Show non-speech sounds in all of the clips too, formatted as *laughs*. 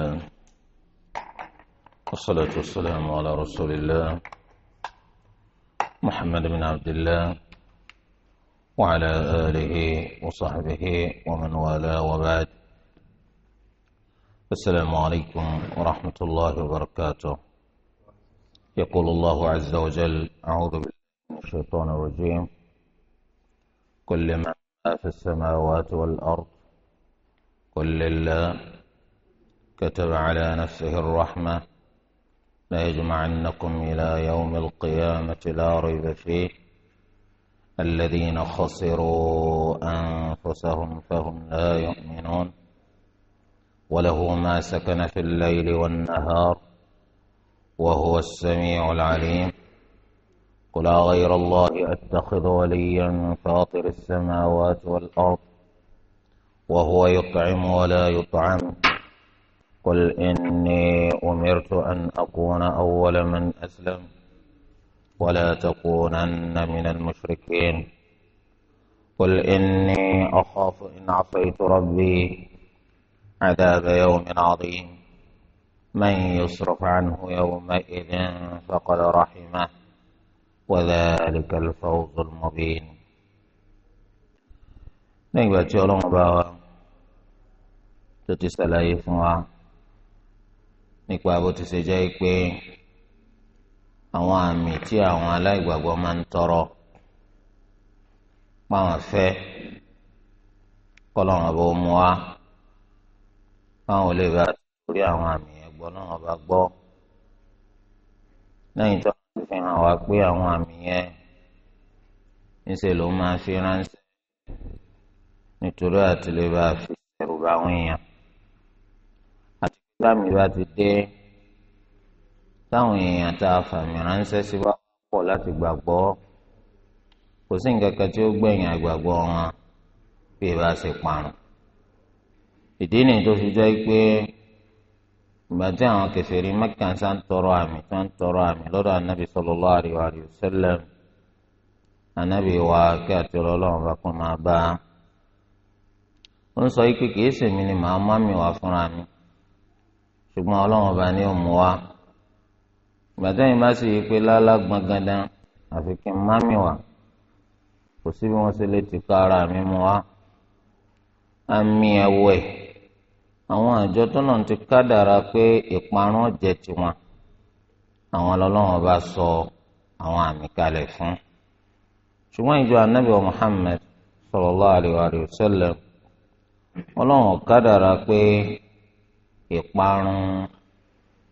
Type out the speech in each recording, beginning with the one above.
الله والصلاة والسلام على رسول الله محمد بن عبد الله وعلى آله وصحبه ومن والاه وبعد السلام عليكم ورحمة الله وبركاته يقول الله عز وجل أعوذ بالله من الشيطان الرجيم كل ما في السماوات والأرض كل الله كتب على نفسه الرحمة لا يجمعنكم إلى يوم القيامة لا ريب فيه الذين خسروا أنفسهم فهم لا يؤمنون وله ما سكن في الليل والنهار وهو السميع العليم قل غير الله أتخذ وليا فاطر السماوات والأرض وهو يطعم ولا يطعم قل إني أمرت أن أكون أول من أسلم ولا تكونن من المشركين قل إني أخاف إن عصيت ربي عذاب يوم عظيم من يصرف عنه يومئذ فقد رحمه وذلك الفوز المبين نيجي بقى ṣàlàyé بقى wa to nípa bó ti ṣe jẹ́ pé àwọn àmì tí àwọn aláìgbàgbọ́ máa ń tọrọ páwọn fẹ́ kọ́lọ́run ọba ó mú wa páwọn ò lè bá torí àwọn àmì ẹ̀gbọ́n náà ọba gbọ́ lẹ́yìn tó ti fi hàn wá pé àwọn àmì yẹn níṣẹ́ ló máa fi ránṣẹ́ nítorí àtìlẹ́bà fi ṣẹ̀rù bá wọn yàn islam ìbá ti dé táwọn èèyàn tá a fàmì ránṣẹ́ sí wa pọ̀ láti gbàgbọ́ kò sí nǹkan kan tí ó gbẹ̀yìn àgbàgbọ́ wọn bí ìbá ṣe parun ìdí nìyí tó fi jẹ́ pé ìgbà tí àwọn kèfèrí Mẹ́kà ń tọrọ àmì tó ń tọrọ àmì lọ́dọ̀ anábì sallallahu alaihi wa sallam anábì wa kí àti ọlọ́run bá kún máa bá ó ń sọ pé kìí sèmi ni màá má mi wà fúnra mi ṣùgbọ́n ọlọ́run ọba ni ó mú wa gbàtẹ́ yìí má sì yí pé lálágbọ́n gandan àfi kí n má mi wà kò sí bí wọ́n ṣe lè ti ká ara mi mú wa àmì ẹ̀wẹ̀ àwọn àjọ tó náà ti kádàrá pé ìparun jẹ tiwọn àwọn ọlọ́run ọba sọ àwọn àmì kalẹ̀ fún ṣùgbọ́n ìjọ anábì Muhammad sallallahu alaihi wa sallam ọlọ́run kádàrá pé. ìparun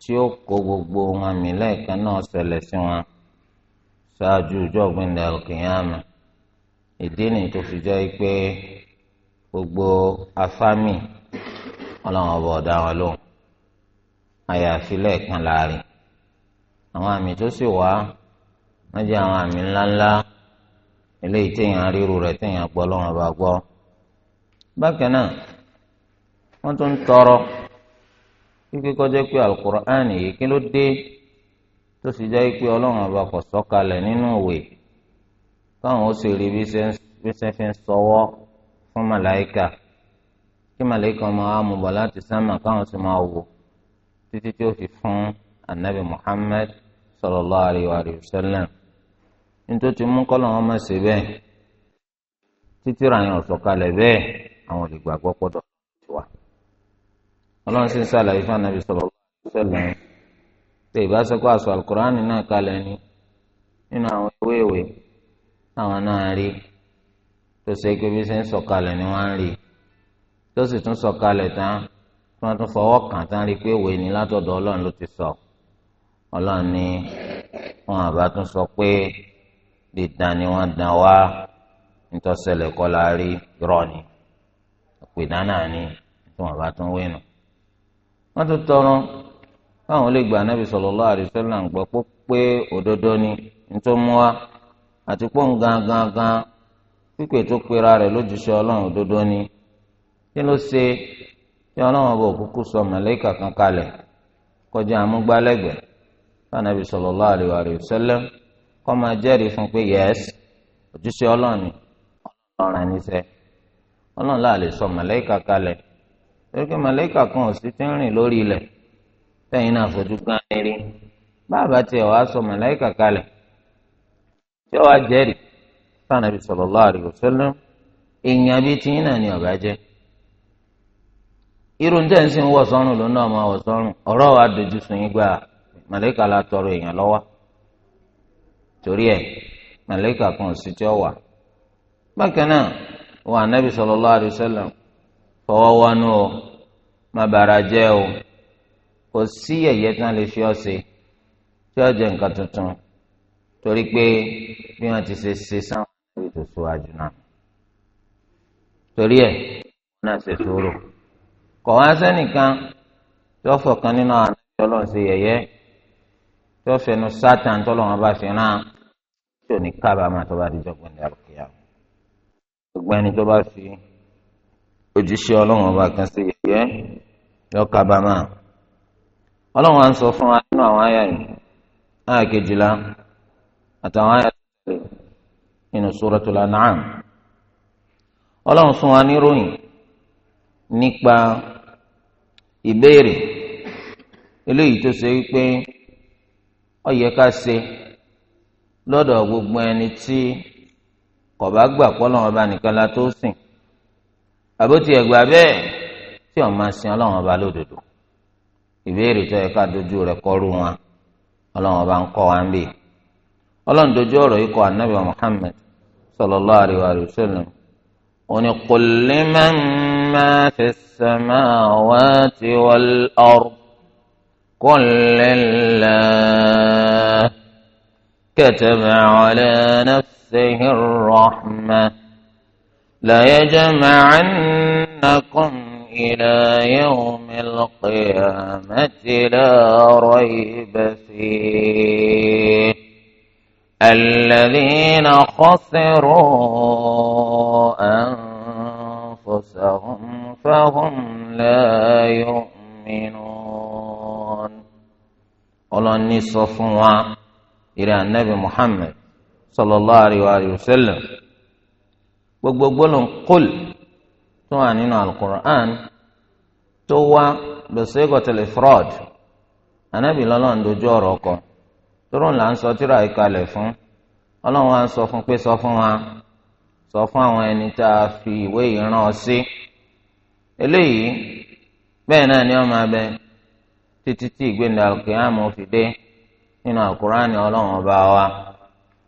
tí ó kó gbogbo wọn mì lẹ́ẹ̀kan náà ṣẹlẹ̀ sí wọn ṣáájú ọjọ́ gbẹ̀ndẹ̀ alkiyama ìdí ni tó fi jẹ́ pé gbogbo afámì ọlọ́run ọba ọ̀dá wọn lóhùn àyàfi lẹ́ẹ̀kan láàrin àwọn àmì tó sì wá wọ́n jẹ́ àwọn àmì ńláńlá eléyìí téèyàn ríru rẹ̀ téèyàn gbọ́ ọlọ́run ọba gbọ́ bákan náà wọ́n tún tọrọ. kíkẹ́ kọjá pé alukur'an yìí kí ló dé tó sì jẹ́ pé ọlọ́run ọba kò sọ̀kalẹ̀ nínú ìwé káwọn ó sì rí bí sẹ́ fi ń sọwọ́ fún màláìka kí màláìka máa wá mú bọ̀ láti sámà káwọn sì máa wò títí tí ó fi fún anabi Muhammad sallallahu alayhi wa sallam nítorí tí mú kọ́lọ́ wọn máa ṣe bẹ́ẹ̀ títí ra yẹn ọ̀sọ̀kalẹ̀ bẹ́ẹ̀ àwọn olùgbàgbọ́ pọ̀dọ̀ ọlọ́run sì ń ṣàlàyé fún anabi sallallahu alaihi wasallam pé ìbáṣepọ̀ àṣọ alukur'ani náà kalẹ̀ ni nínú àwọn ewé ìwé àwọn náà rí tó ṣe pé bí ṣe ń sọ̀kalẹ̀ ni wọ́n ń rí tó sì tún sọ̀kalẹ̀ tán tí wọ́n tún fọwọ́ kàn tán rí pé ìwé ni látọ̀dọ̀ ọlọ́run ló ti sọ ọlọ́run ni wọn àbá tún sọ pé dídán ni wọ́n dán wá nítọ́sẹ̀lẹ̀ kọ́ la rí irọ́ ni ìpèdánà ni tí wọ́n àbá tún wé nù. wọ́n tún tọrọ káwọn lè gba anábì sallallahu alaihi wasallam gbọ́ pé pé òdodo ni nítorí àti pọ́ ń pípé tó pera rẹ̀ lójúṣe ọlọ́run òdodo ni kí ló ṣe tí ọlọ́run ọba òkúkú sọ màlẹ́kà kan kalẹ̀ kọjá amúgbálẹ́gbẹ̀ẹ́ máa jẹ́rìí fún pé yẹ́s òjúṣe ọlọ́run ọlọ́run torí pé màlẹ́kà kan ò sí ti ń rìn lórí ilẹ̀ tẹ̀yìn náà fojú gan rí bàbá tiẹ̀ wàá sọ màlẹ́kà kalẹ̀ tí ó wá jẹ́rìí sànàbí sallallahu alaihi èèyàn bíi tiyín náà ni ọ̀bá jẹ́ irun tẹ̀ ń sìn wọ̀ sọ́run ló náà máa wọ̀ sọ́run ọ̀rọ̀ wa dojú sun yín la tọrọ èèyàn lọ́wọ́ torí kan ò sí tí ó wà bákan náà fọwọ́ wọnú o má bàrà jẹ́ o kò sí ẹ̀yẹ tí wọ́n lè fi ọ́ ṣe tí ó jẹ́ nǹkan tuntun torí pé bí wọ́n ti ṣe ṣe sáwọn ìwé tó ṣíwájú náà torí ẹ̀ wọ́n náà ṣe sòrò kọ̀ wá sẹ́nìkan tó fọ̀kan nínú àwọn àti ọlọ́run ṣe yẹ̀yẹ́ tó fẹnu sátán tọ́lọ́run bá fi rán tí ò ní kábàámà tó bá di jọ́gbọ́n ní àlùkìyà gbogbo ẹni tó bá fi. òjíṣẹ́ ọlọ́run ọba kan ṣe yẹ̀yẹ́ yọ kábàámà ọlọ́run à ń sọ fún wa nínú àwọn àyà yìí àyà kejìlá àtàwọn àyà tẹ̀lé nínú Suratul An'am ọlọ́run fún wa níròyìn nípa ìbéèrè eléyìí tó ṣe wípé yẹ ká ṣe lọ́dọ̀ ẹni tí ọba nìkan àbótí ẹ̀gbà bẹ́ẹ̀ tí ọ̀ máa sin ọlọ́run ọba lódodo ìbéèrè tó yẹ ká dojú rẹ̀ kọ́rú wọn ọlọ́run ọba ń kọ́ wa ń bè ọlọ́run dojú ọ̀rọ̀ yìí kọ́ anabi Muhammad sallallahu alaihi wa òní qul liman ma fi samawati wal ard qul lillah kataba ala nafsihi ar-rahmah la إنكم إلى يوم القيامة لا ريب فيه الذين خسروا أنفسهم فهم لا يؤمنون أني صفوا إلى النبي محمد صلى الله عليه وسلم وقبلهم قل tó wà nínú alukur'an tó wá bẹ̀sẹ̀gọ̀tẹ̀lẹ̀ fraud anábì lọ́lọ́run dojú ọ̀rọ̀ kọ tóró là ń sọ tíra ìkalẹ̀ fún ọlọ́run wa ń sọ fún pé sọ fún wa sọ fún àwọn ẹni tá a fi ìwé ìran ọ sí eléyìí bẹ́ẹ̀ náà ni ọmọ abẹ títí tí ìgbéǹda alukiyama fi dé nínú alukur'an ọlọ́run ọba wa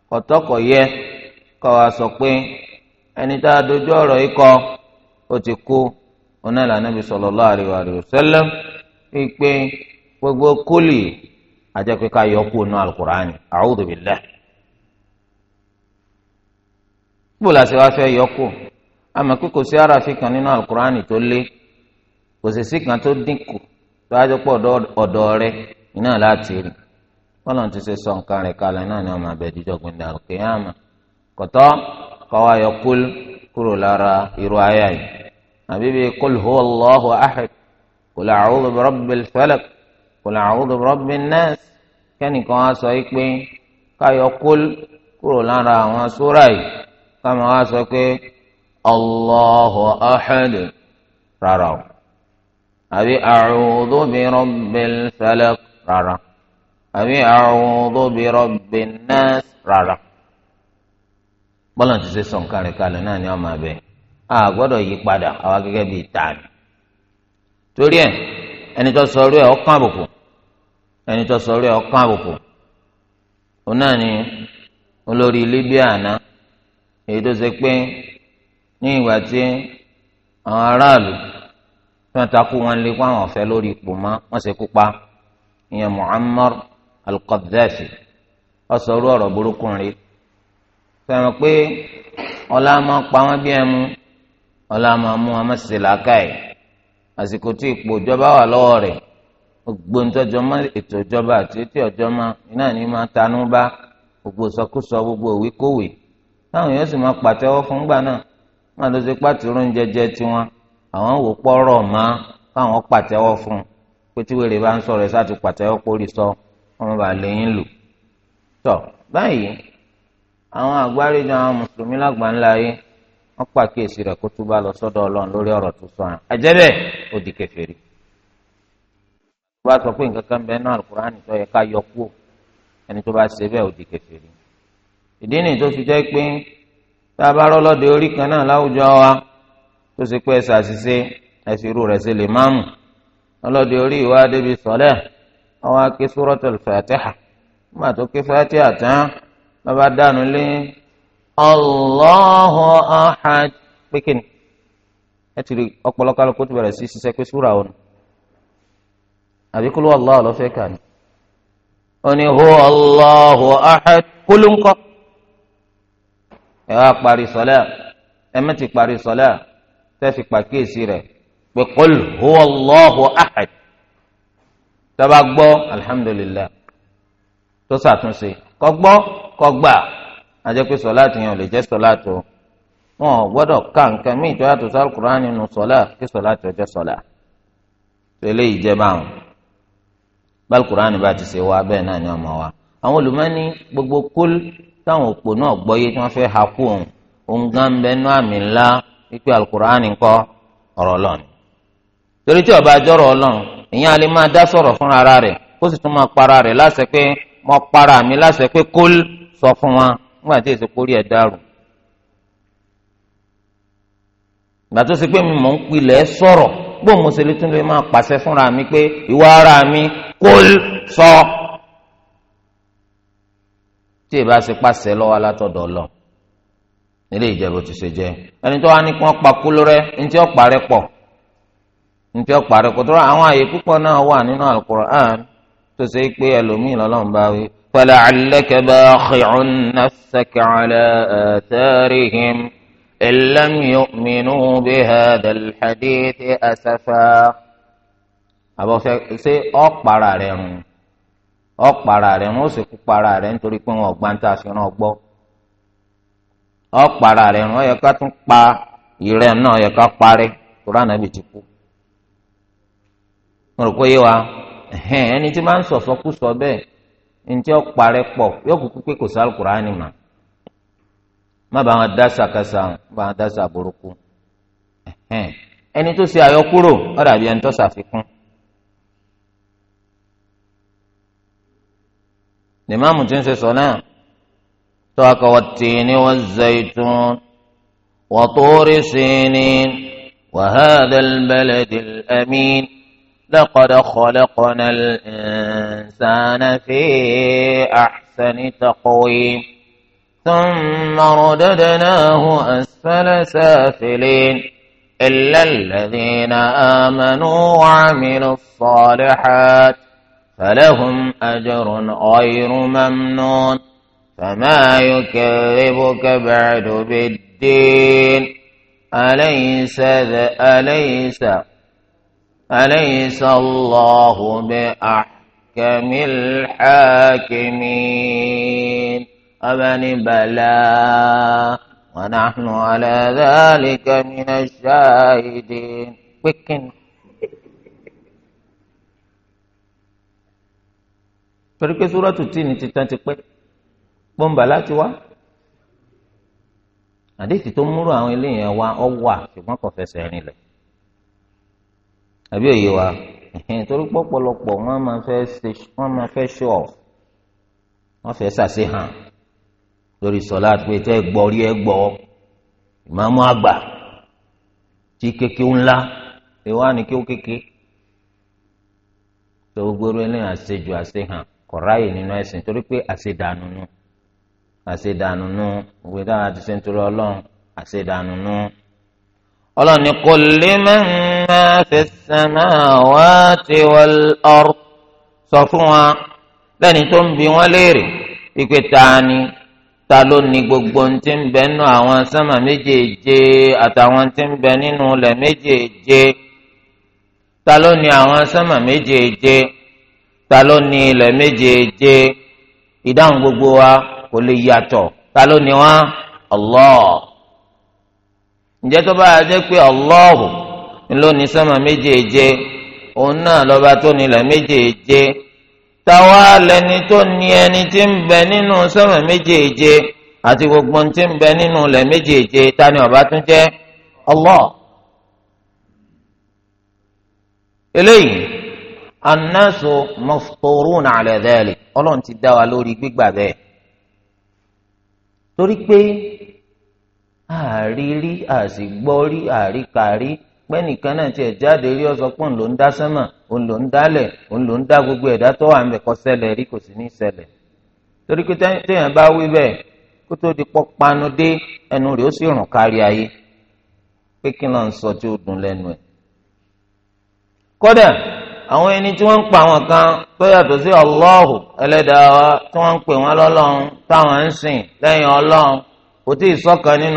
kọ̀tọ́kọ̀ yẹ kọ́ wa sọ pé ẹni tá a dojú ọ̀rọ̀ yìí kọ́ ó ti kú ọ̀nà ìlànà Nabi sallallahu alaihi wa sallam pé gbogbo kólì àjẹpẹ́ ká yọ kú nù alukur'ani a'udhu billah. gbọ́dọ̀ láti wá fẹ́ yọ kú àmọ́ pé kò sí aráàfin kan nínú alukur'ani tó lé kò sì sí kan tó dínkù tó wájú pọ̀ ọ̀dọ̀ rẹ iná láti rí kọ́lọ̀ ti ṣe sọ nǹkan rẹ̀ kalẹ̀ náà ni wọ́n máa bẹ̀ jíjọ́ gbẹ̀ndà al-qiyama kọ̀tọ́ kọ́wá yọ kúl kúrò lára irú ayá yìí. حبيبي قل هو الله احد قل اعوذ برب الفلق قل اعوذ برب الناس كاني كان سو ايبي كا يقول كرو لارا وان سوراي كما سو الله احد رارا ابي اعوذ برب الفلق رارا ابي اعوذ برب الناس رارا بلان تسي سون كاري كالي ناني اما a gbọ́dọ̀ yí padà àwa gẹ́gẹ́ bíi tani torí ẹ ẹni tó sọ orí ẹ ọkàn àbùkù ẹni tó sọ orí ẹ ọkàn àbùkù òun náà ni olórí Libya àná èyí tó ṣe pé ní ìgbà tí àwọn aráàlú tí wọ́n takú wọn lé kó àwọn ọ̀fẹ́ lórí ipò mọ́ wọ́n ṣe kú pa ìyẹn Muammar al ọsọ orú ọ̀rọ̀ burúkú rí fẹ́ràn pé ọlá máa pa wọ́n bí ẹmu ọlá máa mú amásìsè làákàyè àsìkò tí ipò ìjọba wà lọ́wọ́ rẹ̀ gbogbo ntọ́jọ́ mọ́ ètò ìjọba àti ètò ọjọ́ mọ́ iná ní máa tanú bá gbogbo sọkúsọ gbogbo òwékòwé táwọn yóò sì máa pàtẹ́wọ́ fún gbà náà má ló ṣe pàtìrún jẹjẹ tiwọn àwọn wò pọ́rọ̀ mọ́ káwọn pàtẹ́wọ́ fún pé tí wèrè bá ń sọ̀rọ̀ ẹ̀ sáti pàtẹ́wọ́ pórí sọ ọmọ bàá lẹ́yìn lò tọ́ báyìí àwọn àgbáríjọ àwọn mùsùlùmí lágbàá ńlá yìí wọ́n pàkíyèsí rẹ̀ kó túbà lọ sọ́dọ̀ ọlọ́run lórí ọ̀rọ̀ tó sọ ọ ẹ̀jẹ̀ ó di tó bá sọ pé nǹkan kan bẹ́ẹ̀ náà alukur'an tó yẹ ká yọ kúò ẹni tó bá ṣe bẹ́ẹ̀ ó di kèfèrí. ìdí nìyí tó fi pé tá a bá orí kan náà láwùjọ wa tó ṣe pé ẹ̀sà ṣiṣẹ́ ẹ̀sìn irú rẹ̀ ṣe lè máàmù ọlọ́dẹ orí ìwà débi sọ́lẹ̀ ọwọ́ Allahu ahad pé kíni ẹ ti rí ọ̀pọ̀lọpọ̀ alùpùpù tó bẹ̀rẹ̀ sí ṣiṣẹ́ pé súra òun àbí kúlú Allah ló fẹ́ kà ní. ó hu Allahu ahad kúlú ńkọ́ ẹ wá parí sọlá ẹ mẹ́tì parí sọlá tẹ́sí pàkíyèsí rẹ̀ pé kúlú hu Allahu ahad tọ́ba gbọ́ alhamdulillah tó ṣàtúnṣe kọ́ gbọ́ kọ́ gbà ajẹ́ pé sọláàtì yẹn ò lè jẹ́ sọláàtì o wọn ò gbọ́dọ̀ ká nǹkan míì tó yàtọ̀ sáré kúránì nù sọlá kí sọláàtì ọjọ́ sọlá tẹ́lẹ̀ yìí jẹ́ báwọn báyìí kúránì bá ti ṣe wá bẹ́ẹ̀ náà ni ọmọ wa àwọn olùmọ́ni gbogbo kúl táwọn òpó náà gbọ́yé tí wọ́n fẹ́ ha kú òun òun gan ń bẹ́ẹ̀ náà mi ńlá wípé alukúránì kọ́ ọ̀rọ̀ lọ́nù torí tí ọba àjọrọ̀ ọlọ́run ìyẹn a máa dá sọ̀rọ̀ fúnra rẹ̀ kó sì tún máa para rẹ̀ láṣẹ pé mo para mi láṣẹ pé kúl sọ fún wọn nígbà tí èso kórìí ẹ̀ dàrú ìgbà tó ṣe pé mi mọ̀ ń pilẹ̀ sọ̀rọ̀ bó mo ṣe lè tún lè máa pàṣẹ fúnra mi pé ìwà ara mi kò sọ tí ì bá ṣe pàṣẹ lọ́wọ́ látọ̀dọ̀ lọ nílé ìjẹ́bù ti ṣe jẹ́ ẹni tó wá ní kí wọ́n pa kúló rẹ ntí ọ̀pá rẹ pọ̀ ntí ọ̀pá rẹ pọ̀ tó rà àwọn àyè púpọ̀ náà wà nínú Al-Qur'an tó ṣe pé ẹlòmíì lọ́lọ́run bá wí فلعلك باخع نفسك على آثارهم إن لم يؤمنوا بهذا الحديث أسفا àbọ̀ ṣe ọ̀para rẹ̀ rùn ọ̀para rẹ̀ rùn ó sì kú para rẹ̀ nítorí pé wọn ọ̀gbá ń tà sí ọ̀nà ọgbọ́ ọ̀para rẹ̀ rùn ó yẹ ká tún pa ìrẹ́ náà yẹ ká parí kúrò náà bì ti kú. mo rò pé yé wa ẹni tí máa ń sọ̀sọ́kú sọ bẹ́ẹ̀ ntí ọ̀pá rẹ pọ̀ yóò kúkú pé kò sá alukur'ani mà má bàa wọn dá sàkásà má bàa wọn dá sàbúrúkú ẹni tó ṣe àyọkúrò ó dàbí ẹni tó ṣàfikún. limamu tí ń ṣe sọ náà tó a wọ tìǹní wọ zaitun wọ tóórí sinin wọ hàdàl balẹ̀dìl لقد خلقنا الإنسان في أحسن تقويم ثم رددناه أسفل سافلين إلا الذين آمنوا وعملوا الصالحات فلهم أجر غير ممنون فما يكذبك بعد بالدين أليس أليس أليس الله بأحكم الحاكمين أبن بلى ونحن على ذلك من الشاهدين بكن torí pé súrọ́tù tí ní titan ti pẹ́ pọ́ńbà láti wá àdéhìí tó múrò àwọn eléyìí wá ọ wà ṣùgbọ́n kò fẹsẹ̀ rinlẹ̀ àbí òye wa torí pọ̀pọ̀lọpọ̀ wọ́n máa fẹ́ ṣe wọ́n máa fẹ́ ṣe ọ̀ wọ́n fẹ́ ṣàṣe hàn lórí sọlá pé tẹ́ gbọ́ rí ẹ gbọ́ ìmáàmù àgbà tí kéke ńlá ìwà ni kí ó kéke tó gbóró ẹlẹ́yìn àṣejù àṣehàn kọ̀ráyè nínú ẹ̀sìn torí pé àṣedànù nù àṣedànù nù òwe dáhà ti ṣe ń torí ọlọ́run àṣedànù nù ọlọ́run ni kò lè mẹ́rin. ما في السماوات والأرض sọ fún wa lẹ́ni tó ń bi wọ́n léèrè ìpè ta ni ta ló ní gbogbo ń ti ń bẹ nínú àwọn sánmà méjèèje àtàwọn ti ń nínú ilẹ̀ méjèèje ta ló ní àwọn sánmà méjèèje ta ló ní ilẹ̀ méjèèje ìdáhùn gbogbo wa kò lè yàtọ̀ ta ló ní wa Allah ǹjẹ́ tó bá yà jẹ́ pé Allah ńlọni sọmọ méjèèje òun náà lọba tó nílẹ̀ méjèèje táwa lẹni tó ní ẹni tí ń bẹ nínú sọmọ méjèèje àti gbogbo ohun tí ń bẹ nínú ilẹ̀ méjèèje ta ni ọba tún jẹ́ Allah. eléyìí annasu mafturun ala dhalik ọlọ́run ti dá wa lórí gbígbà bẹ́ẹ̀ torí pé àrírí àsìgbọ́rí àríkàrí. pé nìkan náà tiẹ̀ jáde rí ọ sọ pé òun ló ń dá sẹ́mà òun ló ń dálẹ̀ òun ló ń dá gbogbo ẹ̀dá tó wà ń bẹ̀ kọ́ ṣẹlẹ̀ rí kò sí ní ṣẹlẹ̀ torí pé téèyàn bá wí bẹ́ẹ̀ kó tó di pọ́ panu dé ẹnu rẹ̀ ó sì rùn kárí ayé pé kí náà ń sọ tí ó dùn lẹ́nu ẹ̀. kódà àwọn ẹni tí wọ́n ń pa àwọn kan tó yàtọ̀ sí ọlọ́hù ẹlẹ́dàá tí wọ́n ń pè wọ́n lọ́lọ́run táwọn ń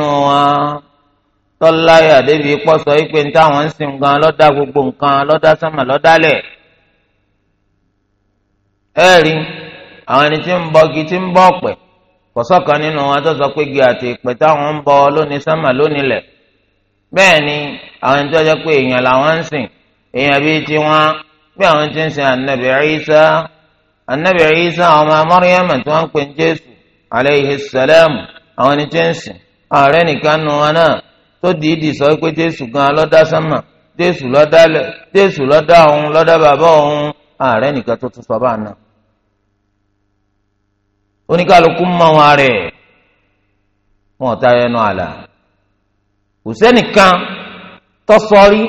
tọ́láyà débi pọ́sọ̀ ìpè ní táwọn ń sìn gan lọ́dá gbogbo nǹkan lọ́dá sánmà lọ́dálẹ̀. ẹ rí àwọn ẹni tí ń bọ igi tí ń bọ ọ̀pẹ kọ̀sọ́kan nínú wọn tó sọ pé igi àti ìpè táwọn ń bọ lónìí sánmà bẹ́ẹ̀ ni àwọn ẹni tó jẹ́ pé èèyàn làwọn ń sìn èèyàn bíi tiwọn bí àwọn ti ń ọmọ Jésù tó dìídì sọ pé jésù gan lọ́dá sánmà jésù lọ́dá lẹ̀ jésù lọ́dá òun lọ́dá bàbá òun ààrẹ nìkan tó tún sọ bá náà. oníkàlùkù mọ wọn rẹ̀ wọn ò tayọ ẹnu àlà kò sẹ́nìkan tó sọ rí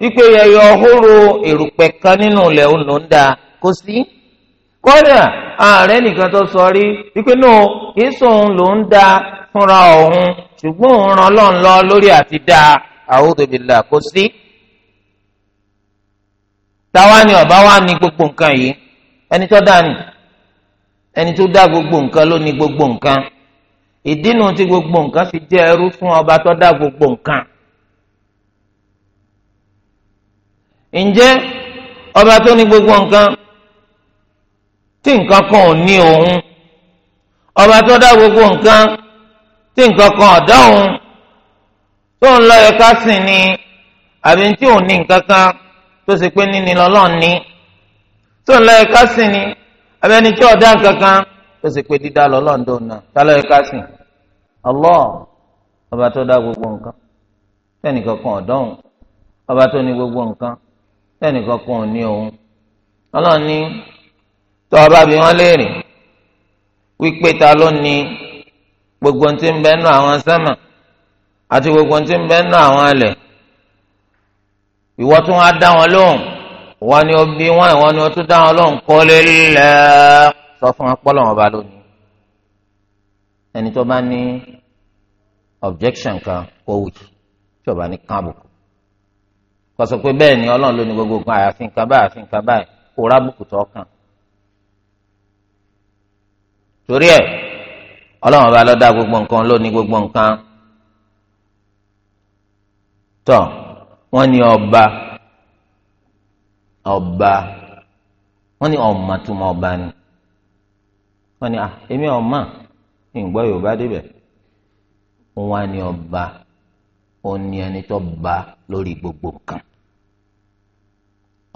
wípé yẹyẹ ọhúrò èrùpẹ̀ kan nínú ilẹ̀ òun ń da kó sí kódà ààrẹ nìkan tó sọ rí wípé náà kìí sóun ló ń da fúnra òun ṣùgbọ́n òun ràn lọ́n lọ lórí àti dá a'udhu billah kò sí. táwa ni ọba wa ní gbogbo nǹkan yìí ẹni tó dá ni ẹni tó dá gbogbo nǹkan ló ní gbogbo nǹkan ìdínú tí gbogbo nǹkan fi jẹ́ ẹrú fún ọba tó dá gbogbo nǹkan. ǹjẹ́ ọba tó ní gbogbo nǹkan tí nǹkan kan ò ní òun ọba tó dá gbogbo nǹkan. tí nǹkan kan ọ̀dọ́hùn tó ń lọ ẹ̀ka sìn ni àbí tí ò ní nǹkan kan tó si pé níní lọ́lọ́ọ̀ ní tó ń lọ ẹ̀ka sìn ni àbí ẹni tí ọ̀dá nǹkan kan tó ṣe pé dídá lọ́lọ́ọ̀ ń dò náà tá lọ ẹ̀ka sìn Allah ọba tó dá gbogbo nǹkan tẹ́nìkan kankan ọ̀dọ́hùn ọba tó ní gbogbo nǹkan tẹ́nìkan kan ò ní òun ọlọ́ọ̀ni tó ọba bí wọ́n léèrè wípé ta ló ní. gbogbo ntí ń bẹ nù àwọn sẹ́mà àti gbogbo ntí ń bẹ nù àwọn alẹ̀ ìwọ tún á dá wọn lóhùn ìwọ ni ó bí wọn ìwọ ni ó tún dá wọn lóhùn kọ́lé lẹ́ sọ fún apọ́lọ́ wọn bá lónìí ẹni tó bá ní objection kan kó wù tí ó bá ní káàbùkù kọsọ pé bẹ́ẹ̀ ni ọlọ́run ló ní gbogbo nǹkan àyàfi nǹkan báyìí àfi nǹkan báyìí kó rábùkù tó kàn torí ẹ̀ ọlọ́run ọba ló dá gbogbo nǹkan ló ní gbogbo nǹkan tọ́ wọ́n ní ọba ọba wọ́n ní ọ̀ma tó mọ ọba ni wọ́n ní ah, èmi ọ̀ma ìgbọ́ yorùbá débẹ̀ wọ́n ní ọba òun ní ẹni tó ba lórí gbogbo nǹkan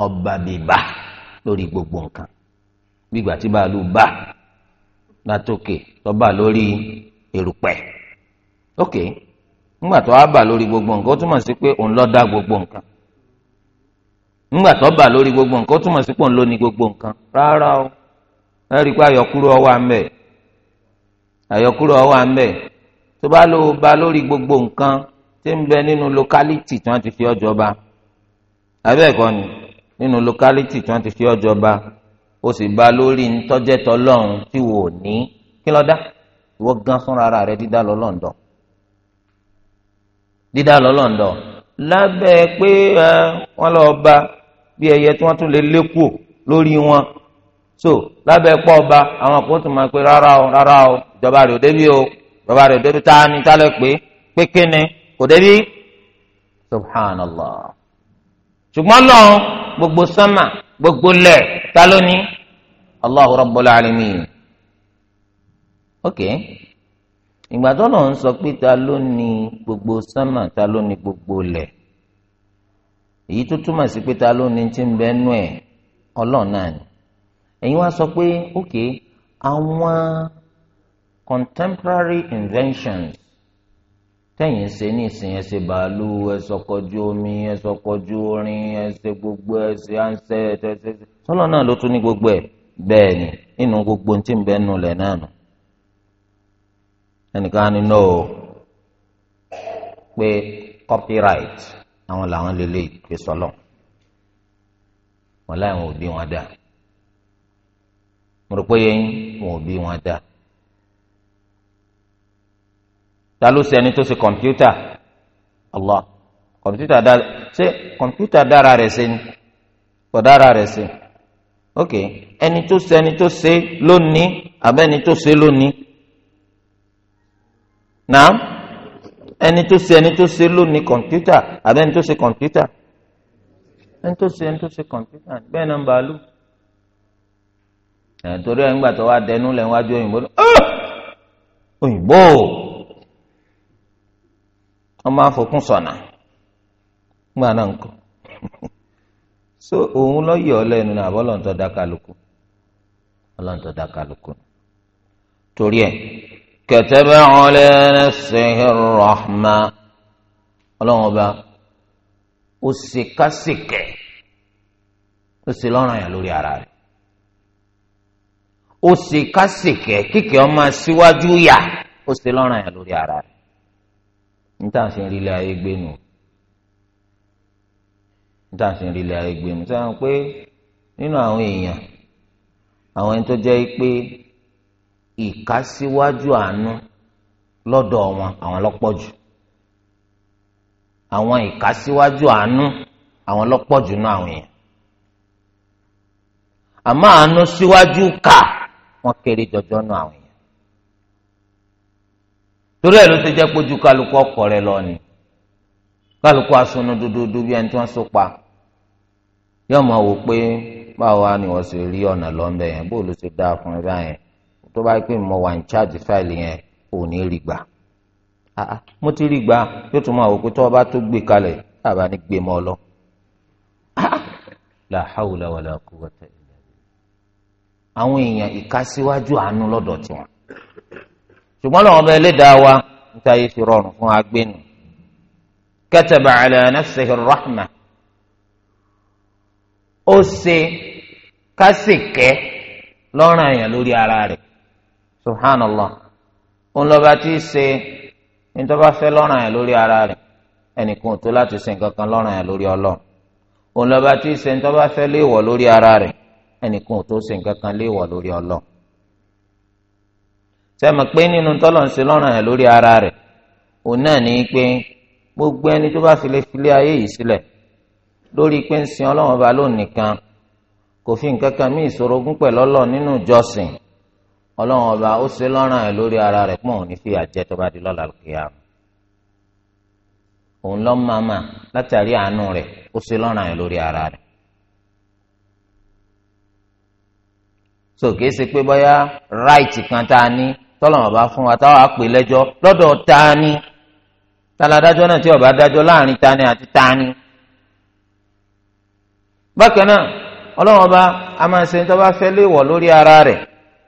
ọba bíbá lórí gbogbo nǹkan gbígbà tí bàálù bá látòkè tó bà lórí erùpẹ̀ ok ńgbà tó wá bà lórí gbogbo nǹkan ó túmọ̀ sí pé òun ló dá gbogbo nǹkan ńgbà tó bà lórí gbogbo nǹkan ó túmọ̀ sí pé òun ló ní gbogbo nǹkan rárá o ẹ rí i pé àyọkúrò ọwọ́ àmbẹ̀ àyọkúrò ọwọ́ àmbẹ̀ tó bá lọ bà lórí gbogbo nǹkan tí ń bẹ nínú locality tí wọ́n ti fi ọjọ́ ba abẹ́ẹ̀kọ́ ni nínú locality tí wọ́n ti fi ọjọ́ ba o sì bá lórí ntọ́jẹ́ tọlọ́run tí wò ní kí lọ́dá ìwọ gan fúnra ara rẹ dídá lọ́lọ́ǹdọ̀ dídá lọ́lọ́ǹdọ̀ lábẹ́ pé wọ́n lọ bá bí ẹyẹ tí wọ́n tún lè lékù lórí wọn so lábẹ́ pọ̀ ọba àwọn kò tún máa pé rárá o rárá o ìjọba rẹ̀ ò débi o ìjọba rẹ̀ ò débi tá a ní tálẹ̀ pé pé kíni kò débi subhanallah ṣùgbọ́n lọ́n gbogbo sánmà gbogbo lẹ̀ ta ló ní Allahu Rabbul Alamin ok ìgbà tó lọ ń sọ pé ta ló ní gbogbo sánmà ta ló ní gbogbo lẹ̀ èyí tó túmọ̀ sí pé ta ló ní tí ń bẹ nú ẹ̀ ni ẹ̀yin wá sọ pé ok àwọn contemporary inventions tẹ̀yìn ṣe ní ìsìn ẹsẹ̀ bàálù ẹ̀sọ́kọjú omi ẹ̀sọ́kọjú orin ẹsẹ̀ gbogbo ẹsẹ̀ ànsẹ̀ ẹ̀sẹ̀ sọ́lọ́ náà ló tún ní gbogbo ẹ̀ bẹ́ẹ̀ ni nínú gbogbo tí ń bẹ́ẹ̀ nù lẹ̀ náà nù. ẹnìkan ni nọ́ọ̀ pé copyright àwọn làwọn lélẹ̀ ìpè sọ́lọ̀ wọn láì wọn ò bí wọn dà mo rò pé yẹn wọn ò bí wọn dà ta ló ṣe tó ṣe kọ̀ǹpútà Allah kọ̀ǹpútà dára ṣé kọ̀ǹpútà dára rẹ̀ ṣe ni kò dára rẹ̀ ṣe ok ẹni tó ṣe ẹni tó ṣe lónìí àbẹ́ ẹni tó ṣe lónìí naam ẹni tó ṣe ẹni tó ṣe lónìí kọ̀ǹpútà àbẹ́ ẹni tó ṣe kọ̀ǹpútà ẹni tó ṣe ẹni tó ṣe kọ̀ǹpútà bẹ́ẹ̀ náà ń bàálù ẹ̀ torí ẹ̀ ń gbà tó wá dẹnu lẹ́wọ́n wájú òyìnbó òyìnbó. wọn máa fòkun sọnà gbà náà nǹkan so òun lọ yọ náà àbọ lọńtọ dá ọlọ lọńtọ dá kálukú torí ọba ó ṣe kásìkẹ ó ṣe lọ́rùn àyàn lórí ara rẹ̀ ó síwájú yà ó lórí níta ṣe ń rí ilé ayé gbé nù níta ṣe ń rí ayé gbé nù sọ pé nínú àwọn èèyàn àwọn ẹni tó jẹ́ pé ìkásíwájú àánú lọ́dọ̀ wọn àwọn lọ́pọ̀ àwọn ìkásíwájú àánú àwọn torí ẹ̀ ló ṣe jẹ́ pé ojú kálukú ọkọ rẹ lọ ni kálukú asunu dúdúdú bí ẹni tí wọ́n so pa yóò máa wò pé báwa ni wọ́n ṣe rí ọ̀nà lọ́nbẹ̀ yẹn bó ló ṣe dáa fún ẹ báyẹn tó bá pè mọ wà ní chájì fáìlì yẹn ò ní rí gbà mo ti rí gbà yóò tún máa wò pé tí wọ́n bá tó gbé kalẹ̀ àbá ní gbé mọ́ lọ. la hawla wala quwwata illa billah àwọn èèyàn ìkásíwájú àánú lọ́dọ̀ tiwọn ṣùgbọ́n làwọn ọmọ ẹlẹ́dàá wa níta yìí ti rọrùn fún agbẹ́nu kataba ala nafsihi rahma ó ṣe kásìkẹ́ lọ́rùn àyàn lórí ara rẹ̀ subhanallah òun lọ́ba tí í ṣe nítorí fẹ́ lọ́rùn àyàn lórí ara rẹ̀ ẹnìkan tó láti ṣe nǹkan kan lọ́rùn àyàn lórí ọlọ́run òun tí í ṣe nítorí fẹ́ léèwọ̀ lórí ara rẹ̀ ẹnìkan tó ṣe nǹkan kan léèwọ̀ lórí ọlọ́run sẹ́mi pé nínú tọ́lọ̀ ń ṣe lọ́ràn yẹn lórí ara rẹ̀ òun náà ní pé gbogbo ẹni tó bá filẹ̀ filẹ̀ ayé yìí sílẹ̀ lórí pé ń sin ọlọ́run ọba lóun nìkan kò fi nǹkan kan mí ìṣorogún pẹ̀lú nínú ìjọsìn ọlọ́run ọba ó ṣe lọ́ràn lórí ara rẹ̀ pọ̀ ní fi àjẹ tó bá di lọ́la kìá òun lọ́ màmá látàrí àánú rẹ̀ ó lórí ara rẹ̀ so kìí ṣe pé bóyá right kan tá a tọ́lọ́mọ̀ bá fún wa táwọn àpè lẹ́jọ́ lọ́dọ̀ tani tàládájọ́ náà tí ọba dájọ́ láàrin tani àti tani. bákan náà ọlọ́wọ́n bá a máa ṣe tó bá fẹ́ léèwọ̀ lórí ara rẹ̀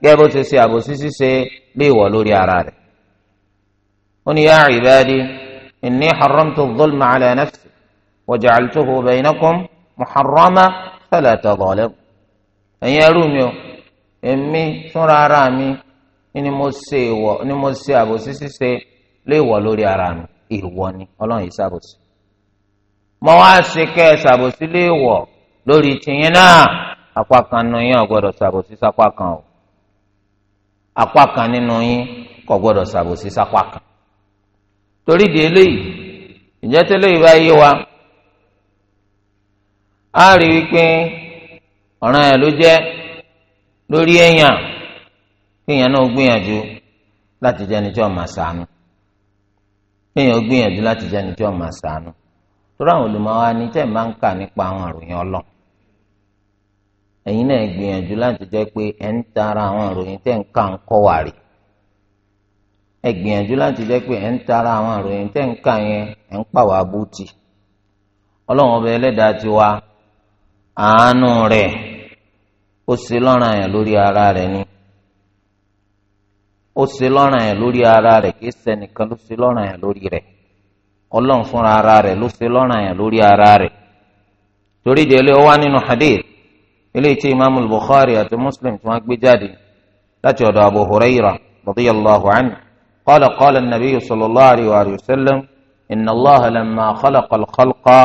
gẹ́gẹ́ bó ṣe ṣe àbòsí ṣíṣe léèwọ̀ lórí ara rẹ̀. ó ní yá ibadi inni haramtu dhulma ala nafsi wa ja'altuhu baynakum muharrama fala tadhalimu. ẹ̀yin ẹrú mi o èmi fúnra ara mi ni mo ṣe ìwọ ni mo ṣe àbòsí ṣíṣe léèwọ̀ lórí ara mi ìwọ ni ọlọ́run yìí ṣàbòsí mo wá ṣe kẹ́ ẹ ṣàbòsí léèwọ̀ lórí tìyín náà apá kan nínú yín ọ̀gbọ́dọ̀ ṣàbòsí sápá kan o apá kan nínú yín kò gbọ́dọ̀ ṣàbòsí sápá kan torí di eléyìí ìjẹ́ tẹ́lẹ̀ yìí bá yé wa a rí i pé ọ̀ràn ẹ̀ ló jẹ́ lórí èèyàn. kéèyàn náà gbìyànjú láti jẹ́ ẹni tí wọ́n máa kéèyàn gbìyànjú láti jẹ́ ẹni tí àwọn olùmọ̀wá ni tẹ́ máa ń kà nípa àwọn àròyìn ọlọ ẹ̀yin náà gbìyànjú láti jẹ́ pé ẹ̀ ń àwọn àròyìn tẹ́ ń kà ń kọ́ wà gbìyànjú láti jẹ́ pé ẹ̀ ń àwọn àròyìn tẹ́ ń kà yẹn ara rẹ̀ ni. ó ṣe lọ́ràn yẹn lórí ara rẹ̀ kì í ṣẹnìkan ló ṣe lọ́ràn yẹn lórí rẹ̀ ọlọ́run fúnra ara rẹ̀ ló ṣe lọ́ràn yẹn lórí ara rẹ̀ torí délé ó wá nínú hadith ilé tí imaamu bukhari àti muslim tí wọ́n gbé jáde láti ọ̀dọ̀ abu huraira radiyallahu anhu qala qala an-nabiy sallallahu alayhi wa sallam inna allaha lamma khalaqa al-khalqa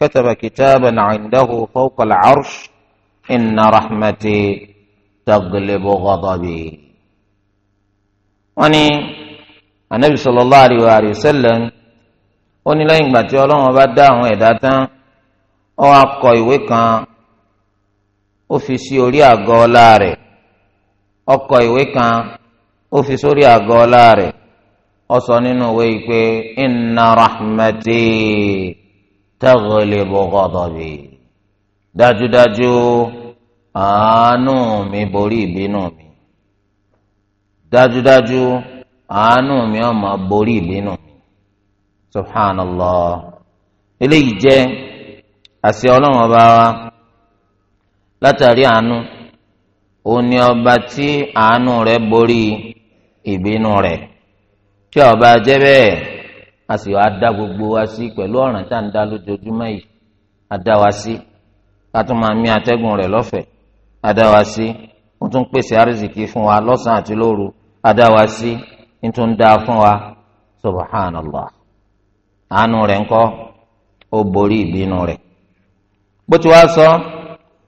kataba kitaban 'indahu fawqa al-'arsh inna rahmati wọ́n ní anabi sallallahu alaihi wa sallam ó ní lẹ́yìn ìgbà tí Ọlọ́run bá dá àwọn ẹ̀dá tán ó wá kọ ìwé kan ó fi sí orí àgọ́ ọlá rẹ̀ ó kọ ìwé kan ó fi sórí àgọ́ ọlá rẹ̀ ó sọ nínú ìwé yìí pé inna rahmati taghlibu ghadabi dájúdájú àánú mi borí ìbínú mi dájúdájú àánú mi ò máa borí ìbínú subhanallah eléyìí jẹ́ àṣẹ ọlọ́run ọba wa látàrí àánú òun ni ọba tí àánú rẹ̀ borí ìbínú rẹ̀ tí ọba jẹ́ bẹ́ẹ̀ a sì wá dá gbogbo wa sí pẹ̀lú ọ̀ràn tá à ń dá lójoojúmọ́ yìí a dá wa sí ká máa mí atẹ́gùn rẹ̀ lọ́fẹ̀ẹ́ a dá wa sí ó tún pèsè àrísìkí fún wa lọ́sàn àti lóru adáwa sí nítorí ń dáa fún wa subhanallah àánú rẹ̀ ńkọ́ ó borí ìbínú rẹ̀ bó ti wá sọ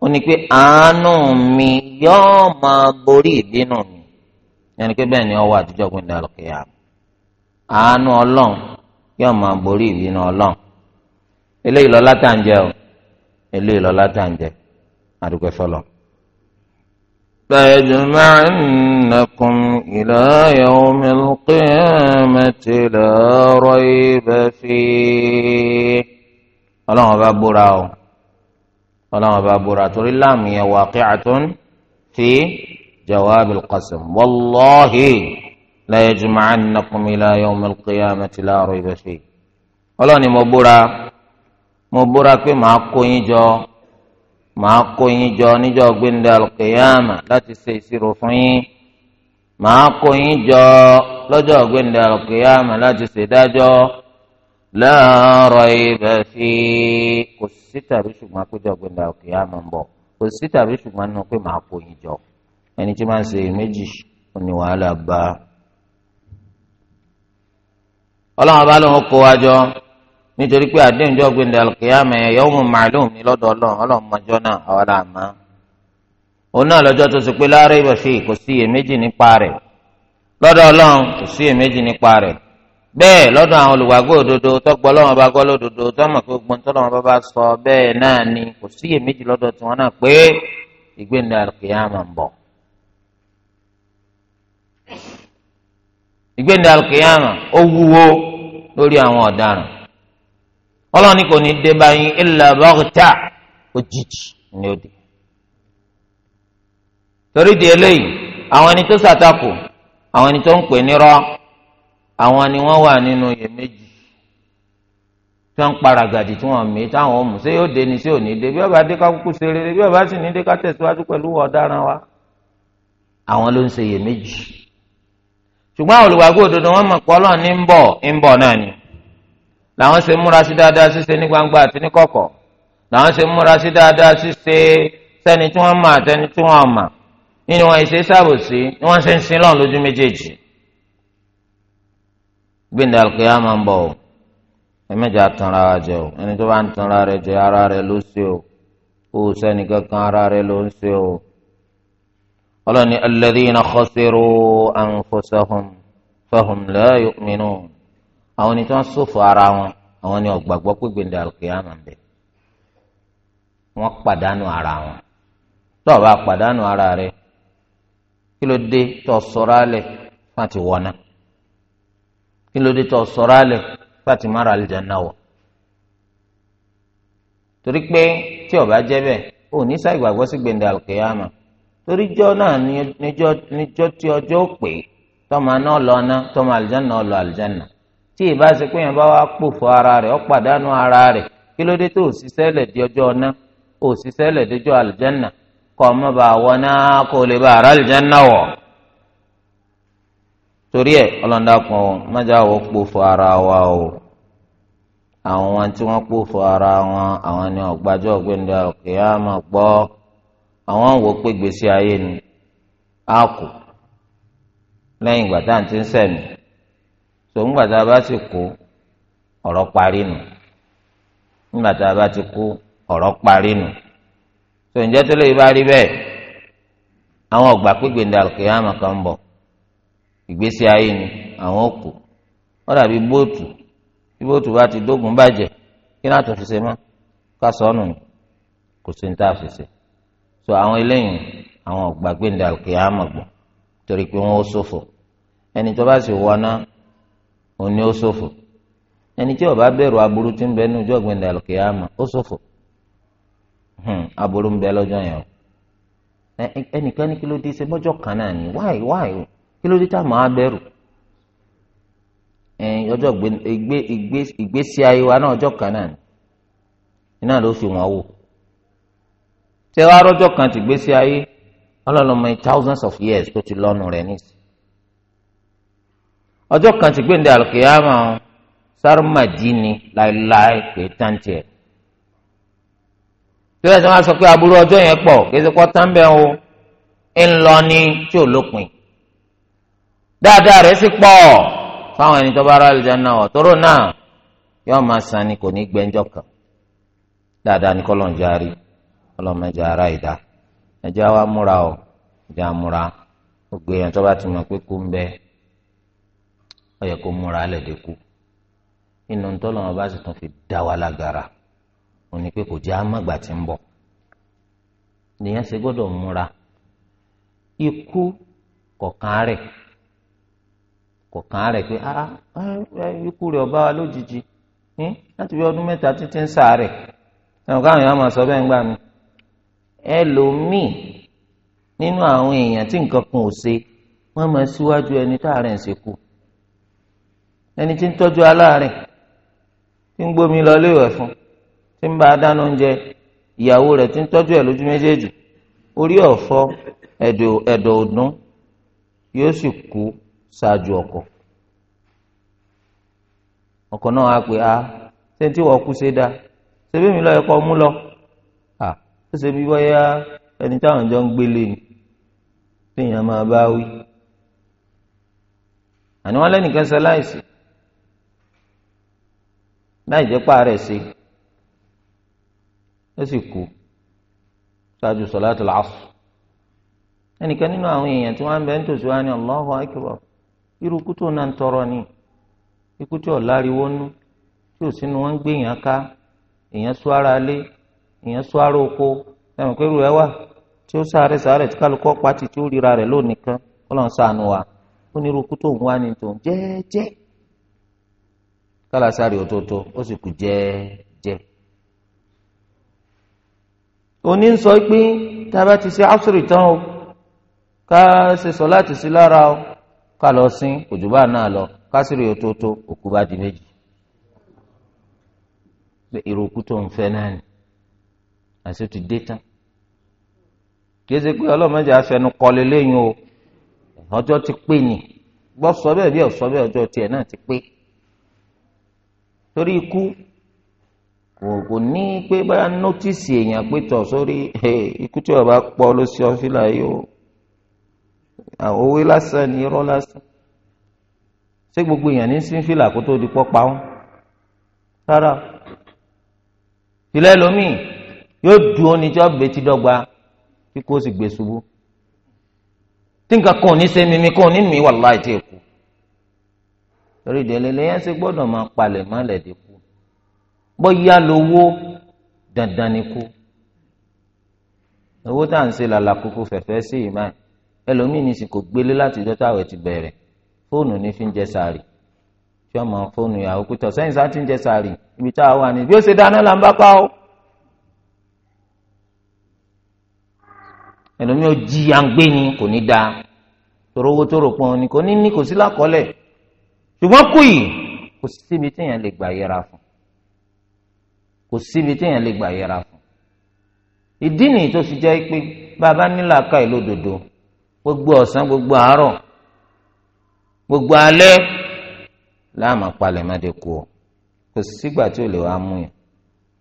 ó ní pé àánú mi yóò máa borí ìbínú mi yẹnni pé bẹ́ẹ̀ ni ọwọ́ àtijọ́ gbé ya àlùkìyà àánú ọlọ́run yóò máa borí ìbínú ọlọ́run eléyìí lọ látàǹjẹ o eléyìí lọ látàǹjẹ ليجمعنكم إلى يوم القيامة لا ريب فيه الله باب راو الله باب راو اللام هي واقعة في جواب القسم والله ليجمعنكم إلى يوم القيامة لا ريب فيه الله مبورا مبورا كما كوين جو màá kó yín jọ níjọ́ gbẹndé alùkìyàmà láti ṣe ìṣirò fún yín màá kó yín jọ lọ́jọ́ gbẹndé alùkìyàmà láti ṣe dájọ́ la rayba fi kò sí tàbí ṣùgbọ́n péjọ gbẹndé alùkìyàmà ń bọ̀ kò sí tàbí ṣùgbọ́n nínú pé màá wàhálà bá ọlọ́run bá lóun kó nítorí pé àdéhùn jọ gbẹndẹ alùkìyàmẹ yawmun ya ya lọ́dọ̀ Ọlọ́run Ọlọ́run mọjọ náà àwọn àmà òun náà lọ́jọ́ tó sọ pé la rayba fi kò sí iyèméjì nípa rẹ̀ lọ́dọ̀ Ọlọ́run kò sí iyèméjì nípa rẹ̀ bẹ́ẹ̀ lọ́dọ̀ àwọn olùwàgbọ́ òdodo Ọlọ́run bá gbọ́ lódodo kò ọlọ́run ní kò ní dé báyìí illa baghta òjijì ni ó dé. torí di eléyìí àwọn ẹni tó ṣàtakò àwọn ẹni tó ń pè nírọ́ àwọn ni wọ́n wà nínú iyèméjì tí wọ́n ń paragàdì tí wọ́n mí táwọn ò ṣé yóò dé ni ṣé ò ní dé bí ọba dé ká kúkú ṣe rere bí ọba sì ní dé ká tẹ̀síwájú pẹ̀lú ọ̀daràn wa àwọn ló ń ṣe iyèméjì ṣùgbọ́n àwọn olùwàgbọ́ òdodo wọn mọ̀ pé ọlọ́run ní ń bọ̀ ń bọ̀ náà ni làwọn ṣe múra sí dáadáa ṣíṣe ní gbangba àti ní kọ̀kọ̀ làwọn ṣe múra sí dáadáa ṣíṣe sẹ́ni tí wọ́n mọ̀ àtẹni tí wọ́n mọ̀ nínú wọn ìṣe sábòsí ni wọ́n ṣe ń sin lọ́n lójú méjèèjì gbẹ̀ndẹ̀ àlùkìyà máa ń bọ̀ o ẹ̀mẹ́jọ àtànra wa jẹ o ẹni tó bá ń tanra rẹ̀ jẹ ara rẹ̀ ló ṣe o kó o sẹ́ni kankan ara rẹ̀ ló ń ṣe o ọlọ́ni alladhina khasiru anfusahum fahum la yu'minun àwọn ni tí wọ́n sòfò ara wọn àwọn ni ọ̀gbàgbọ́ pé gbèndé àlùkìyàmà ń bẹ wọ́n pàdánù ara wọn tó o bá pàdánù ara rẹ kí ló dé tó sọ̀rọ̀ alẹ̀ fún àti wọ́nà kí ló dé tó sọ̀rọ̀ alẹ̀ fún àti mara àlùjáná wọ̀ torí pé tí o bá jẹ́ bẹ́ẹ̀ ò ní sá ìgbàgbọ́ sí gbèndé àlùkìyàmà torí jọ́ náà níjọ́ tí ọjọ́ pé tọ́mọ náà lọ ná tọ́mọ àlùjáná lọ àlùjáná tí ìbá ṣe pé yẹn bá wá pòfò ara rẹ̀ ó pàdánù ara rẹ̀ kí ló dé tó òṣìṣẹ́ lẹ̀ di ọjọ́ ọ̀nà òṣìṣẹ́ lẹ̀ dójọ́ àlùjànnà kọ́ ọmọ bá wọ náà kó lè bá ara àlùjànnà wọ̀. torí ẹ̀ ọlọ́dàkùn ọ̀hún májà wọ́n pòfò ara wa o àwọn tí wọ́n pòfò ara wọn àwọn ni ọ̀gbájọ́ ọ̀gbẹ́ndà kìyàmá gbọ́ àwọn wò pé gbèsè ayé ni a kù lẹ́yìn ìgbà tá à ń ti ń sẹ̀mí sòǹgbà tá a bá ti kú ọ̀rọ̀ parí nù nígbà a bá ti kú ọ̀rọ̀ parí nù sòǹjẹ́ tó lè bá rí bẹ́ẹ̀ àwọn pípé kan bọ̀ ìgbésí ayé ni àwọn òkú wọ́n dàbí bóòtù bí bóòtù bá ti dógùn bàjẹ́ kí náà tó fi ṣe mọ́ ká kò sí ní tá a fi ṣe so àwọn eléyìí àwọn pípé gbọ̀ torí pé wọ́n ó ẹni òní ó eni ẹni tí ó bẹ̀rù aburú tí ń bẹ ní ọjọ́ gbẹndẹ àlùkìyàmà ó ṣòfò hmm, aburú ń bẹ lọ́jọ́ yẹn o ẹnìkan ní kí ló dé ṣe mọ́jọ́ kan náà ni wáì wáì kí ló dé tá a wa náà ọjọ́ kan náà ni iná ló fi wọn wò kan ti gbésí ayé ọlọ́lọ́mọ thousands of years tó ti lọ́nu rẹ̀ ọjọ́ kan ti gbẹ̀ǹde àlùkìyàmà ọ sármàdì ni láéláé pé táǹtì ẹ̀. tí wọ́n ti máa sọ pé aburú ọjọ́ yẹn pọ̀ kí ẹ ti kọ́ tánbẹ̀ o ń lọ ní tí ò lópin. dáadáa rẹ̀ sì pọ̀ fáwọn ẹni tó bá rà àlùjánnà wọ̀ tóró náà yóò máa san ni kò ní gbẹ́njọ́ kan. dáadáa ni kọ́lọ̀ ń jarí kọ́lọ̀ ń jẹ́ ara ìdá ẹ̀jẹ̀ wa múra o ìjà múra gbogbo èèyàn tó bá ti mọ̀ pé kú ń bẹ́ẹ̀ ó yẹ kó múra alẹ̀ dé kú inú ntọ́lọ́wọ́n bá sì tún fi dá wa lágara òní pé kò jẹ́ amágbà tí ń bọ̀ nìyẹn ṣe gbọ́dọ̀ múra ikú kọ̀ọ̀kan rẹ̀ kọ̀ọ̀kan rẹ̀ pé ah, ah, ikú rẹ̀ ọba wa lójijì láti bí ọdún mẹ́ta títí ń sàárẹ̀ ẹ̀wọ̀n káwọn èèyàn máa sọ bẹ́ẹ̀ ń gbà mí ẹlòmíì nínú àwọn èèyàn tí nǹkan kan ò ṣe wọ́n máa síwájú ẹni tá a rẹ̀ ń ṣe kù ẹni tí ń tọ́jú aláàárẹ̀ tí ń gbómi lọ léèwẹ̀ fún tí ń bá a dáná oúnjẹ ìyàwó rẹ̀ tí ń tọ́jú ẹ̀ lójú méjèèjì orí ọ̀fọ́ ẹ̀dọ̀ ọ̀dún yóò sì kú ṣáájú ọkọ ọkọ náà á pè á ah, ṣé tí wọ́n kú ṣe dá ṣé mi lọ ẹ̀kọ́ mú lọ ó ṣe bí bóyá ẹni táwọn jọ ń gbélé ni téèyàn máa bá wí àní wọn lẹ́nìkan ṣe láìsí láì jẹ́ pààrẹ̀ sí ó sì kú ṣáájú sọ̀láàtù làásù ẹnìkan nínú àwọn èèyàn tí wọ́n ń bẹ ń tòṣù wá ní Allahu irú tó náà ń tọrọ ni ikú tí ọ̀láriwó nú tí ò sínú wọn ń gbé èèyàn ká èèyàn sọ ara lé èèyàn sọ oko pé irú ẹ wà tí kálásárì òtótó ó sì kù jẹ́ẹ́jẹ́. òní ń sọ pé tá a bá ti ṣe áṣírí tán o ká ṣe sọ láti sí lára o ká lọ sin òjòbá náà lọ kásìrì òtótó òkú bá di méjì pé ìròkú tó ń fẹ́ náà ni àti ti dé tán kì í ṣe pé ọlọ́mọdé afẹnu kọ́lé lẹ́yìn o ọjọ́ ti pé ni gbọ́ sọ bẹ́ẹ̀ bí ọ̀sọ́ bẹ́ẹ̀ ọjọ́ tiẹ̀ náà ti pé torí ikú kò ní pé báyà nọ́tìsì èèyàn pé tọ̀ sórí ikú tí ọba pọ̀ ló ṣe ọ́ sílá yìí o òwe lásán ni irọ́ lásán ṣé gbogbo èèyàn ní sínfìlà kó tó di pọ́ pa wọ́n rárá ìlẹ́ lomi yóò dùn ó ní tí wọ́n bẹ ti dọ́gba kí kó sì gbé ṣubú tí nǹkan kan ò ní ṣe mímí kan ò ní mí wàláì tí èkó torí ìdílé lẹ́yìn ẹsẹ gbọ́dọ̀ máa palẹ̀ mọ́lẹ̀ dínkù bóyá lówó dandan ni kú owó tá à ń ṣe làlà kúkú fẹ̀fẹ́ sí ìmá ẹlòmíín ní sì kò gbélé láti ìjọ táwẹ̀ ti bẹ̀rẹ̀ fóònù ní fi ń jẹ sàárì tí ọmọ fóònù ìyàwó pítọ̀ sẹ́yìn sá ti ń jẹ sàárì ibi tá a wà ní bí ó ṣe dáná là ń bá pa ó. ẹlòmíín ó jí àǹgbé ni kò ní dáa tòrówó tó rò ni kò ní ní kò sí lákọ́lẹ̀ ṣùgbọ́n kù yìí kò síbi téèyàn lè gbà yẹra fún kò síbi téèyàn lè gbà yẹra fún ìdí nìyí tó fi jẹ́ pé bàbá nílò aka ìlú òdòdó gbogbo ọ̀sán gbogbo àárọ̀ gbogbo alẹ́ láàmú palẹ̀ má de kú ọ kò sígbà tí ò lè wá mú yẹn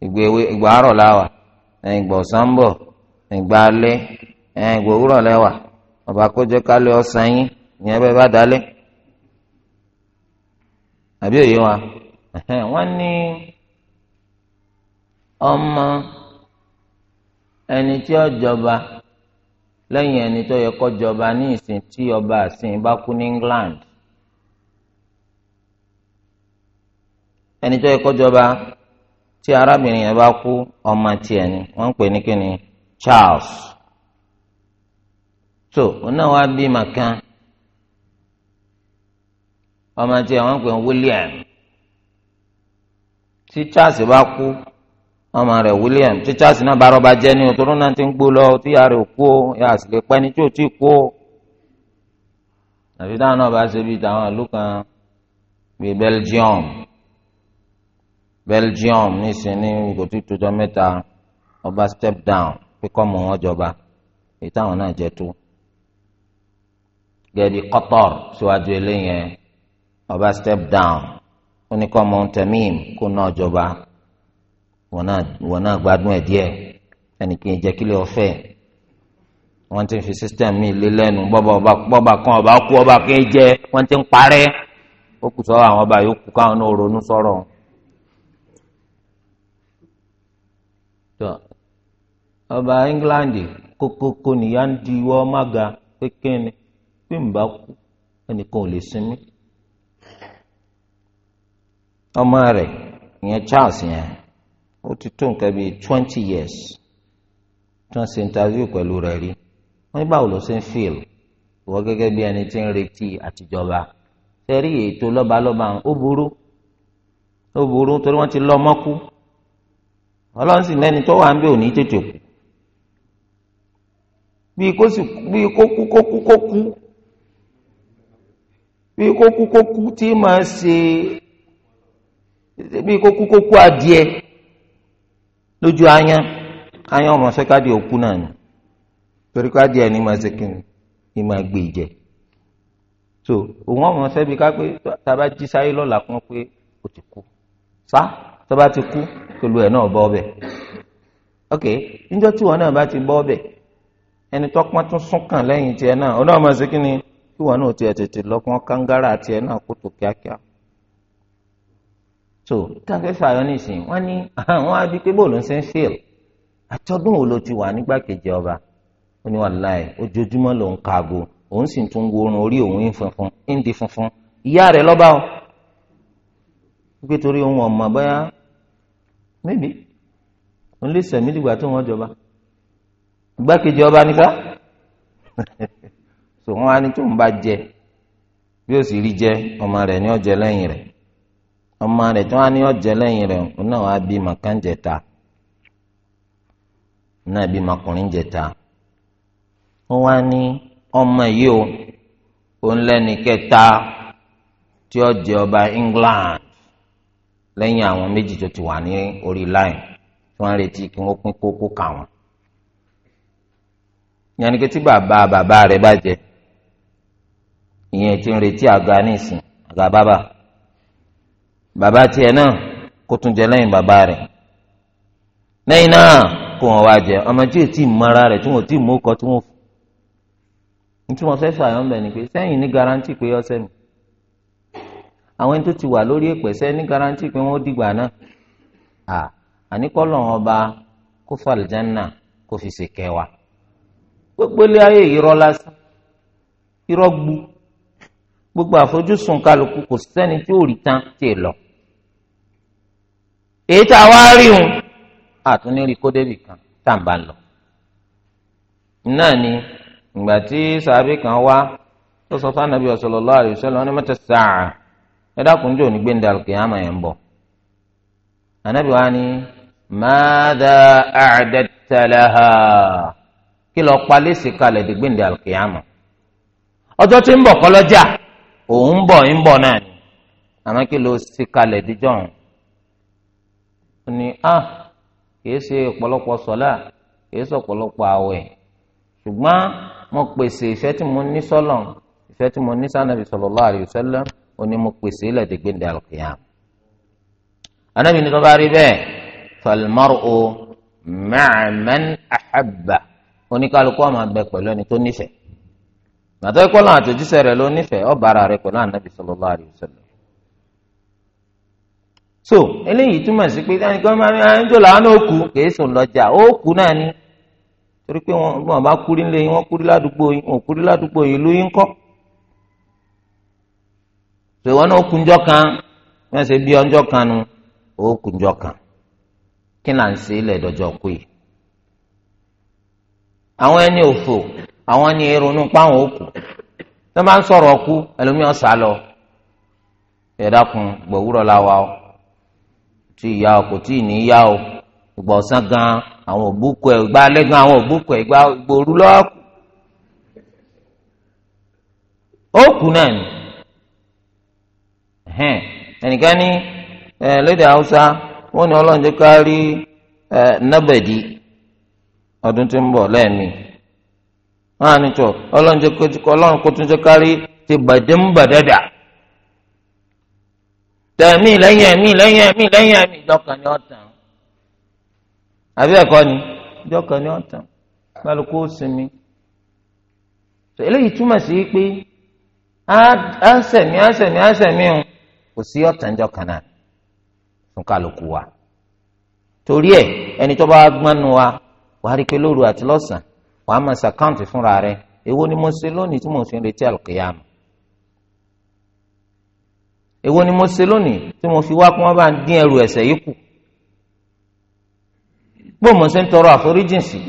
ìgbà ewé ìgbà àárọ̀ láwà ìgbà ọ̀sán ń bọ̀ ìgbà alẹ́ ìgbà òwúrọ̀ lẹ́wà ọba kó kálẹ̀ ọ̀sán yín ìyẹn bẹ́ẹ̀ bá dalẹ́ àbí òye wa wọ́n ní ọmọ ẹni tí ó jọba lẹ́yìn ẹni tó yẹ kó jọba ní ìsìn tí ọba àsìn bá kú ní England ẹni tó yẹ kó jọba tí arábìnrin yẹn bá kú ọmọ tiẹ̀ ni wọ́n ń pè ní kíni Charles so òun náà wá bí màkàn ọmọ tí àwọn pè William tí Charles bá kú ọmọ rẹ̀ William tí Charles náà bá rọba jẹ́ ní òtún náà ti ń gbó lọ tí ìyá rẹ̀ kú ó yà á sì lè pẹ́ ní tí ò tí kú àfi táwọn náà bá ṣe bíi tàwọn ìlú kan bíi Belgium Belgium nísìnyí kò tí tó jọ mẹ́ta ọba step down kíkọ́ mọ́ wọn jọba èyí táwọn náà jẹ tó gẹ̀ẹ́dì Qatar síwájú eléyẹn ọba step down ó ní kọ́ mount tamim kó náà jọba wọn náà gbádùn ẹ̀ díẹ̀ ẹnì kì í jẹ́ kílẹ̀ ọ̀fẹ́ wọ́n ti fi system mi lé lẹ́nu bọ́ba kan ọba kú ọba kì í jẹ́ wọ́n ti ń parẹ́ ó kù sọ́wọ́ àwọn ọba yòókù káwọn náà ronú sọ̀rọ̀ ọba England kókókó nìyá ń di ìwọ ọmọ kékeré ni n bá kú ẹnìkan ò lè sinmi ọmọ rẹ ìyẹn Charles yẹn ó ti tó nǹkan bíi twenty years tí wọ́n ṣe interview pẹ̀lú rẹ̀ rí wọ́n ní báwo ló ṣe ń feel bí ẹni tí ń retí àtijọba tẹ́rí ètò lọ́balọ́ba ó burú ó burú torí wọn ti lọ mọ́kú ọlọ́run sì tó wà ń bẹ òní tètè kú bíi kó bí kókó kókó adìẹ lójú ayan ayan ọmọ fẹ́ káàdì òkú náà ni torí káàdì ẹni máa ṣe kí ni máa gbé ìjẹ so òun ọmọ fẹ́ bí ká pé tába jí sáyé lọ́la kan pé o ti kú sá tába ti kú pẹ̀lú ẹ̀ náà bọ́ ọbẹ̀ ok níjọ́ tí wọn náà bá ti bọ́ ọbẹ̀ ẹni tó pọ́n tún sún kàn lẹ́yìn náà ọ̀nà ọmọ ṣe kí ni kí wọn náà tiẹ̀ tètè lọ́kàn kángára tiẹ̀ náà kó kíákíá so táfẹ́ fàyọ nìsín wọ́n ní àwọn *laughs* á bí pé bóòlù ń ṣe ń fèl àtọ́dún wo ló ti wà nígbà kejì ọba ó ní wàláì ojoojúmọ́ lòún kaago òun sì tún worun orí òun funfun índi funfun ìyá rẹ̀ lọ́ba o wípé torí òun ọ̀mọ̀ báyà mẹ́bí òun lè sẹ̀mí dìgbà tó wọ́n jọba ìgbákejì ọba nípa *laughs* so wọ́n á ní tó ń bá jẹ bí ó sì rí jẹ ọmọ rẹ̀ ní ọ̀jẹ̀ lẹ́yìn rẹ̀ ọmọ rẹ tí ní ọ̀jẹ̀ lẹ́yìn rẹ̀ òun náà wá bí màkànjẹ̀ta náà bí wá ní ọmọ yìí o òun kẹta tí ọba England lẹ́yìn àwọn méjì tó ti wà ní orí line tí retí kí bàbá tiẹ̀ náà kó tún jẹ lẹ́yìn bàbá rẹ̀ lẹ́yìn náà kó wọn wá jẹ ọmọ tí mara rẹ̀ tí wọn ò mú kọ tí wọn fò nítorí wọn fẹ́ ni pé sẹ́yìn ní garanti pé ọsẹ mi àwọn ẹni tó ti wà lórí ìpèsè ní garanti pé wọn ó dìgbà náà à àníkọ́ ọba kó fàlùjánà kó fi gbogbo ilé ayé gbu gbogbo àfojúsùn kálukú kò sẹ́ni tí ò rí tán tí ì lọ. èyí tá a wá rí òun àtúní rí kan tá à lọ. náà ni ìgbà tí sàbí kan wá tó sọ fún anabi sallallahu alaihi wasallam ní mẹ́ta sáà ẹ dákun jò ní gbẹ̀ndé yẹn anabi wa ni maada a'dadta kí lọ́ọ́ palẹ́sì kalẹ̀ dé gbẹ̀ndé alùkìyàmà ọjọ́ tí ń bọ̀ òun ń bọ̀ ń bọ̀ náà ni àmọ́ kí ló ṣe kalẹ̀ díjọ́ òun ó ní a ah, kìí ṣe ọ̀pọ̀lọpọ̀ sọ́lá kìí ṣe ọ̀pọ̀lọpọ̀ àwẹ̀ ṣùgbọ́n mo pèsè ìfẹ́ tí mo ní sọ́lọ̀ ìfẹ́ tí mo ní sànàbì sallallahu alaihi wasallam ó ní mo pèsè ilẹ̀ dègbèǹdà al-qiyam anábì ní tó bá rí bẹ́ẹ̀ falmar'u ma'a man ahabba oníkálukú máa bẹ pẹ̀lú ẹni tó nífẹ̀ẹ́ gbàtọ́ ẹ̀kọ́ lọ́wọ́ àtòjíṣẹ́ rẹ̀ ló nífẹ̀ẹ́ ọba ara rẹ̀ pẹ̀lú ànábì sallallahu so eléyìí túmọ̀ sí pé ẹnìkan máa ń ẹni tó làwọn náà kú kìí sùn lọ́jà ó kú náà ni torí pé wọn bá kúrí wọn kúrí ládùúgbò wọn kúrí ládùúgbò kọ́. náà kan wọ́n ṣe bí ọjọ́ kan nu ó kúnjọ́ kan kí là ń ṣe ilẹ̀ àwọn ni ronú páwọn òkú tó máa ń sọ̀rọ̀ ọkú lọ ẹ̀dá gbòwúrọ̀ tí ìyá kò tí ì ní yá o ìgbà ọ̀sán gan àwọn òbúkọ ẹ̀ ìgbà àwọn òbúkọ ìgbà òru lọ́ọ̀kù òkú náà ni ẹnìkan ní lédè haúsá wọn ni ọlọ́run jẹ́ ká rí wọn á nìjọ ọlọ́run kò tún kárí ti bàdémbàdàdà lẹ́yìn ẹ̀mí lẹ́yìn ẹ̀mí lẹ́yìn ẹ̀mí ìjọkàn ni ọ̀tàn àbí ni ìjọkàn ni ọ̀tàn eléyìí túmọ̀ sí pé á sẹ̀mí á sẹ̀mí á sẹ̀mí o kò sí ọ̀tàn ìjọkàn náà fún wàá máa ṣàkáǹtì fúnra rẹ èwo ni mo ṣe lónìí tí mo fi ń retí àlùkìyàmù èwo ni mo ṣe lónìí tí mo fi wá kí wọ́n bá ń dín ẹrù ẹ̀ṣẹ̀ yìí kù bó mo ṣe ń tọrọ àforíjìn sí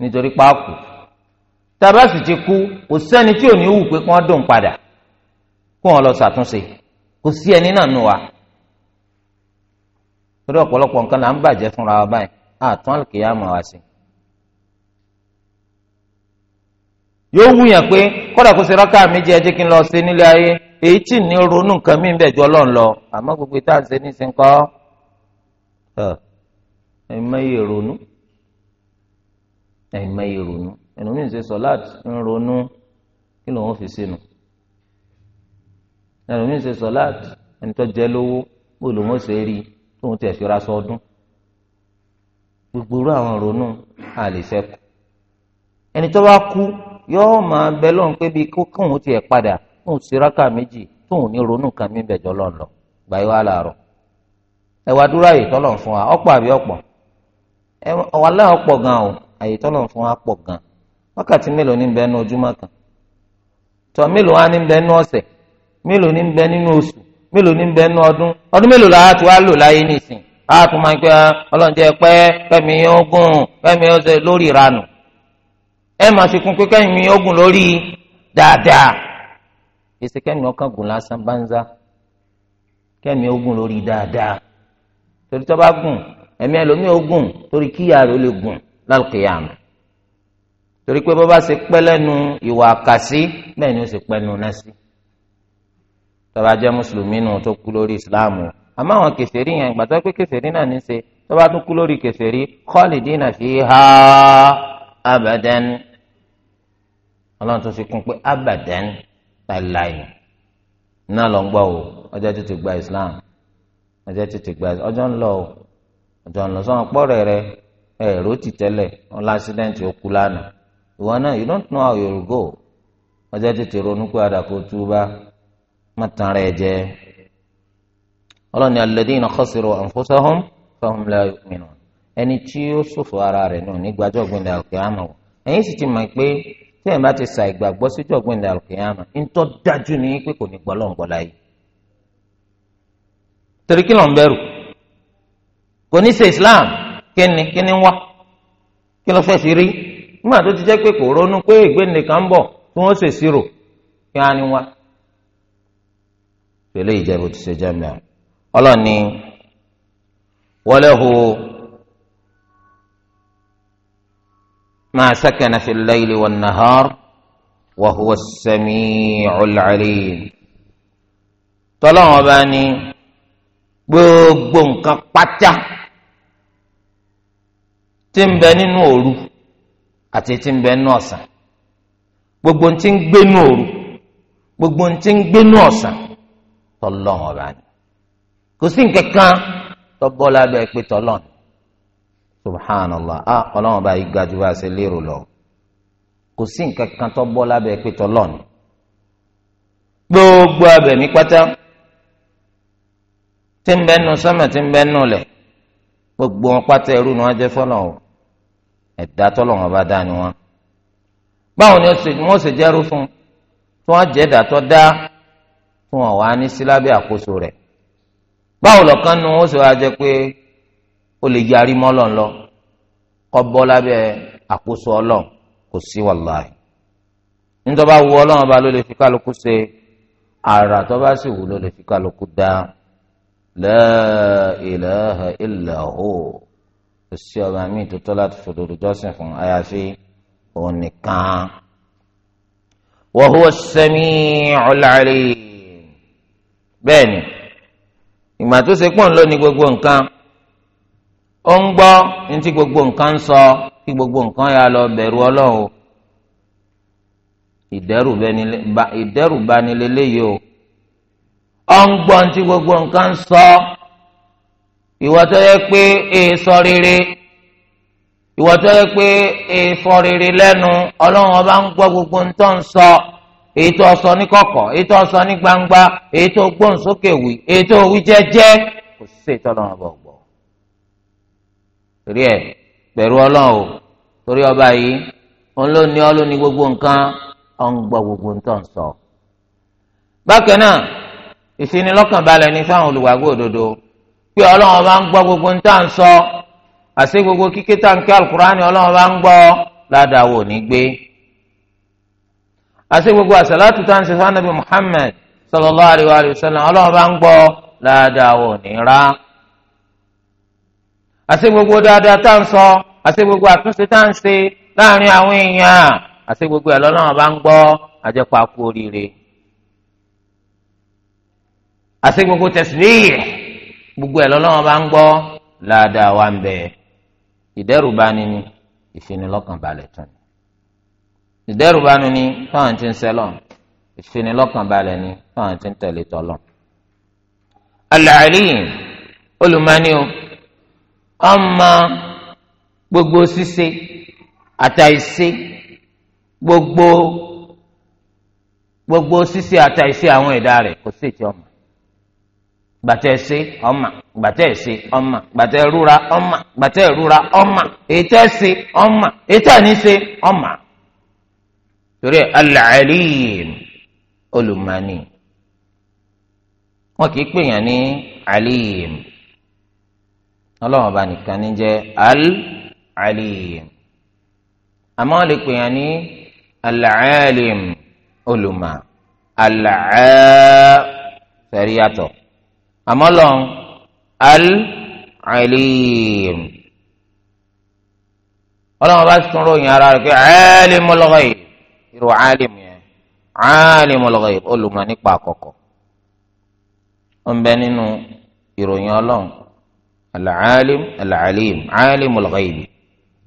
nítorí páàkù tábà ti kú kò sẹ́ni tí ò ní wù pé kí wọ́n dùn padà kí wọ́n lọ ṣàtúnṣe kò sí ẹni náà nù wa torí ọ̀pọ̀lọpọ̀ nǹkan là ń bàjẹ́ fúnra wa báyìí àtún àlùkìyàmù àwa yóò wúyàn pé kódà kó ṣe rákà méjì ẹ jẹ́ kí n lọ ṣe nílé ayé èyí tí ní ronú nǹkan mí bẹ̀ jọ lọ́n lọ àmọ́ gbogbo tá à ń ṣe ní sin kọ́ ẹ̀mẹ́yẹ ronú ẹ̀mẹ́yẹ ronú ẹ̀nu mi ń ṣe sọ́láàtì ń ronú kí lòun fi sínú ẹ̀nu mi ń ṣe sọ́láàtì ẹni tó jẹ́ lówó bó lòun ó ṣe rí tóun tẹ̀ fi ra gbogbo irú àwọn ronú àlè sẹ́kù ẹni tó bá kú. yóò máa bẹ lọ́run pé bíi kó kóun padà tóun sì rákà méjì tóun ní ronú kan mí bẹ̀jọ́ lọ́n lọ gbà yóò wá làárọ̀ dúró àyè tọ́lọ̀ fún wa ọ̀pọ̀ àbí ọ̀pọ̀ ọ̀wà láwọn gan o àyè tọ́lọ̀ fún wa pọ̀ gan wákàtí mélòó ní bẹ́ẹ̀ ní ojúmọ́ kan tọ́ mélòó wá ní bẹ́ẹ̀ ní ọ̀sẹ̀ mélòó ní bẹ́ẹ̀ nínú oṣù mélòó ní bẹ́ẹ̀ ní ọdún ẹ máa fi kún pé mi ogun lórí dáadáa èsì kẹ́mi ọkàn gùn lásán bánzá kẹ́mi ogun lórí dáadáa torí tó bá gùn ẹ̀mí ẹlòmíì ogun torí kíyà rẹ̀ ó lè gùn lálùkìyàmù torí pé bó bá ṣe pẹ́ lẹ́nu ìwà àkàsí bẹ́ẹ̀ ni ó ṣe pẹ́ nu náà sí tó bá jẹ́ mùsùlùmí nù tó kú lórí ìsìláàmù àmọ́ àwọn kèfèrí yẹn gbàtọ́ pé kèfèrí náà ní í ṣe tó bá tún kú lórí kèfèrí khalidina fiha abadan. ọlọ́run tó fi kún pé abadan láìláì náà lọ ń gbọ́ o ọjọ́ tó gba islam ọjọ́ tó gba ọjọ́ ń lọ o ọjọ́ ń lọ sọ́wọ́n pọ́ọ̀rẹ́ rẹ ẹ̀rọ ti tẹ́lẹ̀ wọn lásìdẹ́ǹtì ó kú lánàá ìwọ náà you don't know how you go ọjọ́ tó ronú pé àdàkọ má tan rẹ jẹ ọlọ́ni ẹni tí ó ara rẹ̀ náà nígbàjọ́ àmọ̀ tí bá ti sa ìgbàgbọ́ síjọ́ gbẹ̀ndẹ̀ àlùkìyàmà ńtọ́ dájú ní pé kò ní gbọ́ lọ́n gbọ́ láyé torí kí ló ń bẹ̀rù Islam kíni kíni wá kí ló fẹ́ rí nígbà tó ti jẹ́ pé kò ronú pé ìgbẹ́ni kan ń bọ̀ tí wọ́n ṣe sírò kí á ní wá pẹ̀lú ما سكن في الليل والنهار وهو السميع العليم tọ́lọ́wọ́n ọba ní gbogbo nǹkan pátá tí ń bẹ nínú òru àti tí ń bẹ nínú ọ̀sán gbogbo tí ń gbé nínú òru gbogbo tí ń gbé nínú ọ̀sán tọ́lọ́wọ́n ọba ní kò sí nǹkan kan tọ́bọ́ lábẹ́ pé tọ́lọ́wọ́n subhanallah ah, a ọlọ́run bá yí gbajú bá ṣe lérò lọ kò sí nǹkan kan tó bọ́ lábẹ́ gbogbo abẹ̀mí pátá tí ń bẹ́ nù tí gbogbo wọn pátá ẹrú ni wọ́n jẹ́ fọ́lọ̀ ẹ̀dá bá dá ni báwo ni fún tí wọ́n jẹ́ dàtọ́ dá ní ó lè yarí mọ́ ọlọ́run lọ kọ́ bọ́ lábẹ́ àkóso ọlọ́run kò sí wàláì nítorí wu ọlọ́run ọba ló lè fi kálukú ṣe àrà tó bá sì wù ló lè fi kálukú dá la ilaha illa hu kò sí ọba míì tó tọ́ láti fòdòdó jọ́sìn fún àyàfi òun nìkan. wa huwa bẹ́ẹ̀ ni ìgbà tó ṣe pọ̀ ń lọ ní gbogbo nǹkan ó ń gbọ́ ní tí gbogbo nǹkan ń sọ kí gbogbo nǹkan yà lọ bẹ̀rù ọlọ́run ìdẹ́rù bani lélẹ́yìí o ó ń gbọ́ ní tí gbogbo nǹkan ń sọ ìwọ tó yẹ pé èèsọ e rere ìwọ tó yẹ pé èèfọ e rere lẹ́nu ọlọ́run ọba ń gbọ́ gbogbo ń ń sọ èyí tó ní kọ̀kọ̀ èyí tó ní gbangba èyí tó gbóhùn sókè wí kò sí ètò ọlọ́run ọba ògbó. torí ẹ bẹ̀rù ọlọ́run o torí ọba yìí òun ló ní ọ́ ló ní gbogbo nǹkan ọ̀ nta gbọ́ gbogbo nǹkan sọ. bákan náà ìsinilọ́kànbalẹ̀ ní fáwọn olùwàgbọ́ òdodo pé ọlọ́run ọba ń gbogbo nǹkan sọ àti gbogbo kíké táǹkì alukurani ọlọ́run ọba ń gbọ́ ní gbé. àti gbogbo Muhammad sallallahu alaihi wa sallam ọlọ́run ọba ń gbọ́ àti gbogbo dáadáa tá à ń sọ àti gbogbo àtúnṣe tá à ń ṣe láàrin àwọn èèyàn àti gbogbo ẹ̀ lọ́lọ́run bá ń gbọ́ àjẹpọ̀ àkú oríire àti gbogbo tẹ̀síbíyì gbogbo ẹ̀ lọ́lọ́run bá ń gbọ́ ládàá wa ń bẹ ìdẹ́rùbani ni ìfinilọ́kànbalẹ̀ tún ni ìdẹ́rùbani ni fáwọn tí ń sẹ́lọ̀ ìfinilọ́kànbalẹ̀ ni fáwọn tí ń tẹ̀lé tọ́lọ̀. alẹ́ àlìyìn olùmọ́ni o. Ọma gbogbo ṣíṣe àtàìṣe gbogbo gbogbo ṣíṣe àtàìṣe àwọn ịda rẹ̀ ko sí ìtì ọma gbàtẹ́ ọma ọmọ gbàtẹ́ ṣe ọma gbàtẹ́ ọma ọmọ gbàtẹ́ rúra ọma ètò ṣe ọmọ ètò ní ṣe ọmọ torí al-alim wọn kì í pè yàn ní alim. ọlọ́run ọba nìkan ní jẹ́ al-alim àmọ́ lè pè yàn ní al-alim olùmọ̀ al-alim sẹ́rí yàtọ̀ àmọ́ lọ́n al-alim ọlọ́run ọba sùn ròyìn ara rẹ̀ pé alimul ghaib irú alim yẹn alimul olùmọ̀ nípa àkọ́kọ́ ọ̀nbẹ nínú ìròyìn ọlọ́run alaalim alaalim alim al-ghaibi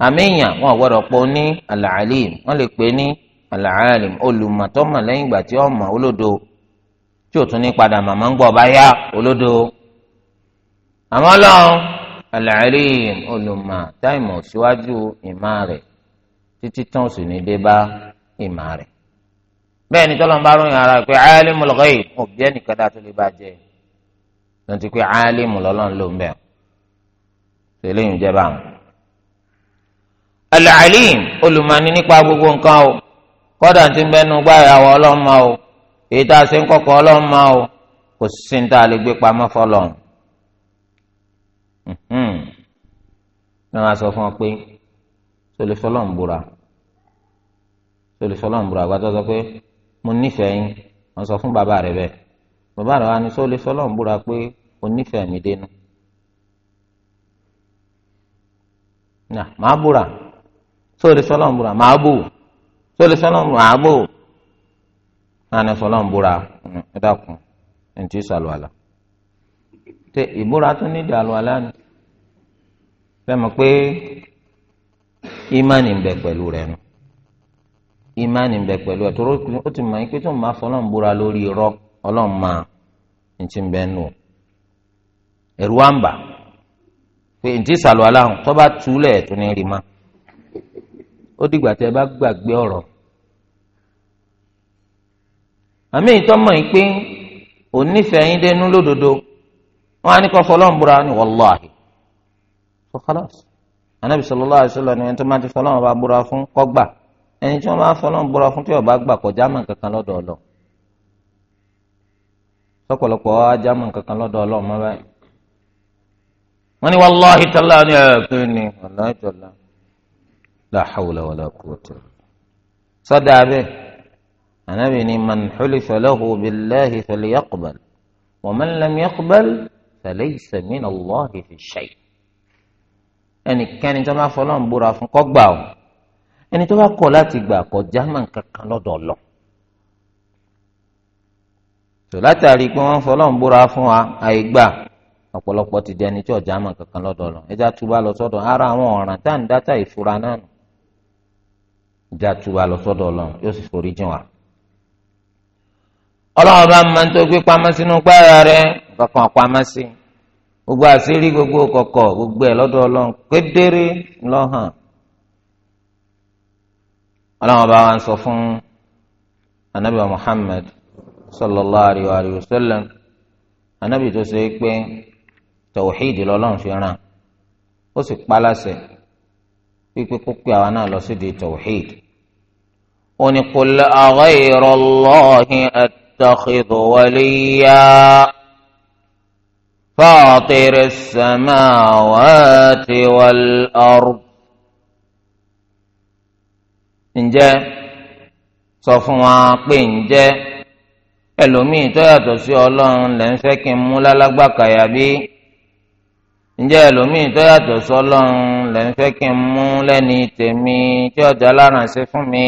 àmìyàn wọn gbọ́dọ̀ pọ ní alaalim wọn lè pè ní alaalim olùmọtọmọ lẹ́yìn ìgbà tí ọmọ olódo tí ò tún ní padà màmá ń gbọ́ ọba yá olódo àmọ́ lọ́hùn alaalim olùmọ táìmù síwájú ìmá rẹ̀ títí tán sì ní dé bá ìmá rẹ̀ bẹ́ẹ̀ ni tọ́lọ́mù bá ròyìn ara pé alimul ghaib òbí ẹnìkan dá tó lè bá jẹ lọ́n ti pé alim lọ́lọ́run ló ń bẹ̀rù eléyìí jẹ́ báwọn. Al-Alim olùmọ̀ni nípa gbogbo nǹkan o kọ́dà tí ń bẹnu gbá ìyàwó ọlọ́mọ o èyí tá a ṣe ń kọ́kọ́ ọlọ́mọ o kò sí ní tá a lè gbé pamọ́ fọlọ́n. ní wọn sọ fún ọ pé sọlẹ fọlọ́n búra sọlẹ fọlọ́n búra àgbàdo sọ pé mo nífẹ̀ẹ́ yín wọn sọ fún bàbá rẹ bẹ́ẹ̀ bàbá rẹ wá ní sọlẹ fọlọ́n búra pé o nífẹ̀ẹ́ mi dénú. na màá búra tó lè sọlọ ń búra màá bò sọlọ búra màá nàní sọlọ búra mm, ẹ dákun sàlù àlà tẹ ìbúra tó ní ìdàlù àlà ni fẹmọ pé ìmánì ń bẹ pẹ̀lú rẹ nu ìmánì ń bẹ pẹ̀lú ẹ tóró ó ti mọ tó ń bá búra lórí irọ́ Ọlọ́run máa pé ntí sàlùwà láhùn tó bá túlẹ̀ tó ní rí ma ó dìgbà tẹ́ bá gbàgbé ọ̀rọ̀ àmì ìtọ́mọ̀ yìí pé onífẹ̀ẹ́ yín dẹnu lódodo wọn á ní kó fọlọ́n búra ní wàláhì tó kálọ̀sì anábì sallallahu alaihi wasallam ni ẹni tó máa ti fọlọ́n bá búra fún kọ́gbà ẹni tí wọ́n bá fọlọ́n búra fún tí ó bá gbà kọjá mọ̀ kankan lọ́dọ̀ ọlọ́ sọ́pọ̀lọpọ̀ kankan lọ́dọ̀ mọ́ báyìí wọ́n ní wàláhi tàlá ni ẹ̀ẹ́dẹ́ ni wàláhi tàlá la hawla wàlá quwwata sọ́dà abẹ́ anabi ni man hulifa lahu billahi falyaqbal wa man lam yaqbal falaysa min allahi fi shay ẹnikẹ́ni tó bá fọlọ́n búra fún kó gbà o ẹni tó bá kọ̀ láti gbà kó jámà kankan lọ́dọ̀ lọ. tò pé wọ́n fọlọ́n búra fún wa àìgbà. ọ̀pọ̀lọpọ̀ ti di ẹni tí ọ̀já mọ̀ kankan lọ́dọ̀ lọ ẹja túbà lọ sọ́dọ̀ ara àwọn ọ̀ràn tá à ń dátà ìfura náà nù ẹja túbà lọ sọ́dọ̀ lọ yóò sì forí jìn wá. ọlọ́run bá máa ń rẹ kankan pamọ́ sí kedere lọ́hàn. ọlọ́run bá wa anabi Muhammad sallallahu alayhi wa sallam anabi tó ṣe tọ̀wọ̀hídì lọ́lọ́run fi ràn ó sì paláṣẹ pípé pípé àwa náà lọ sídìí tọ̀wọ̀hídì. ó ní kò lè aghayra Allahi attakhidhu waliya fatiri as-samawati wal ard. ǹjẹ́ sọ fún wa pé ǹjẹ́ ẹlòmíì tó yàtọ̀ sí ọlọ́run lẹ́ kí n mú lálágbàkàyà bíi ǹjẹ́ ẹlòmíì tó yàtọ̀ sọ́lọ́run lẹ́ ń fẹ́ kí n mú lẹ́ni tèmi tí ọjà láránṣẹ́ fún mi.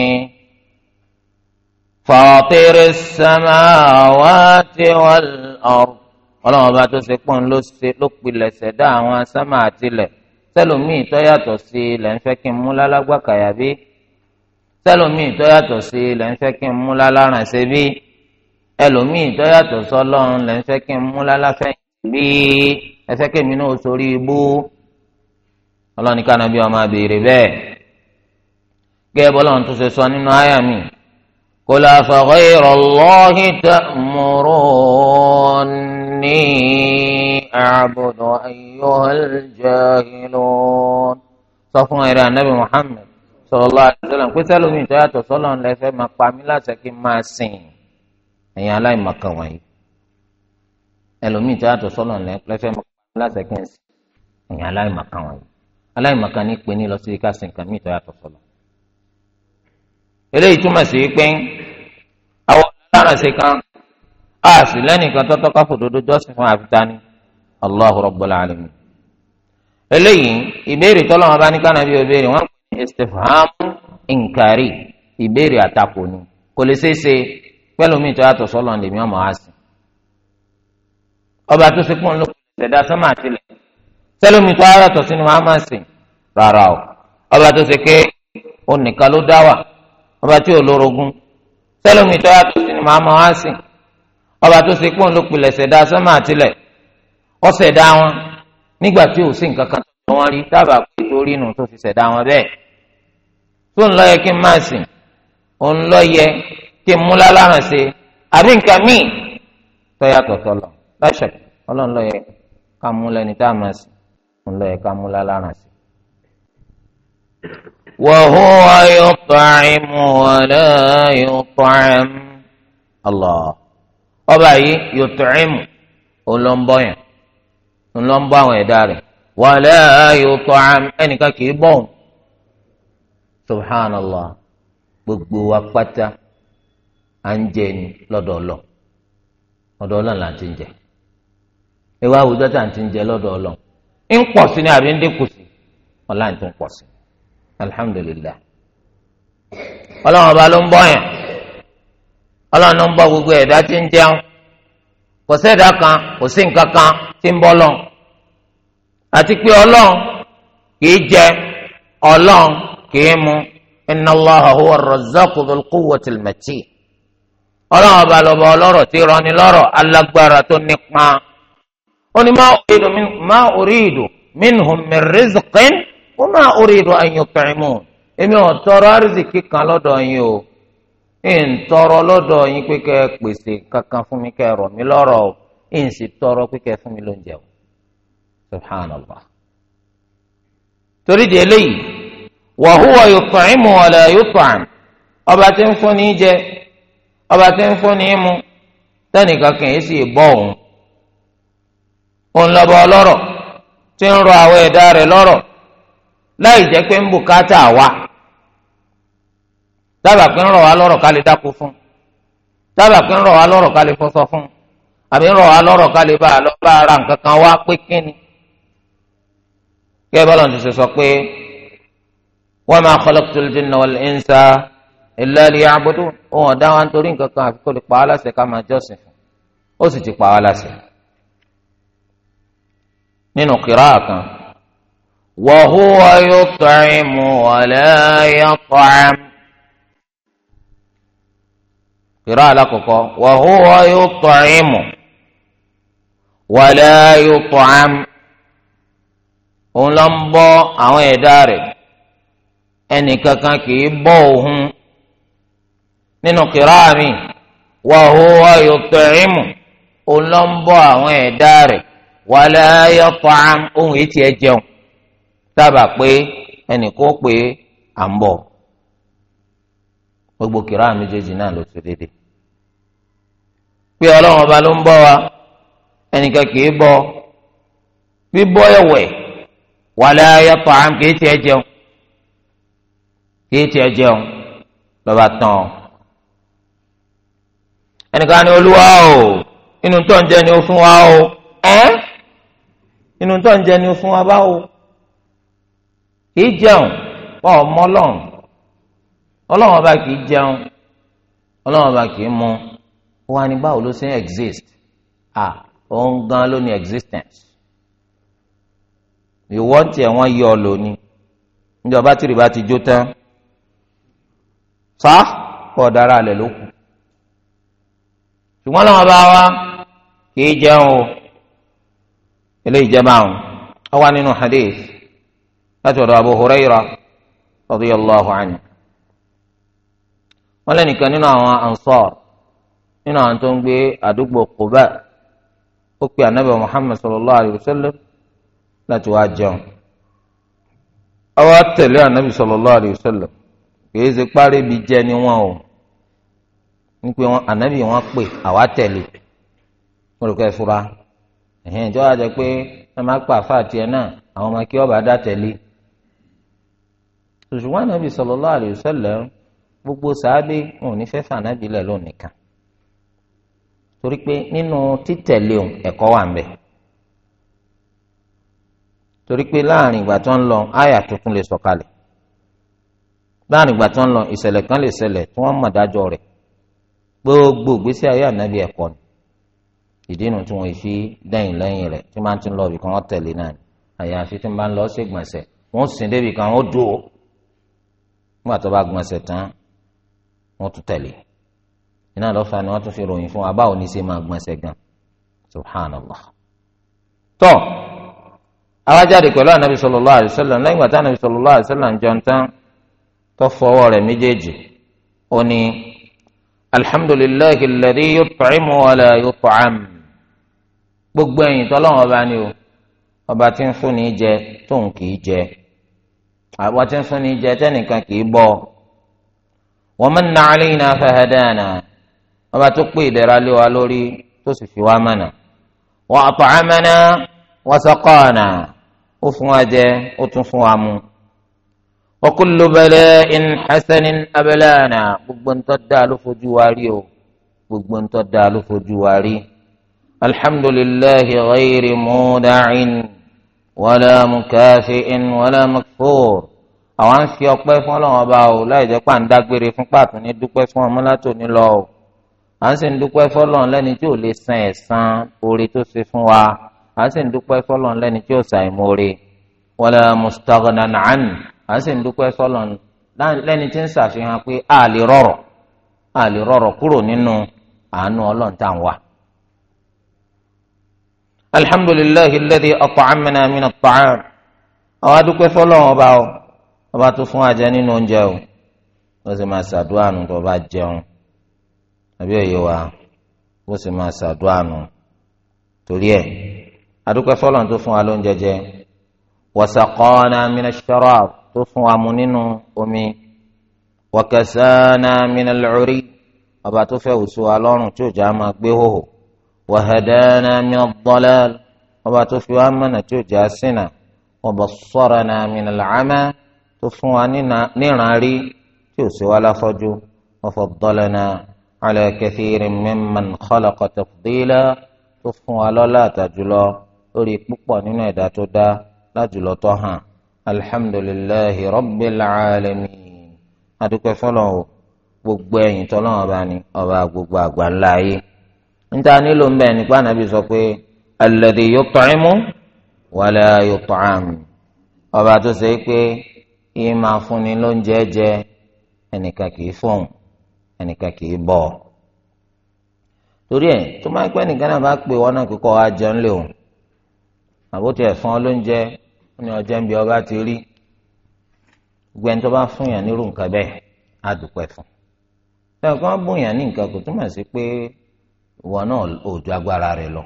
fàtírí sàmáwáti wal ard ọlọ́run ọba tó ṣe pọ́n ló ṣe ló pilẹ̀ ṣẹ̀dá àwọn sámà àtìlẹ̀ sẹ́lòmíì tó yàtọ̀ sí lẹ́ ń fẹ́ kí n mú lálágbàkàyà bí sẹ́lòmíì tó yàtọ̀ sí lẹ́ ń fẹ́ kí n mú láláránṣẹ́ bí ẹlòmíì tó yàtọ̀ sọ́lọ́run lẹ́ ń fẹ́ kí n mú lálàfẹ́yìn bí ẹsẹ̀ kèmí náà sórí ibú ọlọ́ni ká nàbí ọmọ àbèrè bẹ́ẹ̀ gẹ́gẹ́ bọ́lá ohun tó ṣe sọ nínú àyà mi qul afa ghayra Allahi ta'muruni a'budu ayyuhal jahilun sọ fún ẹ̀rẹ́ anabi Muhammad sallallahu alaihi wasallam pé sẹ́lómi ìtọ́ yàtọ̀ sọ́lọ́ ń lẹ́fẹ́ máa pa mí láti kí máa sìn ẹ̀yin aláìmọ̀kan wọ̀nyí. ẹlòmíì tí a tó sọ́nà lẹ́fẹ̀ẹ́ lásẹ̀kẹ́ sí ẹ̀yìn aláìmọ̀kan wọ̀nyí aláìmọ̀kan ní pe ní lọ sí ká sìnkà míì tó yàtọ̀ sọ́nà. eléyìí túmọ̀ sí pé àwọn alárànṣe kan a sì lẹ́nìkan tọ́tọ́ ká fòdodo jọ́sìn fún àfitání Allahu Rabbul Alamin. eléyìí ìbéèrè bá ní obìnrin wọn kò ní ìbéèrè àtakò ni kò lè ṣeé ṣe pẹ́lú míì tó ọba tó ṣe pọ̀ ló ṣẹ̀dá sánmà àtìlẹ̀ sẹ́lómi tó ayọ̀tọ̀ sínú hamasi rárá o ọba tó ṣe pé onìkan ló dá wà ọba tí ò lórogún sẹ́lómi tó ayọ̀tọ̀ sínú hamasi ọba tó ṣe pọ̀ ló pilẹ̀ ṣẹ̀dá sánmà àtìlẹ̀ ó ṣẹ̀dá wọn nígbà tí ò sí nǹkan kan tó wọn rí dábàá pé torí inú tó fi ṣẹ̀dá wọn bẹ́ẹ̀ tó ń lọ yẹ kí n máa sìn òun lọ yẹ kí n múlá láhàn ṣe àbí nǹkan míì tó yàtọ̀ láṣẹ ọlọ́run ló yẹ ká mú lẹ́ni tá a máa sìn ń ló ká mú lálàrán sí. وهو يطعم ولا يطعم الله ọba yìí yòtọ́ìmù olóńbọ̀yàn olóńbọ̀ àwọn ẹ̀dá rẹ̀ wàlẹ́ yòtọ́àm ẹnìkan kì í bọ̀ ọ́n subhanallah gbogbo wa pátá à ń jẹ ni lọ́dọọlọ lọ́dọọlọ là ń ti jẹ ẹ wá àwùjọ tá à ń ti ń jẹ ọlọ ń sí ni àbí ń dínkù sí ọlá ń tún pọ̀ sí ọba ló ń yẹn ló ń gbogbo tí ń jẹun kò kan kò sí nǹkan kan tí ń àti pé kìí mu inna Allaha huwa ar-razzaqu dhul quwwati ọba lọ́ba tí rọni alágbára ó ní má uridu minhum min rizqin wa má uridu an yut'imun èmi ò tọrọ àrísìkí kan lọ́dọ̀ yín o ń tọrọ lọ́dọ̀ yín pé kẹ́ ẹ pèsè kankan fún mi kẹ́ ẹ rọ̀ mí lọ́rọ̀ o ń sì tọrọ pé kẹ́ ẹ fún mi lóúnjẹ o subhanallah torí di eléyìí wa huwa yut'imu wa la yut'am ọba tí ń fún ní jẹ ọba tí ń fún ní mu tẹ́nìkan kìí sì bọ́ òun. òun lọ́ba ọlọ́rọ̀ tí ń rọ àwọn ẹ̀dá rẹ̀ lọ́rọ̀ láì jẹ́ pé wa dábàá pé ń rọ̀ wá lọ́rọ̀ ká lè dáko fún dábàá pé ń rọ̀ wá lọ́rọ̀ ká lè fọṣọ fún àbí ń rọ̀ wá lọ́rọ̀ ká lè bá a lọ bá ara insa ọ̀dá wa nǹkan kan àfikún nínú kìrá kan. wa huwa yut'imu wa la yat'am. kìrá alákọ̀ọ́kọ́ wa huwa yut'imu wa la yut'am. òun ló ń bọ́ àwọn ẹ̀dá rẹ̀ ẹnìkankan kì í bọ́ òun nínú kìrá mi wa huwa yut'imu òun ló ń bọ́ àwọn ẹ̀dá rẹ̀ wàlẹ́ ayọ́pọ̀ ohun etí ẹ jẹun dábàá pé ẹnìkan pé à ń bọ̀ gbogbo kìrá méjèèjì náà ló ṣe déédéé pé ọlọ́run ọba ló ń bọ́ wa ẹnìkan kìí bọ́ bíbọ́ ẹ̀wẹ̀ wàlẹ́ ayọ́pọ̀ àwọn kìí tiẹ̀ jẹun kìí tiẹ̀ jẹun lọ́ba tán ẹnìkan ní olúwa o inú tó ń jẹ ni ó fún wa o Eh? inú tó ń jẹ ni fún wa báwo kì í jẹun pọ̀ ọmọ ọlọ́run ọlọ́run ọba kì í jẹun ọlọ́run ọba kì í mu wá ní báwo ló ṣe ń exist ah òun gan ló ní existence ìwọ tiẹ̀ wọ́n yọ ọ lónìí níjọ bátìrì bá ti jó tán fa pọ̀ dára alẹ̀ ló kù ṣùgbọ́n ọlọ́run ọba wa kì í jẹun o. eléyìí jẹ́ báwọn ó wà nínú hadith láti ọ̀dọ̀ Abu Hurairah radiyallahu anhu wọ́n lẹ́nìkan nínú àwọn ansar nínú àwọn tó ń gbé o pe anabi Muhammad sallallahu alayhi wa sallam láti wá anabi sallallahu alayhi wa sallam kìí ṣe parí anabi ẹ̀hìn ìjọba jẹ pé ẹ máa pa ẹ náà àwọn ọmọ kí ọba dá tẹ̀lé ṣùṣùwọ́n ànábì sallallahu gbogbo sàábé wọn ò ní fẹ́ fànábì lẹ̀ lónìí kan torí pé nínú títẹ̀lé ẹ̀kọ́ wà ń bẹ̀ torí pé láàrin ìgbà tó ń lọ àyà tuntun lè sọ̀kalẹ̀ láàrin ìgbà tó ń lọ ìṣẹ̀lẹ̀ kan lè ṣẹlẹ̀ tí wọ́n mọ̀ dájọ́ gbogbo ìdínú tí wọn fi dẹ́yìn lẹ́yìn rẹ̀ tí máa ń ti lọ ibì kan wọ́n tẹ̀lé náà ni àyàfi tí wọ́n bá ń lọ sí gbọ̀nsẹ̀ wọ́n sìn débi kan wọ́n dò ó nígbà tó bá gbọ̀nsẹ̀ tán wọ́n tún tẹ̀lé iná lọ́fà ni wọ́n tún fi ròyìn fún wa báwo ni ṣe máa gbọ̀nsẹ̀ gan subhanallah. tọ́ àwa jáde pẹ̀lú anabi sallallahu alaihi lẹ́yìn ìgbà tí anabi sallallahu alaihi wasallam jẹun tán tó fọwọ́ rẹ̀ méjèèjì ó ní alhamdulillahi alladhi yut'imu wa la yut'am. gbogbo ẹ̀yìn tọ́lọ́run ọba ni o ọba tí ń fún ní jẹ tóun kì í jẹ àwa tí ń fún ní jẹ kì í wa manna na ọba tó pé ìdẹ̀ra lé wa lórí tó fi wá wa at'amana wa saqana ó fún wa jẹ ó tún fún wa gbogbo ń tọ́ da ló fojú wa o gbogbo ń tọ́ da الحمد لله غير مودع ولا مكافئ ولا مكفور àwọn ń fi ọpẹ́ fún Ọlọ́run ọba o láì jẹ́ pà ń dágbére fún pàtó ní dúpẹ́ fún ọmọ látò ní lọ o à ń sì ń dúpẹ́ fọ́lọ́run lẹ́ni tí ò lè san ẹ̀san oore tó ṣe fún wa à ń sì ń dúpẹ́ fọ́lọ́run lẹ́ni tí ò ṣàìmoore wala mustaghnan à ń sì ń dúpẹ́ fọ́lọ́run lẹ́ni tí ń ṣàfihàn pé a rọrọ a rọrọ kúrò nínú àánú Ọlọ́run tá à ń wà alhamdulilayi lẹ́dí ọ̀pọ̀ amínà amínà pààrọ̀ àwọn adúpẹ́ fọlọ́wọ́n ọba o ọba tó fún ajá nínú oúnjẹ o ó sì máa ṣàdúrà nù tó bá jẹun àbí òye wa ó sì máa ṣàdúrà nù torí ẹ̀ adúpẹ́ fọlọ́wọ́n tó fún wa lóúnjẹ jẹ wasakọ́nà amínà ṣọ́rọ̀ tó fún wa mu nínú omi wàkàsánà amínà lórí ọba tó fẹ́ wùsùn wa lọ́rùn tí òjò á máa gbé hòhò. وهدانا من الضلال وباتوفي أمنا تجاسنا وبصرنا من العمى تفواني نراري تسوى لفجو وفضلنا على كثير ممن خلق تفضيلا تفوى لولا تجلو أريد بقوة دا lájùlọ tọ́ hàn alhamdulillahi rabbil alamin adúpẹ́ fọlọ́wọ́ gbogbo ẹ̀yìn tọ́lọ́wọ́ bá ọba gbogbo àgbà ńlá yìí. níta nílò mbẹ nípa nàbí sọ pé alladhi yut'imu wala yut'am ọba tó ṣe pé yìí máa fúnni lóúnjẹ jẹ ẹnìkan kì í fún ẹnìkan kì í bọ torí ẹ tó máa pẹ́ nìkan náà bá pè wọ́n náà kíkọ́ wa jẹun lé o àbótí ẹ̀fọn olóúnjẹ ní ń ọba ti rí gbẹ̀ǹ tó bá fún yàn nírú fún bùn yàn ní nǹkan ìwọ náà ò ju agbára rẹ lọ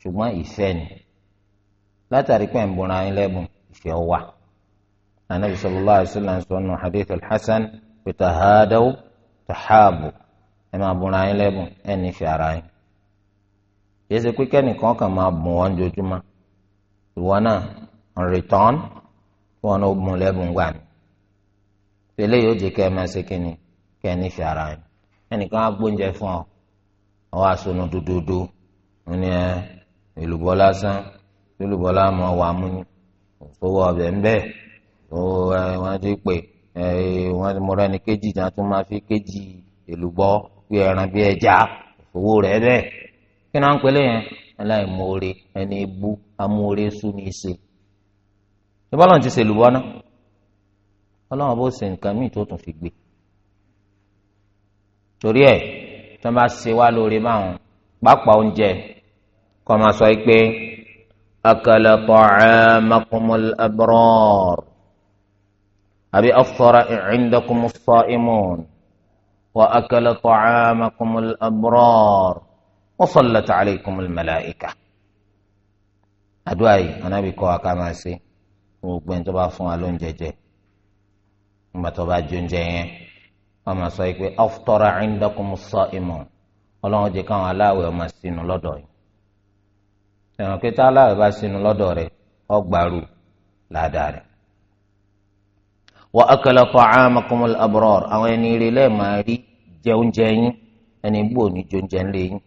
ṣùgbọ́n ìfẹ́ ni látàrí pé ń bọra yín lẹ́bùn ìfẹ́ wà anabi sallallahu alaihi wasallam sọnù hadith alhassan peter tahabu ẹ máa bọra yín lẹ́bùn ẹ nífẹ̀ẹ́ ara yín yìí ṣe pé kan máa bùn wọn jojúmọ́ ìwọ náà on return wọn bùn lẹ́bùn gbà kẹ́ ẹ ara yín ẹnìkan á gbóúnjẹ ọ. ọwọ́ asọ̀nù dododo wọn ni ẹ èlùbọ́ lásán èlùbọ́ láàmú wà mú ni òfowó ọbẹ̀ ń bẹ̀ wọ́n ti pè ti tún máa fi bí ẹran bí ẹja òfowó kí náà ń yẹn ẹni amóore ní í ṣe ti tó máa ṣe wá lórí báwọn pápá oúnjẹ kọ́ máa sọ pé akala ta'amakumul abrar àbí afṭara 'indakumus sa'imun wa akala ta'amakumul abrar wa sallat 'alaykumul malaika àdúrà yìí anábì kọ́ wa máa ṣe gbogbo ẹni bá fún wa lóúnjẹ jẹ nígbà tó bá jóúnjẹ yẹn wọn máa sọ pé aftara indakum as-sa'imun ọlọ́run jẹ́ káwọn aláwẹ̀ ọmọ sínú lọ́dọ̀ yìí ẹ̀wọ̀n pé tá aláwẹ̀ bá sínú lọ́dọ̀ rẹ̀ ọgbàrú ládàá rẹ̀. wa akala ta'amakum al-abrar àwọn ẹni rí lẹ́ẹ̀ máa rí jẹ oúnjẹ yín ẹni gbó ní jẹ oúnjẹ ńlẹ̀ yín.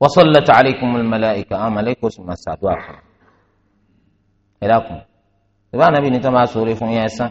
wa sallat alaykum al-malaika àwọn màláíkà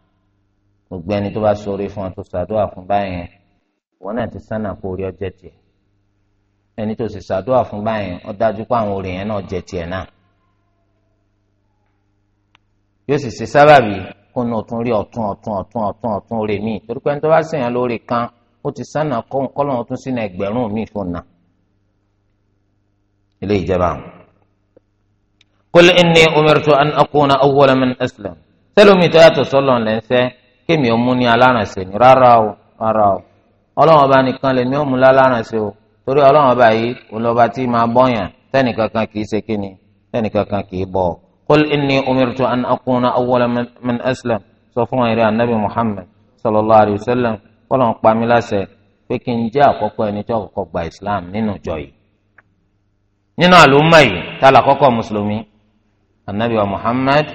gbogbo ẹni tó bá sọ̀rọ̀ fún ọ tó ṣàdúrà fún báyẹn wọn náà ti sánà kó orí ọjẹ tiẹ̀ ẹni tó sì ṣàdúrà fún báyẹn ó dájú pé àwọn orí yẹn náà jẹ tiẹ̀ náà yóò sì ṣe sábàbí kó náà tún rí ọ̀tún ọ̀tún ọ̀tún ọ̀tún ọ̀tún orí mi torí pé ẹni tó bá sèyàn lórí kan ó ti sánà kọ́lọ́run tún sínú ẹgbẹ̀rún mi fún náà ilé ìjẹba àwọn. sẹ́lómi tó yàtọ̀ lẹ́sẹ̀ẹ́ kémi ọmú ní alárànṣe ni rárá o rárá o ọlọ́wọ́n ọba nìkan lèmi ọmú lálárànṣe o torí ọlọ́wọ́n ọba yìí olọ́ba tí máa bọ́yàn tẹ́nìkankan kì í ṣe kíni tẹ́nìkankan kì í bọ̀ ọ́. qul inni umirtu an akuna awwala man aslam sọ fún ẹ̀rẹ́ anabi muhammed sallallahu alayhi wa sallam ọlọ́wọ́n pa mí láṣẹ pé kí n jẹ́ àkọ́kọ́ ẹni tí ọkọ̀ gba islam nínú ìjọ yìí nínú àlùmọ́ yìí tá a lọ mùsùlùmí anabi muhammed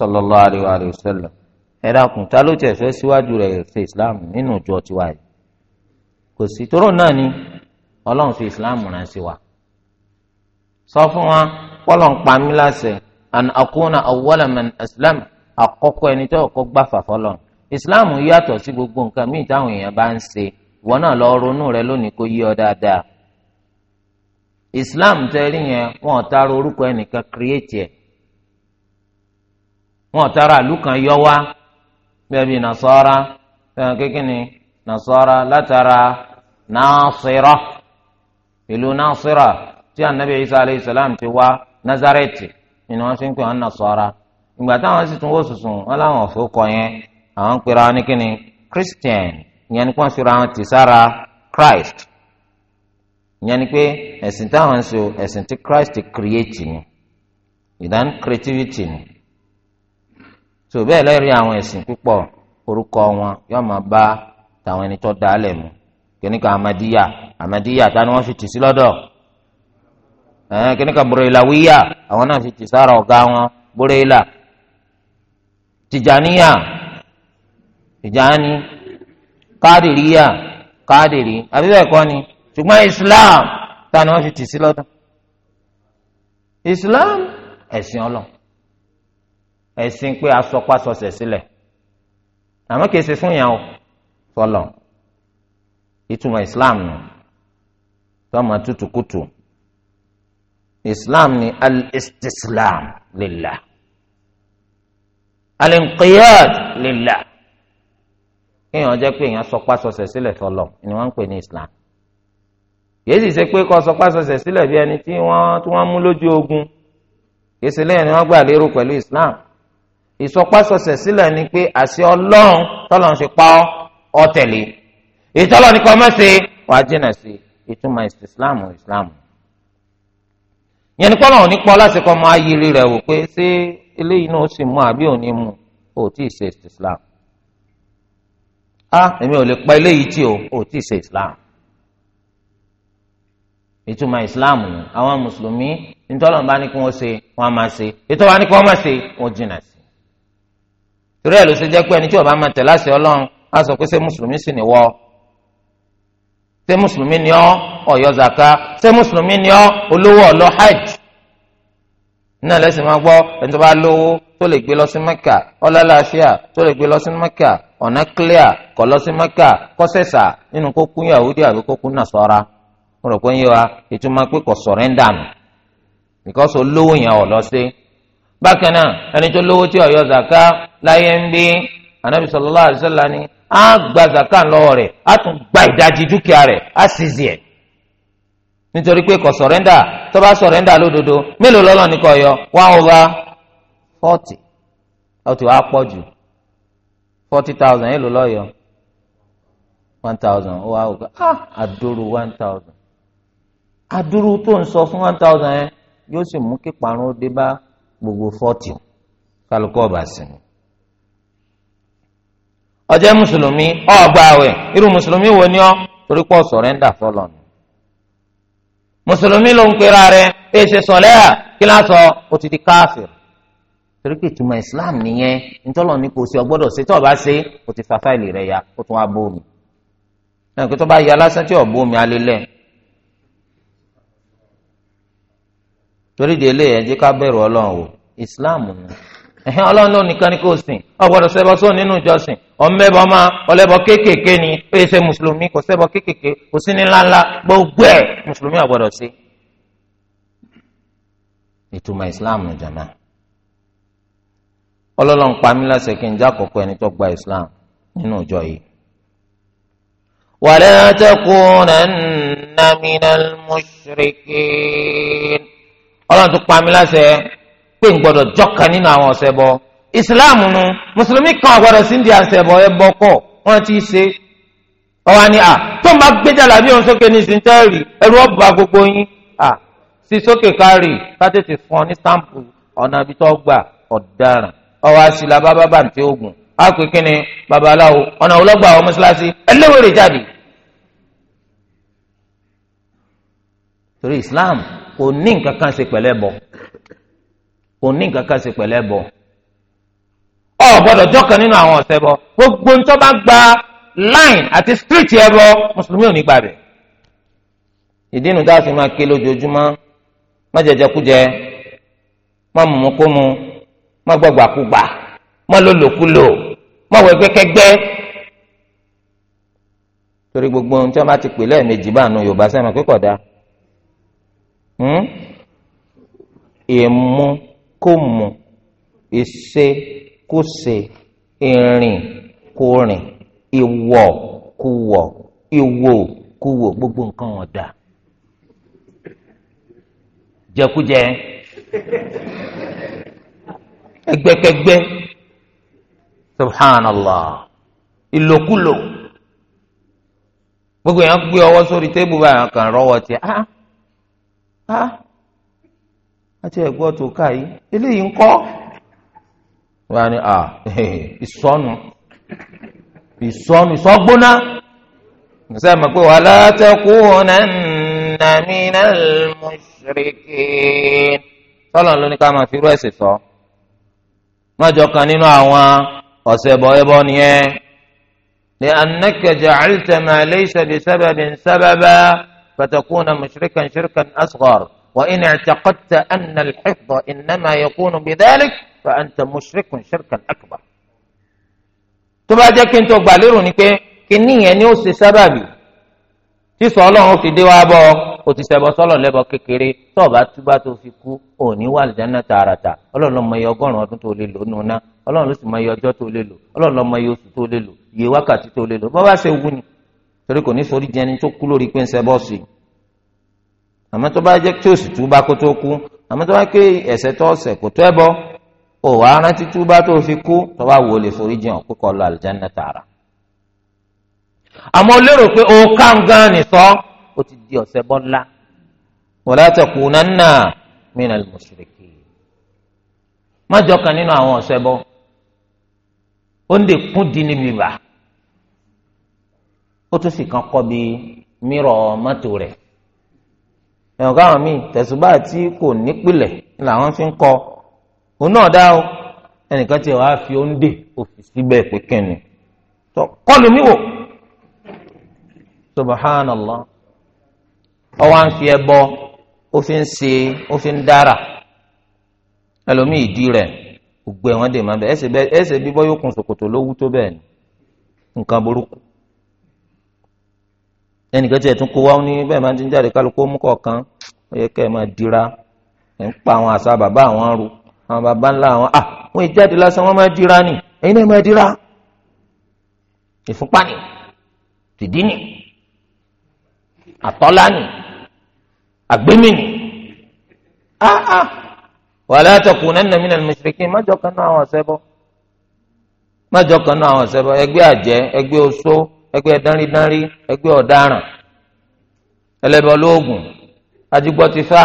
sallallahu alayhi wa sallam ẹ dákun ta ló tiẹ̀ fẹ́ síwájú rẹ̀ ṣe islam nínú ìjọ tiwa yìí kò sí tóró náà ni ọlọ́run fi islam rán sí wa sọ fún wa pọ́lọ̀ ń pa mí láṣẹ an akuna awwala man aslam àkọ́kọ́ ẹni tó kọ́ gbà fàfọ́lọ̀ islam yàtọ̀ sí gbogbo nǹkan míì táwọn èèyàn bá ń ṣe ìwọ náà lọ ronú rẹ lónìí kó yí ọ dáadáa islam tẹ́rí yẹn wọn ò tara orúkọ ẹnìkan kírẹ́ẹ̀tì ẹ̀ wọn ò tara àlù kan yọ wá bẹ́ẹ̀bi nasara fẹ́ràn kékeré nasara látara nasira ìlú nasira tí anabi isa salam ti wá nazareti ni fi ń pè wọ́n nasara ìgbà táwọn sì tún wó sùsùn wọn láwọn ò kọ yẹn àwọn ń wọn ní kíni christian ìyẹn ni kí wọ́n fi ra wọn tì sára christ ìyẹn ni pé táwọn ń sọ tí christ create ni so bẹ́ẹ̀ lẹ́rìí àwọn ẹ̀sìn púpọ̀ orúkọ wọn yóò máa bá tàwọn ẹni tó dá lẹ̀ mu kìnnìkan amadiya amadiya ta ni wọ́n fi tì sí lọ́dọ̀ ẹ̀ẹ́n kìnnìkan bùrẹ́láwíyà àwọn náà fi tì sára ọ̀gá wọn bùrẹ́là tìjàníyà tìjàní kádìríyà kádìrí àbí bẹ́ẹ̀ kọ́ ni ṣùgbọ́n islam ta ni wọ́n fi tì sí lọ́dọ̀ islam ẹ̀sìn ọlọ́run ẹ̀sìn pé asọpasọsẹ̀ sílẹ̀ àmọ́ kìí ṣe fún yàn ó fọlọ̀ ìtumọ̀ islam nù tọ́mọ tútù kùtù islam ni al-istislam lillah al-inqiyad lillah kéèyàn jẹ́ pé èèyàn sọpasọsẹ̀ sílẹ̀ fọlọ̀ ni wọ́n ń pè ní islam kìí sì ṣe pé kọ́ sọpasọsẹ̀ sílẹ̀ bí ẹni tí wọ́n mú lójú ogun kìí ṣe lẹ́yìn ni wọ́n gbà lérò pẹ̀lú islam ìsọpásọsẹ̀ sílẹ̀ ni pé àṣẹ ọlọ́run tọ́lọ́run ṣe pa ọ́ ọ́ tẹ̀lé ìtọ́lọ́ ni kò má ṣe wàá jìnnà sí ìtumọ̀ ìsìlámù ìsìlámù. yẹn ni kọ́lọ́run ní pọ́ láti kọ́ ọmọ ayiri rẹ̀ wò pé ṣé eléyìí náà ó sì mú àbí òní mu ò tí ì ṣe ìsìlámù. a ah, èmi ò lè pa eléyìí tí o ò tí ì ṣe ìsìlámù. ìtumọ̀ ìsìlámù ni àwọn mùsùlùmí ìtọ́lọ́run bá ní kí wọ́n ṣe wọ́n máa ṣe ìtọ́wá ní kí wọ́n má ṣe wọ́n jìnnà sí torí ẹ̀ ló ṣe jẹ́ pé ẹni tí ó bá máa tẹ̀lé àṣẹ Ọlọ́run á sọ pé ṣé mùsùlùmí sì ni wọ́ ṣé mùsùlùmí ni ọ́ ọ̀yọ́ zaka ṣé mùsùlùmí ni olówó hajj náà lẹ́sìn máa gbọ ẹni tó bá lówó tó lè gbé lọ sí Mẹ́kà ọlọ́láṣíà tó lè gbé lọ sí Mẹ́kà ọ̀nà clear kọ̀ lọ sí Mẹ́kà kọ́sẹ̀sà nínú kó kún Yahudi àbí kó bákan náà ẹni tó lówó tí ọyọ zaka láyé ń bí anabi sallallahu alaihi ni á gba zaka lọ́wọ́ rẹ̀ á gba ìdajì dúkìá á sì e. nítorí pé kò tó bá lódodo mélòó lọ́lọ́ ní kò yọ one over forty ó ti wá pọ̀ jù thousand one thousand ó wá ah one thousand tó one thousand yẹn yóò sì mú kí parun ó gbogbo fọ́ọ̀tì kálukú ọba sinmi. ọjọ́ mùsùlùmí ọ̀gbà àwẹ̀ irú mùsùlùmí wo ni ọ́ torí pọ̀ sọ̀rẹ́ńdà fọlọ́ ni. mùsùlùmí ló ń pera rẹ̀ pé ṣe sọ̀lẹ́à kí lásọ ó ti di káfíìr torí pé ìtumọ̀ islam nìyẹn ntọ́lọ́ ni kò sí ọgbọ́dọ̀ ṣe tó o bá ṣe o ti fa fáìlì rẹ̀ ya o tún wá bómi. náà kí tó bá yẹ alásán tí ò bómi alẹ́ lẹ́yìn torí de ilé ẹjẹ ká bẹ̀rù Ọlọ́run o Islam ni ẹhìn Ọlọ́run ló nìkan ni kò sìn ọgbọ́dọ̀ ṣẹbọ sọ nínú ìjọsìn ọmọbẹbọ ọmọ ọlẹbọ kéékèèké ni ó yẹ ṣe mùsùlùmí kò ṣẹbọ kéékèèké kò sí ní ńláńlá gbogbo ẹ̀ mùsùlùmí ọgbọ́dọ̀ sí. ìtumọ̀ Islam ni jama Ọlọ́run pa mí kí n já kọ́kọ́ ẹni tó gba Islam nínú ìjọ yìí. wala takunanna minal mushrikin ọlọ́run tún pa mí láṣẹ pé n gbọ́dọ̀ jọ́ka nínú àwọn ọ̀sẹ̀ bọ islam nu mùsùlùmí kan àgbọ̀dọ̀ sí ndí àṣẹ bọ ẹ bọ kọ wọn ti ṣe ọwọ́ ni à tó ń bá gbéjà làbí òun sókè ní sèǹtẹ́rì ẹrú ọ̀bà gbogbo yín à sí sókè kárì ká tètè fún ọ ní sáǹpù ọ̀nà ibi tó gbà ọ̀daràn ọwọ́ àṣìlá bábá bàǹtí ogun á pè kí ni babaláwo ọ̀nà ọlọ́gbà ọmọ síláṣí ẹlẹ́wẹ̀rẹ̀ jáde torí islam kò ní nǹkan kan ṣe pẹ̀lẹ́ bọ̀ kò ní nǹkan kan ṣe pẹ̀lẹ́ bọ̀ ọ gbọ́dọ̀ jọ́kan nínú àwọn ọ̀sẹ̀ bọ̀ gbogbo ń tọ́ bá gba line àti street ẹ bọ mùsùlùmí ò ní gbà bẹ̀. ìdí inú dáhùn sí máa ké lójoojúmọ́ má jẹjẹ kújẹ má mú kó mu má gbàgbà kúgbà má lòlòkulò má wọ ẹgbẹ́kẹ́gbẹ́ torí gbogbo ohun tí wọ́n bá ti pè lẹ́ẹ̀mejì báà nu Yorùbá sẹ́mi pé kódà Hmm? ìmú kò mú ìṣe kò ṣe ìrìn kò rìn ìwò gbogbo nǹkan ọ̀dà jẹkújẹ ẹgbẹ́kẹ́gbẹ́ subhanallah ìlòkulò gbogbo yẹn gbé ọwọ́ sórí tébù báyìí kan á àti ẹ̀gbọ́n tó ká yìí eléyìí ń kọ́ wọ́n á ní à *laughs* ìsọnù ìsọnù ìsọgbóná sẹ́yìn mọ̀ pé wà látẹ̀kùnánà minal mushrikin tọ́lọ̀ ló ní ká máa fi irú ẹ̀sìn sọ mọ́jọ kan nínú àwọn ọ̀sẹ̀ bọ̀ẹ́bọ̀ nìyẹn. لأنك جعلت ما ليس بسبب سببا فتكون مشركا شركا أصغر وإن اعتقدت أن الحفظ إنما يكون بذلك فأنت مشرك شركا أكبر tó bá jẹ́ kí n tó gbà lérò ni pé kíní yẹn ni ó ṣe sábàbí tí sọ ọlọ́run fi dé wá bọ́ ọ ti ṣẹbọ sọ́lọ̀ lẹ́bọ kékeré tó o bá túbá tó fi kú ò ní wà lìdáná tààràtà ọlọ́run ló mọ iye ọgọ́rùn-ún ọdún tó lè lò nùnà ọlọ́run ló sì mọ iye ọjọ́ tó lè lò ọlọ́run ló mọ iye oṣù tó lè lò iye wákàtí tó lè lò bọ́ bá ṣe wù ni torí kò ní sórí jẹ ẹni tó kú lórí pé ń ṣe bọ́ọ̀sì àmọ́ tó bá jẹ́ tí òsì túbá kó tó kú àmọ́ tó bá ké ẹ̀ṣẹ̀ tó ọ̀sẹ̀ kò tó ẹ bọ́ ò wá rántí túbá tó fi kú tó bá wò lè forí jẹun pé kọ́ lọ àlùjáná tààrà. àmọ́ lérò pé o kàn gan ni sọ ó ti di ọ̀sẹ̀ bọ́ ńlá wala takunanna minal mushriki má jọ kan nínú àwọn ọ̀sẹ̀ bọ́ ó ń dè kún dín níbi bàá ó tún sì kan kọ́ bí mírọ̀ mọ́tò rẹ̀ ẹ̀wọ̀n káwọn míì tẹ̀sùbá tí kò nípìlẹ̀ làwọn fi ń kọ òun náà dá o ẹnìkan tí wàá fi òfì síbẹ̀ pé kẹ́ni tó mí wò ń fi ó fi ń ṣe ó fi ń dára ẹlòmíì ìdí rẹ̀ gbogbo dè má yóò ẹnìkan tí ẹ tún kó wá ní bẹ́ẹ̀ máa ti ń jáde kálukú ó mú kọ̀ọ̀kan ó yẹ kẹ́ ẹ máa dira ẹ̀ ń pa àwọn àṣà bàbá àwọn ru àwọn bàbá ńlá àwọn à ah, wọ́n ì jáde lásán wọ́n máa dira ni ẹ̀yin náà máa dira ìfúnpá ni tìdí ni àtọ́lá ni àgbémì ni áá ah, ah. wàhálà àtọkùn náà nàmí nàmí mùsùlùmí májọ kan náà àwọn ọ̀sẹ̀ bọ́ májọ kan náà àwọn ọ̀sẹ̀ bọ́ ẹgbẹ́ àjẹ́ ẹgbẹ́ oṣó. ẹgbẹ́ dánrídánrí ẹgbẹ́ ọ̀daràn ẹlẹ́bọ lóògùn adigbọ́tifá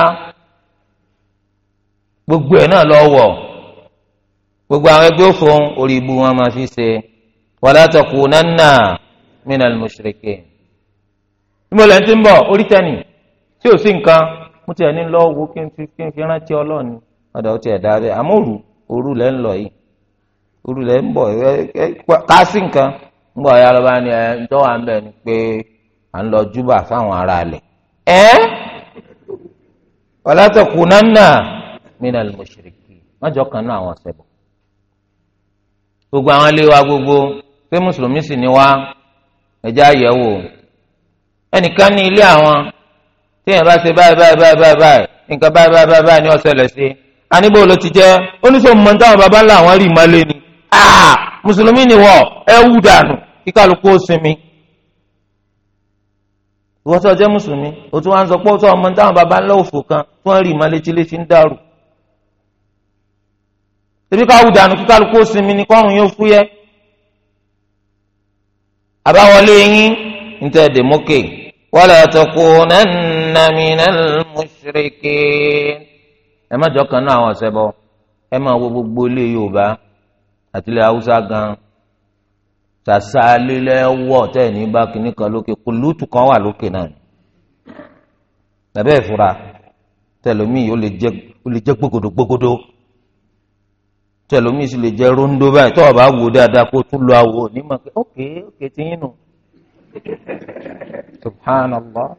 gbogbo ẹ̀ náà gbogbo àwọn ẹgbẹ́ òfin orí wọn máa fi ṣe wala takunanna minal mushrikin. ìmọ̀lẹ̀ ti ń bọ̀ orí tí ò sí nǹkan mo tiẹ̀ ní lọ́ọ́ wo kí n fi kí n fi rántí ọlọ́ọ̀ni ọ̀dà àmọ́ òru òru lẹ́ ń lọ yìí òru lẹ́ ń bọ̀ ká ńgbà ya lọ́ba ni ẹ̀ ń tọ́wà ń bẹ̀ ni pé à ń lọ júbà fáwọn ará alẹ̀ ẹ́ wala takunanna minal mushrikin májọ kan náà àwọn ọ̀sẹ̀ bọ̀ gbogbo àwọn ilé gbogbo pé mùsùlùmí sì ni wá ẹ̀jẹ̀ àyẹ̀wò ẹnìkan ní ilé àwọn tí èèyàn bá ṣe báyìí báyìí báyìí báyìí nǹkan báyìí báyìí báyìí ni ó ṣẹlẹ̀ sí aníbò ló ti jẹ́ oníṣòwò mọ̀ntàwọn baba ńlá rí ìmọ̀lẹ́ ni mùsùlùmí ni wọ́n ẹ wù dànù kí kálukú ó sinmi ìwọ sọ jẹ́ mùsùlùmí o tún wá ń sọ pé ó sọ ọmọ táwọn baba ńlá òfò kan tí wọ́n rí ìmọ̀ létílétí ń dàrú tẹbi ká wù dànù kí kálukú ó kọ́run yóò fúyẹ́ àbáwọlé yín níta dèmókè wala takunanna minal mushrikin ẹ má jọ kan náà àwọn ọ̀sẹ̀ bọ ẹ máa wo gbogbo ilé Yorùbá àti Haúsá gan-an sàṣàlẹ̀ lẹ́wọ̀ tẹ́ẹ̀ní bá kínní kan lókè kùlùtù kan wà lókè náà tàbí ìfura tẹlomi ó lè jẹ gbogodo gbogodo tẹlomi sì lè jẹ rondo báyìí tọ́ ọ bá wò dáadáa kó tún lọ àwò onímọ̀ pé ókè ókè tí nù *laughs* subhanallah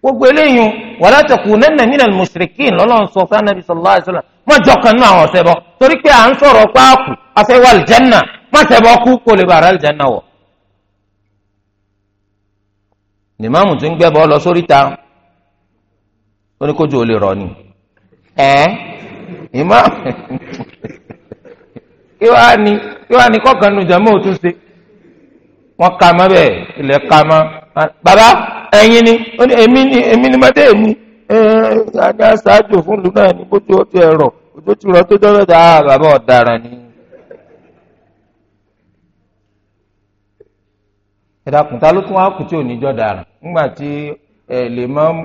gbogbo eléyìí wàlá takunanna minal mushrikin lọ́lọ́run sọ fún anabi sallallahu alayhi wa sallam náà àwọn ọ̀sẹ̀ torí pé à ń sọ̀rọ̀ páàkù afẹ́wàl jẹ́nà mọ́sẹ̀bọ̀ kú kó lè ba ara ìjà náà wọ̀. nìmáàmù tún gbẹ́bọ̀ lọ sórí ta ó ní kójú ò lè rọ̀ ni ẹ̀ ìmáàmù *laughs* kí wàá ní kí wàá ní kọ́kàn nu jàmọ́ òtún ṣe wọ́n ka mọ́ bẹ́ẹ̀ ilẹ̀ ka mọ́ bàbá ẹ̀yin ni ó ní èmi ni èmi ni mọ́tẹ́ èmi ẹ̀ẹ́d aṣáájú fún lùnà ní bójú ó ẹ̀rọ ojú ti rọ tó dọ́rọ̀ dáa ah, bàbá ọ̀daràn ni ẹ̀dàkùn ta ló tún wá kù tí ò ní jọ dàrú ńgbà tí ẹ̀ lè máa mú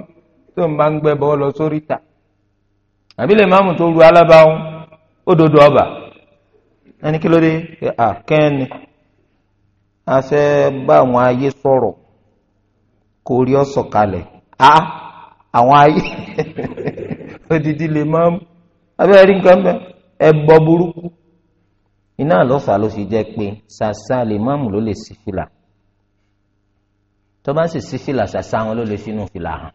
tó ń bá ń gbẹ́ bọ́ lọ sórí ta àbí lè máa mú tó ru alábàáhùn ó dodo ọba ẹni kí ló dé àkẹ́ni àṣẹ bá àwọn ayé sọ̀rọ̀ kò rí ọ̀sọ̀ kalẹ̀ á àwọn ayé *laughs* odidi lè abẹ́ ẹ̀rí nǹkan bẹ́ẹ̀ ẹ bọ burúkú iná àlọ́sà ló fi jẹ́ pé ṣàṣà lè ló lè sí fìlà tó bá sì sí fìlà ṣàṣà wọn ló lè finú fìlà hàn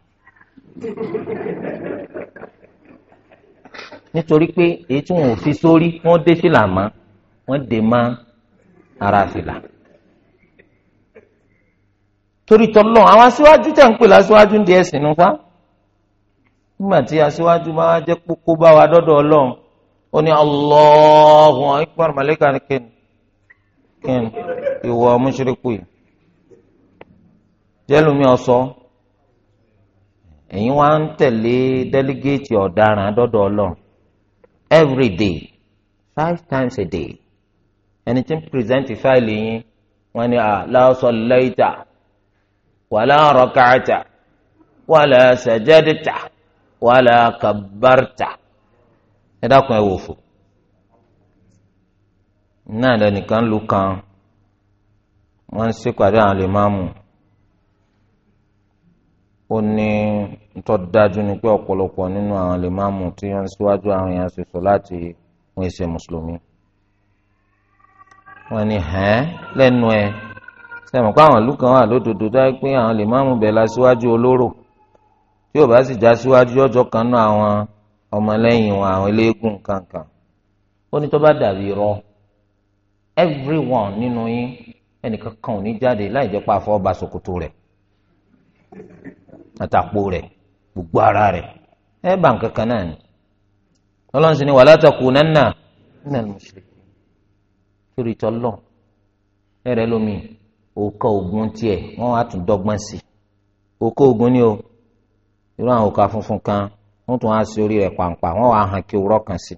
nítorí pé èyí tí wọn ò fi sórí wọn dé fìlà mọ́ wọn dè mọ́ ara fìlà torí tọlọ àwọn aṣíwájú tẹ̀ ń pè láṣíwájú ń di ẹ̀sìn nípa nígbà tí aṣíwájú máa jẹ́ kókó bá wa dọ́dọ̀ ọlọ́run ó ní Allahu akbar màlẹ́kà kẹ́ni kẹ́ni ìwọ mùsùlùkù yìí jẹ́lómi ọ̀sọ́ ẹ̀yin wá ń tẹ̀lé délégéètì ọ̀daràn dọ́dọ̀ ọlọ́run every day five times a day ẹni tí ń pírẹsẹ̀ntì fáìlì yín wọ́n ní aláṣọ lẹ́yìtà wàlá rọ̀kàtà wàlá sẹ̀jẹ̀dìtà wàlá kàbàrtà ẹ dákun ẹ wò fò náà lẹnìkan lu kan wọ́n ń ṣèpàdé ó ní tó dájú ni pé ọ̀pọ̀lọpọ̀ nínú àwọn le tí wọ́n síwájú àwọn èèyàn ṣe sọ láti wọ́n ṣe mùsùlùmí. wọ́n ní hẹ́n lẹ́nu ẹ̀ sẹ́mi pé àwọn ìlú kan wà lódodo dájú pé àwọn lèmáàmù bẹ̀ la síwájú olóró tí ò bá sì já síwájú ọjọ́ kan náà àwọn ọmọlẹ́yìn wọn kankan. ó bá dàbí rọ everyone nínú yín ẹnìkan kan ò ní jáde láì jẹ́ rẹ̀ àtàkpó rẹ gbogbo ara rẹ ẹ bá nǹkan kan náà ni ọlọ́run sì ni wala takunanna minal mushrikin torí tọ́lọ́ ẹ rẹ lómi ogun tiẹ̀ wọ́n á tún dọ́gbọ́n sí i òkà ogun ni o irú àwọn òkà funfun kan wọ́n tún á sí orí rẹ̀ pàǹpà wọ́n wàá hàn kí òwúrọ̀ kan sí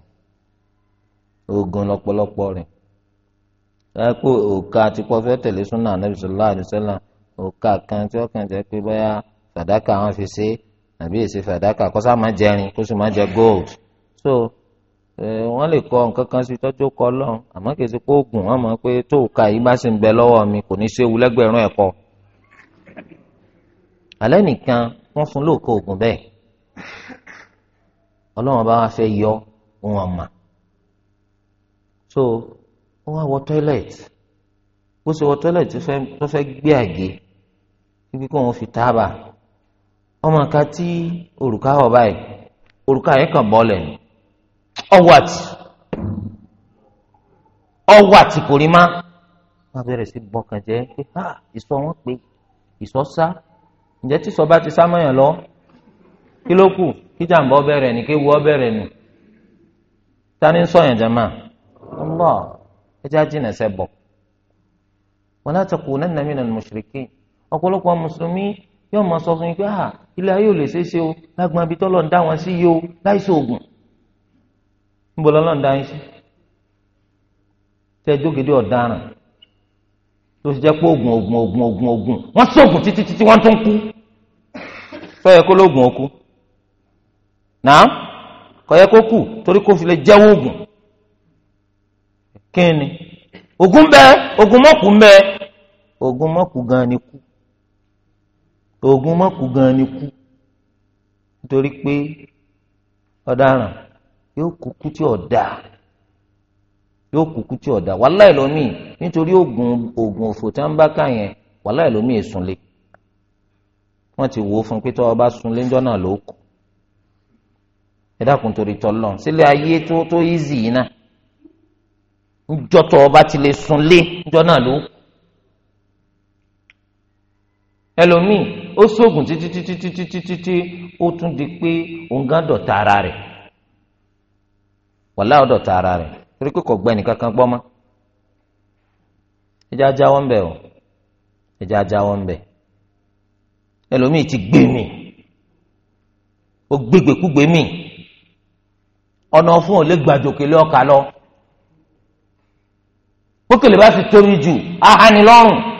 i ogun lọ́pọ̀lọpọ̀ rẹ̀ láìpẹ́ òkà àtìpọ̀ fẹ́ tẹ̀lé nàbìsọ̀lá àdìsọ́lá òkà kan tí wọ́n kàn jẹ́ pé báyà. fàdákà wọn fi ṣe àbí èsì fàdákà kó sá máa jẹrin kó sì máa jẹ gold so wọn lè kọ nǹkan kan sí tọ́jú kọ lọ́hùn àmọ́ kì í ṣe pé oògùn wọn mọ̀ pé tó ka yìí bá sì ń bẹ lọ́wọ́ mi kò ní ṣe ewu lẹ́gbẹ̀rún ẹ̀kọ́ alẹ́ nìkan wọ́n fún lóòkó oògùn bẹ́ẹ̀ ọlọ́wọ́n bá wá fẹ́ yọ ohun ọ̀mà so ó wá wọ toilet bó ṣe wọ toilet tó fẹ́ gbé àgé kíkí kó wọn fi tábà ọmọ kan tí òrùka wọ̀ báyìí òrùka yẹn kàn bọ́ọ̀lẹ̀ ọwọ́ àti kò rí má wọ́n bẹ̀rẹ̀ sí jẹ́ pé ha ìsọ wọn pé ìsọ sá ǹjẹ́ tí sọ bá ti sá mọ́yàn lọ kí ló kù kí jàǹbá ọbẹ̀rẹ̀ ni kí ewu ọbẹ̀rẹ̀ nù yóò máa sọ fún yín pé ah ilé ayé ò lè ṣeé o lágbọn abitọ́ lọ́n dá wọn sí yìí o láìsí oògùn níbo lọ́n dá yín sí tẹ́ jókèdè ọ̀daràn tó ti jẹ́ pé oògùn oògùn oògùn oògùn oògùn wọ́n sóògùn títí títí wọ́n tún kú sọ́yẹ kó lóògùn òkú kó kù torí kó fi lè oògùn kí ogun mọ́kù gan ni kú nítorí pé ọ̀daràn yóò kúkú tí ọ̀dà yóò kúkú tí ọ̀dà wàláì lómi nítorí òfò bá kà yẹn wàláì lómi wọ́n ti wò ó fún pé tó o bá sunlé náà ló kù ẹ dákun torí tọ́lọ́ sílé ayé tó tó náà tó o bá ti lè ẹlòmíì ó sóògùn títí títí títí títí tí ó tún di pé òǹgá dọ̀tà ara rẹ̀ wàlá ọ̀dọ̀tà ara rẹ̀ torí pé kò gbẹ́ nìkan kan gbọ́ mọ́ ẹjẹ́ ajá wọn bẹ̀ o ẹjẹ́ ajá wọn bẹ̀ ẹlòmíì ti gbé mi ó gbégbèkúgbé mi ọ̀nà fún ò lè gbàjòkè lé ọkà lọ bókèlè bá ti tóbi jù ahánilọ́rùn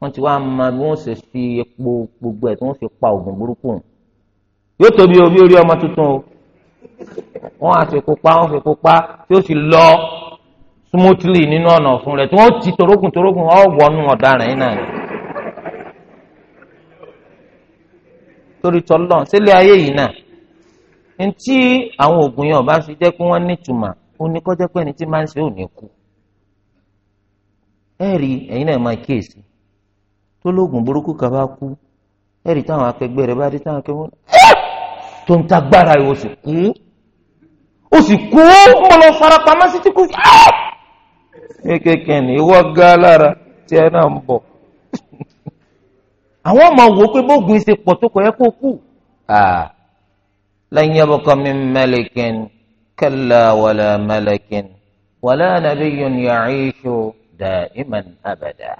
wọ́n ti wá máa bí wọ́n ṣe fi epo gbogbo ẹ̀ tí wọ́n fi pa oògùn burúkú yóò tóbi o bí orí ọmọ tuntun o wọ́n á fi pupa wọ́n fi pupa tí ó sì lọ smoothly nínú ọ̀nà ọ̀fun rẹ̀ tí wọ́n ti torókùn torókùn ọ̀wọ́nú ọ̀daràn yìí náà ni. torí tọ́lọ́ sílé ayé yìí náà ní tí àwọn oògùn yẹn ọba fi jẹ́ pé wọ́n nítumọ̀ ó ní kọ́jọ́ pé ẹni tí máa ń ṣe ò ní kú. ẹ̀rí ẹ̀yin náà máa kíyèsí tó lóògùn burúkú kan bá kú ẹ̀rí táwọn akẹgbẹ́ rẹ̀ bá dé táwọn akẹgbẹ́ rẹ̀ tó ń tagbára yìí ó sì kú ó sì kú mo lọ farapamọ́ sí ti kékeré ni ìwọ ga lára tí ẹ náà ń bọ̀ àwọn ọmọ wò pé bóògùn ṣe pọ̀ tó kọ̀ yẹ kó kú. lan yabqa min malikin kalla wala malikin wala nabiyyun ya'ishu da'iman abada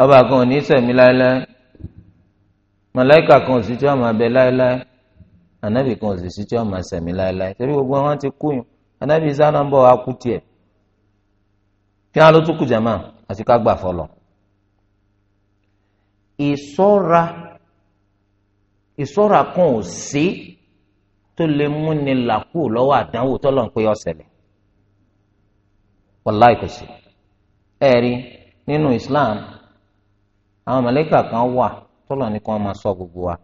ọba kan ò ní sẹ̀mí láéláé màláìkà kan ò sí tí wọ́n máa bẹ láéláé ànábì kan ò sì sí tí wọ́n máa sẹ̀mí láéláé torí gbogbo wọn ti kú yùn ànábì sáà náà ń bọ̀ wá kú tiẹ̀ kí wọn ló tún kù jàmá àti ká gbà fọlọ. ìṣọ́ra ìṣọ́ra kan ò sí tó lè múni làkú lọ́wọ́ àdánwò tọ́lọ̀ ń pé ọ̀sẹ̀lẹ̀ wàláì kò sí. ẹ̀rí nínú Islam àwọn mọ̀lẹ́kà kan wà tọ́lọ̀ ní kí wọ́n máa sọ gbogbo wa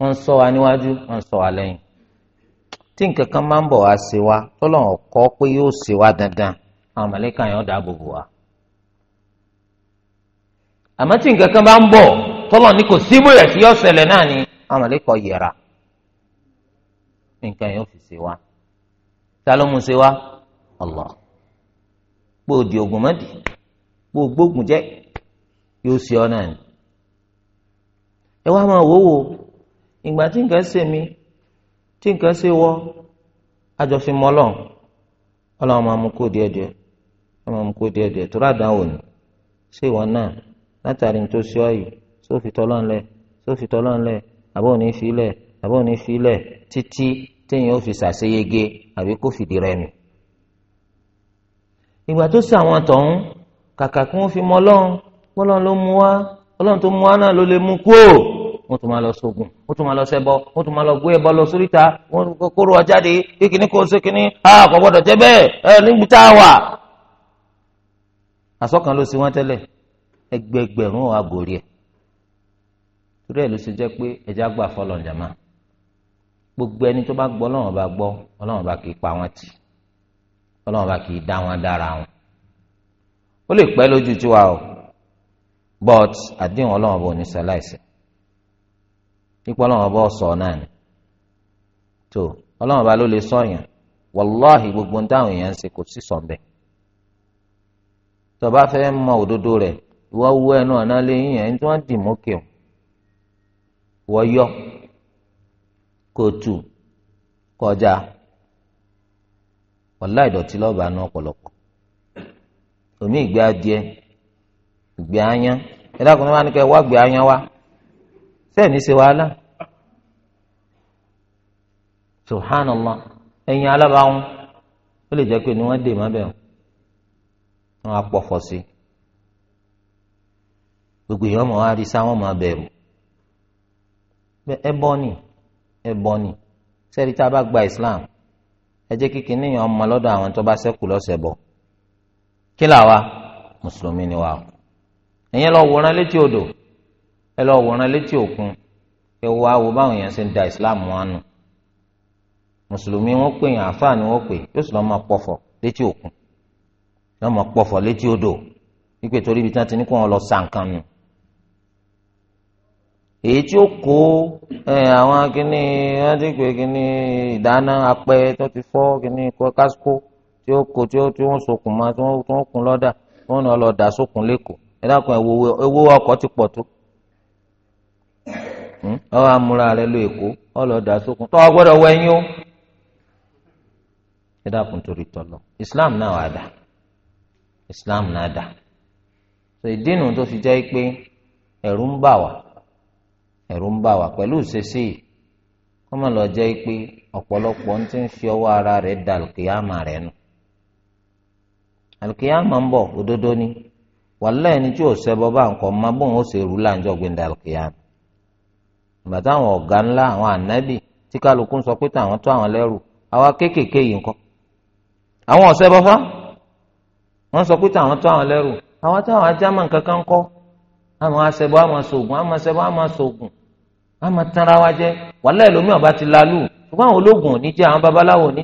wọ́n sọ wa níwájú wọ́n sọ wa lẹ́yìn tí nǹkan kan máa ń bọ̀ wá sí wa tọ́lọ̀ kọ́ pé yóò wa dandan àwọn mọ̀lẹ́kà yẹn dáàbò bò wa àmọ́ tí nǹkan kan bá ń bọ̀ tọ́lọ̀ ní kò sí bóyá sí ọ̀sẹ̀lẹ̀ náà ni àwọn fi sí wa ta sí wa Allah gbòdì ògùn mọ́dì yóò ṣe ọ náà ni ẹ wá máa wò wò ìgbà tí nǹkan ṣe mí tí nǹkan ṣe wọ àjọfin mọlọ Ọlọ́run máa mú kó díẹ̀ díẹ̀ Ọlọ́run máa mú kó díẹ̀ díẹ̀ tó rádà wò ni ṣé ìwọ náà látàrí tó ṣe ọ yìí sófi tọlọ ńlẹ sófi tọlọ ńlẹ àbọ òní filẹ àbọ òní filẹ títí téèyàn ó fi ṣàṣeyege àbí kó fìdí rẹ̀ mi. ìgbà tó ṣe àwọn tọ̀hún kàkà kí wọ́n fi mọ́ Ọlọ́run bọ́lọ́n ló mú wá ọlọ́run tó mú wá náà ló lè mú kú ò wọ́n tún máa lọ sógun wọ́n tún máa lọ ṣẹbọ wọ́n tún máa lọ gbé ẹbọ lọ sóríta wọ́n kóró ọjáde kíkiní kó ṣe kíní àkọ́ gbọ́dọ̀ jẹ́ bẹ́ẹ̀ ẹ níbi tá a wà. àsọkàn ló sí wọn tẹ́lẹ̀ ẹgbẹgbẹ̀rún àgòrí ẹ̀ torí ẹ̀ ló ṣe jẹ́ pé ẹja gbà fọlọ́ ǹjàmá gbogbo ẹni tó bá gbọ́ ọlọ́run bá gbọ́ ọlọ́run bá kì í pa wọn tì ọlọ́run bá kì í dá wọn dára wọn ó lè pẹ́ lójú tiwa o. but àdéhùn ọlọ́wọ́n bò ní sẹ́láìsì ipò ọlọ́wọ́n bò sọ náà ni tó ọlọ́wọ́n bá ló lè sọ wàláhì gbogbo ń táwọn èèyàn ṣe kò sí sọ̀nbẹ̀ tó bá fẹ́ mọ òdodo rẹ̀ ìwọ wú ẹnu ọ̀nà lẹ́yìn yẹn tí wọ́n dì o wọ́n yọ kó tù kọjá wàláhì omi ìgbé ìgbé ayán ẹ dákun wá ní kẹ wá gbé ayán wá sẹ́ẹ̀ni ṣe wàhálà subhanallah ẹ̀yin alábàáhùn ó lè jẹ́ pé ni wọ́n dè má bẹ́ẹ̀ wọ́n á pọ̀fọ̀ sí gbogbo èèyàn mọ̀ á rí sáwọn máa bẹ̀rù ẹ bọ́ ni ẹ bọ́ ni sẹ́ẹ̀rí tá a bá gba Islam ẹ jẹ́ kíkì níyàn ọmọ lọ́dọ̀ àwọn tó bá ṣẹ́kù lọ́sẹ̀ bọ̀ kí làwa mùsùlùmí ni wà ẹ̀yin lọ wòran létí odò ẹ lọ wòran létí òkun ẹ wo àwo báwọn ṣe ń da islam mùsùlùmí wọn pè yàn àfáà ni wọn pè yóò lọ máa pọfọ létí òkun pọfọ létí odò wípé torí ibi tí ti ní kó wọn lọ sa nǹkan nù èyí tí ó kó àwọn wọn ti pè ìdáná apẹ tó ti fọ kásíkó tí ó kó tí wọn sokùn ẹ dákun owó ọkọ̀ ti pọ̀ tó ọ hmm? rẹ lọ èkó ọ lọ dà sókun tọ́ ọ wọ o Islam náà wà dà Islam náà dà so ìdínú tó fi jẹ́ pé ẹ̀rù ń bà wá ẹ̀rù ń bà wá pẹ̀lú ìṣesí lọ jẹ́ pé ọ̀pọ̀lọpọ̀ ń ti ń fi ọwọ́ ara rẹ̀ da àlùkìyàmà rẹ̀ nù ni wàlá ẹni tí ò ṣẹbọ bá nǹkan má bóun ó ṣe rú láǹjọ gbẹndà kìíyàn ìgbà táwọn ọ̀gá ńlá àwọn ànábì tí kálukú ń sọ pé táwọn tó àwọn àwa kéékèèké yìí àwọn fá pé táwọn tó àwọn lẹrù àwọn táwọn ajámọ̀ nǹkan kọ́ àwọn àwọn ológun àwọn babaláwo ò ní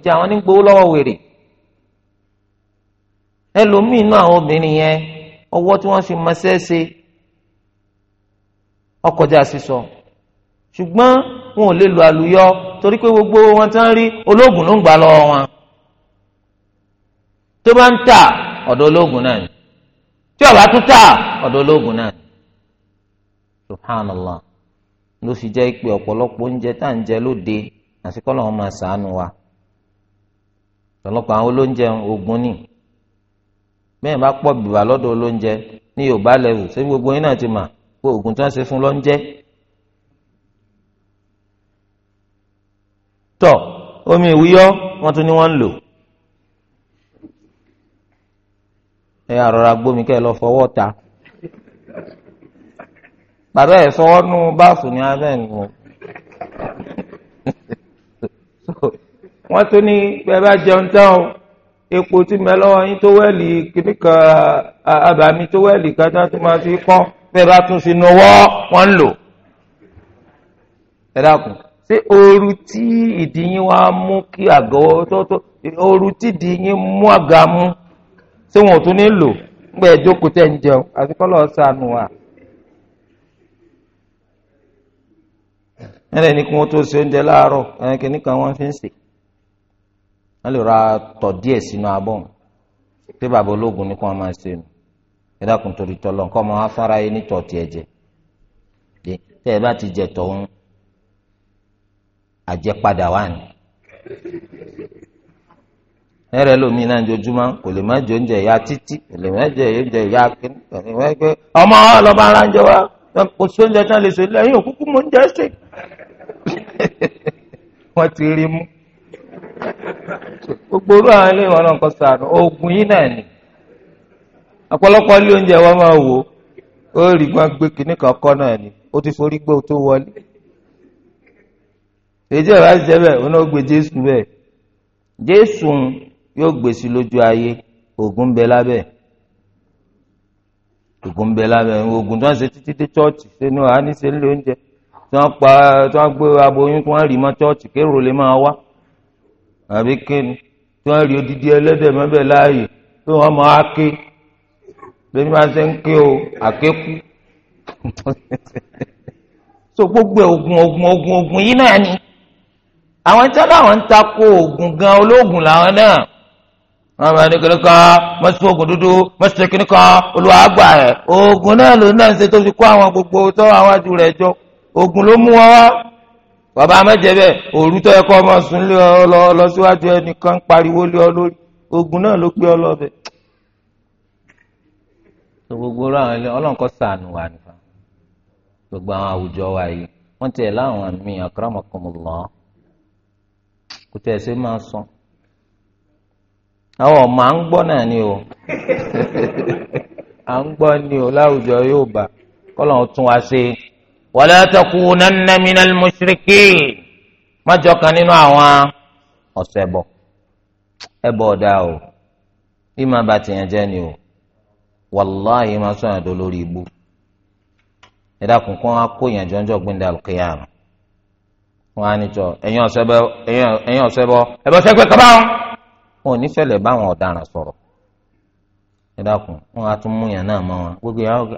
àwọn ọwọ́ tí wọ́n fi mọṣẹ́ ṣe ọkọjá sísọ ṣùgbọ́n wọn ò lè lo àlùyọ torí pé gbogbo wọn tí wọ́n rí ológun ló ń gbà lọ́wọ́ wọn tó bá ń tà ọ̀dọ̀ ológun náà ni tí ó bá tún tà ọ̀dọ̀ ológun náà ni subhanallah ló fi jẹ́ pé ọ̀pọ̀lọpọ̀ oúnjẹ tá à ń jẹ lóde àti kọ́ lọ́wọ́ máa ṣàánú wa ọ̀pọ̀lọpọ̀ àwọn olóúnjẹ ogun ni bẹ́ẹ̀ bá pọ̀ bìbà lọ́dọ̀ olóúnjẹ ní yorùbá lẹ́wù ṣé gbogbo yín náà ti mà pé oògùn tí wọ́n ṣe fún lọ́njẹ́. tọ omi ìwúyọ wọ́n tún ní wọ́n ń lò ẹ àrọ̀rà gbómi kẹ́ ẹ lọ fọwọ́ ta pàdé ẹ fọwọ́ nú báàfù ní abẹ́ *laughs* wọ́n tún ní pé ẹ bá jẹun tán o epo tí mẹ lọ́wọ́ yín tó wẹ́ẹ̀lì kíní kan abàmì tó wẹ́ẹ̀lì kájá tó máa fi kọ́ bẹ́ẹ̀ bá tún sínú ọwọ́ wọn ń lò. ẹ dákun ṣé ooru tí ìdíyín wa mú kí àgọ́ tó ooru tí ìdíyín mú àga mú ṣé wọn ò tún ní lò ńgbà ìjókòó tẹ̀ ń jẹun àti kọ́ lọ́ọ́ sànù wa. ẹlẹ́ni kí wọ́n tó ṣe oúnjẹ láàárọ̀ ẹ̀kíní kan wọ́n fi ń sè é wọ́n lè ra tọ̀ díẹ̀ sínú abọ́ pé bàbá ológun ní máa ṣe nù torí nǹkan ọmọ afárá yín ní tọ̀tì ẹ̀jẹ̀ tẹ́ ẹ ti jẹ tọ̀hún àjẹpadà wà ní. ẹrẹ lómi náà kò lè má jẹ oúnjẹ ìyá títí kò lè má jẹ oúnjẹ ìyá ọmọ ara ń jẹ kò sí oúnjẹ tán lè òkúkú *laughs* ti gbogbo orú àwọn ilé ìwọ̀n náà kọ́ sànù oògùn yìí náà ni ọ̀pọ̀lọpọ̀ ilé oúnjẹ wọn máa wò ó rí o tó wọlé èjì ti jẹ́ bẹ́ẹ̀ ó náà gbé Jésù bẹ́ẹ̀ Jésù yóò gbé lójú ayé oògùn bẹ lábẹ́ oògùn bẹ lábẹ́ oògùn tó ń ṣe títí dé oúnjẹ tí pa tí gbé aboyún tí àbí kíni tí wọ́n rí odidi ẹlẹ́dẹ̀ mẹ́bẹ̀ láàyè tí wọ́n mọ ake bí wọ́n ṣe ń ké o àkékù *laughs* so gbogbo ogun ogun ogun ogun yìí náà ni àwọn tí wọ́n láwọn ń takò ogun gan ológun làwọn náà wọ́n máa ní kíni kan mọ́sí ogun dúdú mọ́sí kíni kan olùwàgbà ẹ̀ ogun náà ló náà ń ṣe tó fi kó àwọn gbogbo tó àwọn àjù rẹ̀ jọ ogun ló mú wọn wá bàbá amẹ́jẹ bẹ́ẹ̀ òru tó yẹ kó ọmọ sùn lé ọ lọ lọ síwájú ẹnìkan pariwo lé ọ lórí ogun náà ló pé ọ lọ bẹ́ẹ̀. gbogbo àwọn ilé ọlọ́nkọ́ sànù wà nìkan gbogbo àwọn àwùjọ wa yìí wọ́n tiẹ̀ láwọn mi akramakumullah kò tẹ̀ ṣe máa sọ àwọn ọmọ à ń gbọ́ náà ni o *laughs* à ń gbọ́ ni o láwùjọ yóò bá kọ́ tún wá ṣe wala takunanna minal mushrikin má jọ̀kan nínú àwọn ọ̀sẹ̀ bọ̀ ẹbọ ọ̀dà o bí máa bá tìyàn jẹ́ ni o wàláhì máa sọ àdó lórí ibú ẹ̀dá kọ̀ọ̀kan á kó ìyànjọ́ ọjọ́ gbẹ̀ndẹ̀ àlùkìyàmù wọn á níjọ ẹ̀yin ọ̀sẹ̀ ọ̀sẹ̀ wọn. ò ní fẹ́lẹ̀ báwọn ọ̀daràn sọ̀rọ̀ wọn á tún náà mọ́ wọn gbogbo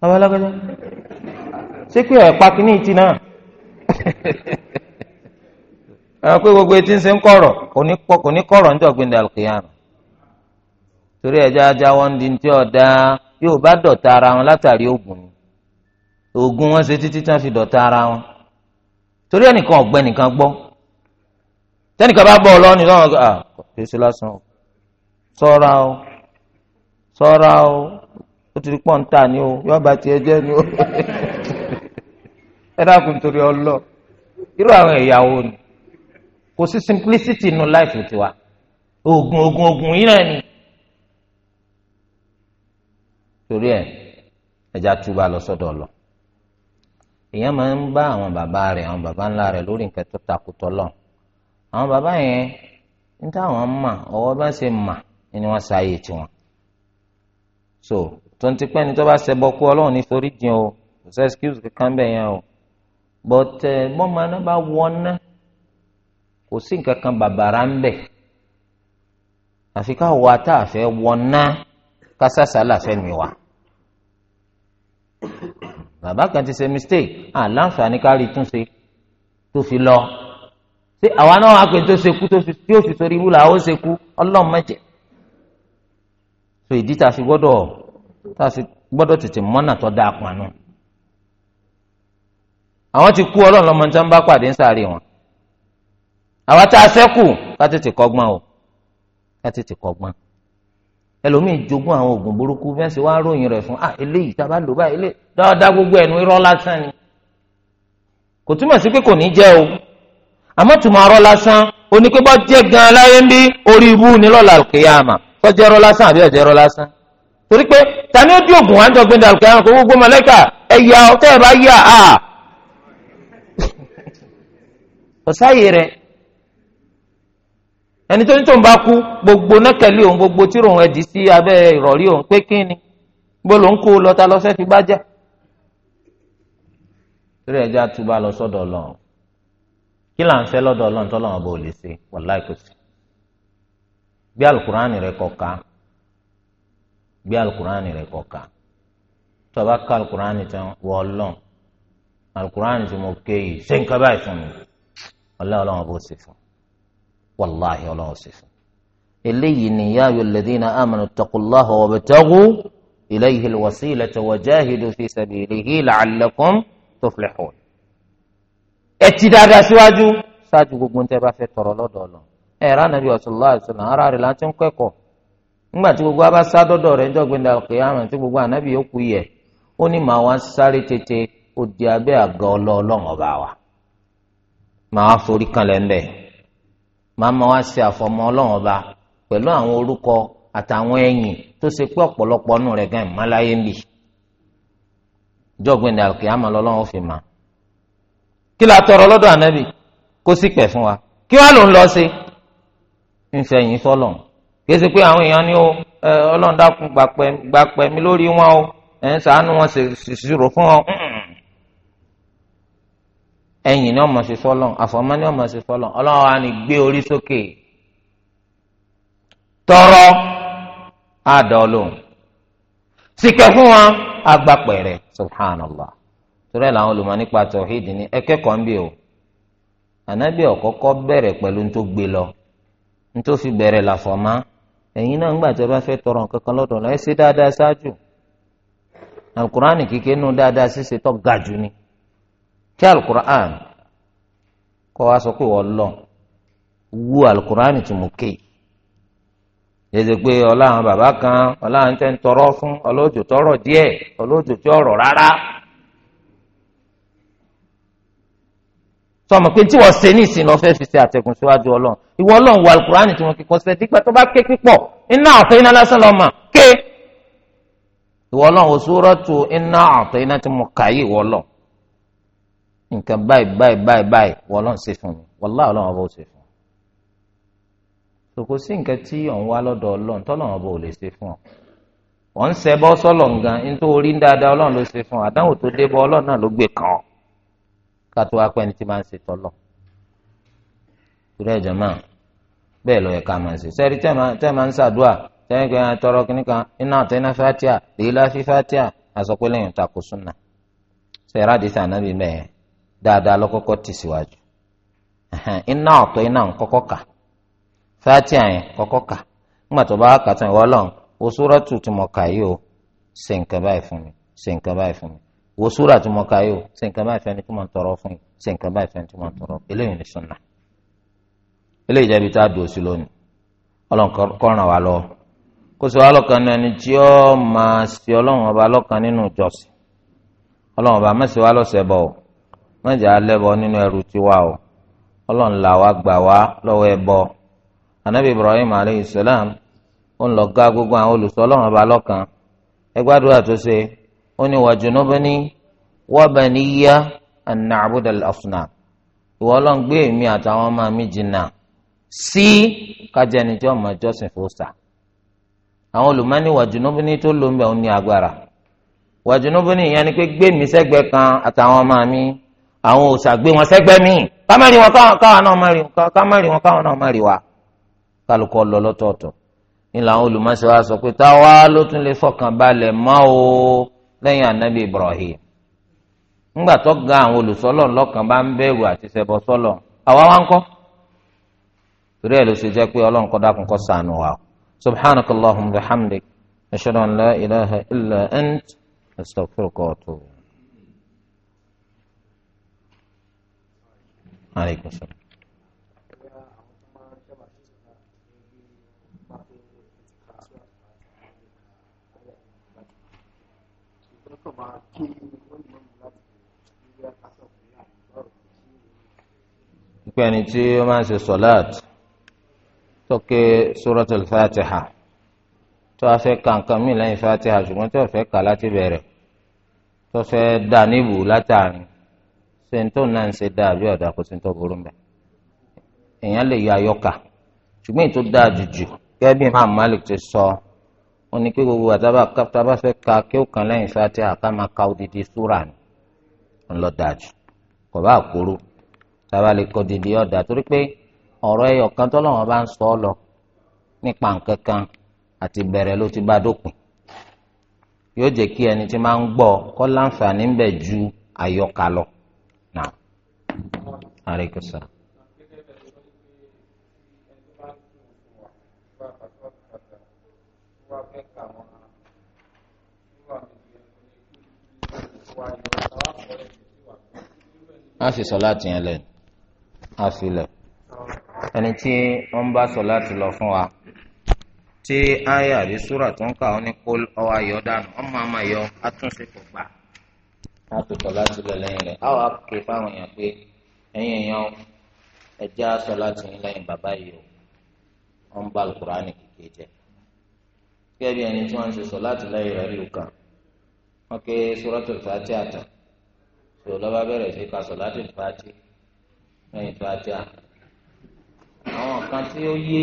babalágbẹ́jọ́ ṣé pé ẹ̀pá kìíní ti náà àwọn pé gbogbo etí ń ṣe ń kọ̀rọ̀ kò ní kọ̀rọ̀ ń jọ̀gbìn dàlùkìyàrá torí ẹ̀já ajá wọn di ti ọ̀dà yóò bá dọ̀tá ara wọn látàrí oògùn ni oògùn wọn ṣe títí tí wọn fi dọ̀tá ara wọn torí ẹnìkan ọ̀gbẹ́ nìkan gbọ́ tẹ́nìkan bá bọ̀ ọlọ́ọ̀ni lọ́wọ́ kò ṣe lásán o sọ́ra o sọ́ra o ó ti di ni o yóò bá tiẹ̀ jẹ́ ni o ẹ dákun torí ọlọ irú àwọn ìyàwó ni kò sí simplicity inú láìfù tiwa oògùn oògùn oògùn yìí náà ni torí ẹ ẹja túbà lọ sọ́dọ̀ ọlọ èèyàn máa ń bá àwọn bàbá rẹ àwọn bàbá ńlá rẹ lórí nǹkan tó takùtọ lọ àwọn bàbá yẹn ń táwọn mà ọwọ́ bá ṣe mà ni wọ́n ṣàyè tiwọn so tó ń ti pẹ́ ni tó bá ṣẹbọ kú ọlọ́run ní forí jìn o kò sẹ́ skills kankan bẹ́ẹ̀ yẹn o but bọ́mọ aná bá wọná kò sí nǹkan kan bàbàrà ń bẹ̀ àfi ká wọ ata àfẹ́ wọná kásásá làfẹ́ mi wá bàbá kan ti ṣe mistake àlàǹfààní ká rí túnṣe tó fi lọ ṣé àwa náà wàá pè tó ṣe kú tí ó fi torí wúlò àwọn ó ṣe kú ọlọ́run mẹ́jẹ̀ so ìdí ta fi gbọ́dọ̀ tá a sì gbọ́dọ̀ tètè mọ́nà tó dáa pọn nù. àwọn ti kú ọlọ́run lọ́mọ tí wọ́n bá pàdé ń sáré wọn. àwa tá a sẹ́kù ká tètè kọ́gbọ́n o ká tètè kọ́gbọ́n. ẹlòmíín jogún àwọn oògùn burúkú bẹ́ẹ̀ sì ròyìn rẹ̀ fún ah eléyìí tá a bá lò báyìí eléyìí dáadáa gbogbo ẹ̀nu irọ́ lásán ni. kò túmọ̀ sí pé kò ní jẹ́ o àmọ́ tùmọ̀ arọ́ lásán onípẹ́ bá jẹ́ gan-an láyé ń bí orí ibú ni lọ́la kìyàmà tọ́jẹ́rọ́ lásán àbí ọ̀jẹ́rọ́ lásán torí pé tani ó dín ògùn wá ń dọ̀gbìn dàrú kí ẹranko gbogbo mọ̀lẹ́kà ẹ̀yà ọ̀tẹ́ ẹ̀ bá yà á ọ̀sáyè rẹ̀ ẹni tó ní tó ń bá kú gbogbo nẹ́kẹ̀lé òun gbogbo tírò òun ẹ̀dì sí abẹ́ ìrọ̀rí òun pé kí ni bó ló ń kó lọ́ta lọ́sẹ̀ fi bá jà torí ẹja túbà lọ sọ́dọ̀ ọlọ́run kí là ń fẹ́ lọ́dọ̀ ọlọ́run tọ́lọ́run ọba ò gbé alukur'ani rẹ kọ̀ọ̀kan tó o bá ka alukur'ani tán wọ́ ọlọ́n alukur'ani tí mo ké yìí ṣé nǹkan báyìí fún mi ọlọ́run ọlọ́run bó ṣe fún wàláhi ọlọ́run ṣe fún. eléyìí ni ya ayyuhal ladhina amanu ittaqullaha wabtaghu ilayhi alwasilata wajahidu fi sabilihi la'allakum tuflihun. ẹ ti dáadáa síwájú ṣáájú gbogbo ń tẹ́ bá fẹ́ tọrọ lọ́dọ̀ ẹ̀ ránà bí ọ̀sùn lọ́wọ́ àìsàn ara rẹ̀ láti ń kẹ́kọ̀ọ́ nígbà tí gbogbo abá sá dọ́dọ̀ rẹ̀ níjọ́ gbẹ̀ndà kìyàmù tí gbogbo ànábì yòókù yẹ ó ní màá wá sáré tètè ó di abẹ́ àga ọlọ́ọ̀lọ́ọ̀ ọba wa màá wá forí kanlẹ̀ ńbẹ̀ màá máa wá ṣe àfọmọ́ ọlọ́ọ̀ ọba pẹ̀lú àwọn orúkọ àtàwọn ẹ̀yìn tó ṣe pé ọ̀pọ̀lọpọ̀ nù rẹ̀ gan ìmáláyé ń bì jọ́gbìn alkiyama lọ́lọ́run fi mà kí la tọrọ lọ́dọ̀ ànábì kó sì pẹ̀ fún wa kí wàá ló lọ sí ìfẹ̀yìn fọlọ́n kéésì pé àwọn èèyàn ní o ọlọ́run dákun gbàpẹ̀ mi lórí wọn o ẹ̀ ń sàánú wọn ṣèṣirò fún ẹ̀yìn ni ọmọ ṣe sọ́lọ̀ àfọ̀mọ́ ni ọmọ ṣe sọ́lọ̀ ni gbé orí sókè tọrọ àdọ́lóhùn síkẹ́ fún wọn agbápẹ̀ rẹ̀ subhanallah torí ẹ̀ làwọn olùmọ̀ ni ẹ kẹ́kọ̀ọ́ ń bì o ànábì ọ̀kọ́kọ́ bẹ̀rẹ̀ pẹ̀lú ní gbé lọ fi bẹ̀rẹ̀ làfọ̀mọ́ ẹ̀yin náà ńgbà tí ẹ bá fẹ́ tọrọ nǹkan kan lọ́dọ̀ lọ ẹ ṣe dáadáa ṣáájú alukur'an dáadáa ni tí alukur'an kọ́ wa sọ pé wọ́n lọ wú alukur'an tí mo ké pé ọlá kan ọlá tẹ́ ń tọrọ fún ọlọ́jọ́ tọrọ díẹ̀ ọlọ́jọ́ tí sọmọ pé tí wọ́n ṣe ní ìsìn lọ́fẹ́ fi ṣe àtẹ̀gùn síwájú ọlọ́run ìwọ ọlọ́run wà alukurani tí wọ́n kíkọ́ sílẹ̀ dípẹ́ tó bá ké pípọ̀ iná àfẹ́ iná lásán lọ́ mà ké ìwọ ọlọ́run o suratu iná àfẹ́ iná tí mo kà yí ìwọ ọlọ́run nǹkan báyìí báyìí báyìí báyìí ìwọ ọlọ́run ṣe fún mi wàláhì ọlọ́run ọba ò ṣe fún mi kò sí nǹkan tí ọ̀ wá lọ́dọ̀ ọlọ́run tọ́lọ́run ọba ò lè ṣe fún ọ kátó wá pẹ́ni tí máa ń ṣe tọ́lọ̀ ìrẹ́ ìjọba bẹ́ẹ̀ lọ́ọ́ ẹ̀ka máa ṣe sẹ́rí tẹ́ máa ń ṣàdúà tọrọ kan iná fatia fi fatia àsọpẹ́ lẹ́yìn takò súnà sẹ́yìn rádìsí ànábì mẹ́ẹ̀ dáadáa lọ́kọ́kọ́ tì síwájú iná ọ̀tọ̀ fatia yẹn kọ́kọ́ kà ńgbà tó bá kà tán o ṣe nǹkan báyìí fún mi ṣe wo súrà tí mo ka yìí o ṣe nǹkan báyìí fẹ́ni tí mo ń tọrọ fún yìí ṣe nǹkan báyìí fẹ́ni tí mo ń tọrọ eléyìí ni sunna eléyìí jẹ́bi tá a dùn sí lónìí ọlọ́run kọ́ ràn wá lọ́wọ́ kó sọ alọ́kan ọba lọ́kan nínú ìjọsìn ọlọ́run ọba wá lọ́sẹ̀ bọ̀ ọ́ mẹ́jẹ̀ alẹ́bọ̀ nínú ẹrù o ọlọ́run là wá gbà wá ẹbọ anabi ibrahim ó ń lọ gbogbo àwọn olùsọ ọlọ́run ọba lọ́kan ó ní wa junubni wa baniya an na'buda al-asnam ìwọ ọlọ́run gbé èmi àtàwọn ọmọ mi jìnnà sí kájẹni tí ọmọ jọ́sìn fòsà àwọn olùmọ́ni wa junubni tó ló ń bẹ̀ ọ́n ní agbára wa junubni ìyẹn ni pé gbé mi sẹ́gbẹ̀ẹ́ kan àtàwọn ọmọ mi àwọn òòsà gbé wọn sẹ́gbẹ́ míì kámẹ́rì wọn káwọn náà má rí wọn kámẹ́rì wọn káwọn náà má rí wa kálukọ lọ lọ́tọ̀ọ̀tọ̀ ní làwọn olùmọ̀ọ́sẹ̀ wa sọ pé táwa ló tún lè fọkàn balẹ̀ mọ́ o lẹ́yìn anabi ibrahim ńgbà tó ga àwọn olùsọ́lọ̀ lọ́kàn bá ń bẹ̀rù àti ṣẹbọ sọ́lọ̀ àwa wá ń kọ́ torí ẹ̀ ló ṣe jẹ́ pé ọlọ́run kọ́ dákun kọ́ sànù wa máa kí wọ́n yìí mọ́mú láti ilé akásọ̀kùnrin àti báwo ni ṣe é. pípẹ́ ẹni tí ó máa ń ṣe sọ́láàt tó ké suratul fatiha tó a fẹ́ ka nǹkan mí lẹ́yìn fatiha ṣùgbọ́n tó a fẹ́ kà láti bẹ̀rẹ̀ tó fẹ́ dà níbù látàrin ṣe ń tó náà ń ṣe dáa bí ọ̀dà kò sí ń tó burú mbẹ́ èèyàn lè yọ ayọ́ka ṣùgbọ́n ètò dáa jùjù gẹ́gẹ́ bí Imam Malik ti sọ. So, ó ní pé gbogbo àtàbà tábà fẹ́ ka kí ó kàn lẹ́yìn fati àká máa ka odidi súra ni ńlọ dájú kò bá kúrú tábà lè kọ odidi ọ̀dà torí pé ọ̀rọ̀ ẹyọ kan tó lọ́wọ́ bá ń sọ ọ́ lọ nípa nǹkan kan àti bẹ̀rẹ̀ ló ti bá dópin yóò jẹ́ kí ẹni tí máa ń gbọ́ kọ́ láǹfààní ń bẹ ju àyọkà lọ. Nah. Alaikum á fi sọ láti yẹn lẹ̀ á fi lẹ̀ ẹni tí wọ́n bá sọ láti lọ fún wa tí aya àbí súrà tó ń kà ó ní kó ọwọ́ ayọ̀ dànù ọmọ àmà yọ atúnṣe kò gbà á fi sọ láti lọ lẹ́yìn rẹ̀ á wàá pè fáwọn èèyàn pé ẹ̀yin èèyàn ẹ̀jẹ̀ á sọ láti yín lẹ́yìn bàbá yìí o wọ́n bá alukur'ani kékeré jẹ gẹ́gẹ́ ẹni tí wọ́n ń sọ láti lẹ́yìn rẹ̀ rí òkà wọ́n ké suratul Fatiha àtàtà tó lọ́ba bẹ̀rẹ̀ sí ka sọ̀láàtì fàájì lẹ́yìn fàájì à. àwọn kan tí ó yé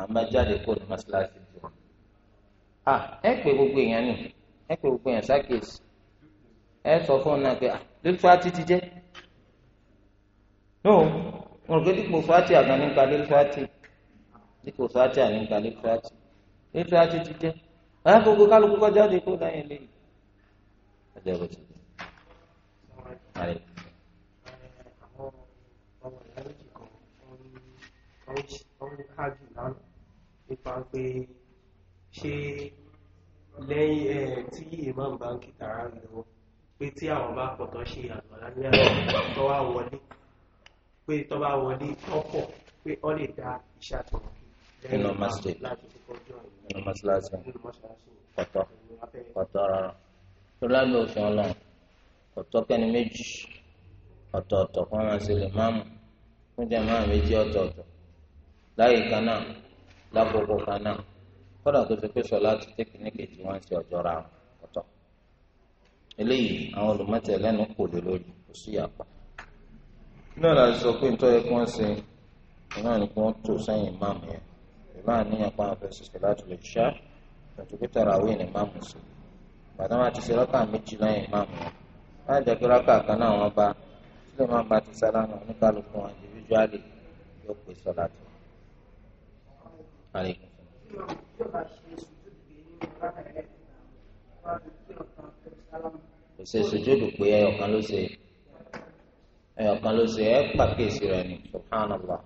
àmọ́ jáde kó ní mọ́ṣáláṣí jù wọn. à ẹ pé gbogbo èèyàn nì ẹ pé gbogbo èèyàn sákèsì ẹ sọ fún un náà pé à lórí fàájì ti jẹ́. nóò mo rò pé dípò fàájì àgbọn nípa lórí fàájì dípò fàájì àgbọn nípa lórí fàájì lórí fàájì ti jẹ́. ẹ gbogbo kálukú kọjá de kó lẹ́yìn lẹ́yìn. ẹ jẹ́ bó ti Àlè. Àwọn ọmọ ìyá méjì kan wọ́n ń hágì lánàá nípa pé ṣé lẹ́yìn ẹ̀ tí imam bá ń kìtàrà lọ́wọ́ pé tí àwọn bá pọ̀tọ́ ṣe àlọ́lá ní àwọn tó wá wọlé pé tó bá wọlé tọ́pọ̀ pé ó lè dá iṣẹ́ àtọ̀rọ̀ kí nínú rárá tó lábẹ́ òfin ọlọ́run ọ̀tọ́kẹ́ni méjì ọ̀tọ̀ọ̀tọ̀ kó máa ṣe lè máàmù fún jàmáà méjì ọ̀tọ̀ọ̀tọ̀ láyé kan náà lákòókò kan náà kódà tó fi pé sọlá ti tẹ́kì ní kejì wọn ṣe ọ̀jọ́ra ọ̀tọ̀ eléyìí àwọn olùmọ̀tẹ̀lẹ́nu kò lè lórí kò sí àpá náà la sọ pé nítorí ẹ kí wọ́n ṣe iná ni kí wọ́n tò sẹ́yìn máàmù yẹn ìlú àníyàn pa àwọn fẹsẹ̀ láti lè ṣá ètò pété ara ni máàmù sí bàtà máa ti ṣe lọ́kà méjì lẹ́yìn máàmù yẹn láti jẹ́ pé rákà kan náà wọ́n bá tí lè ba ti sálámù oníkàlùkù wọn individually yóò pè sọ láti. kò ṣe sùjúdù pé ẹyọkan ló ṣe ẹyọkan ló ṣe ẹ pàkíyèsí rẹ subhanallah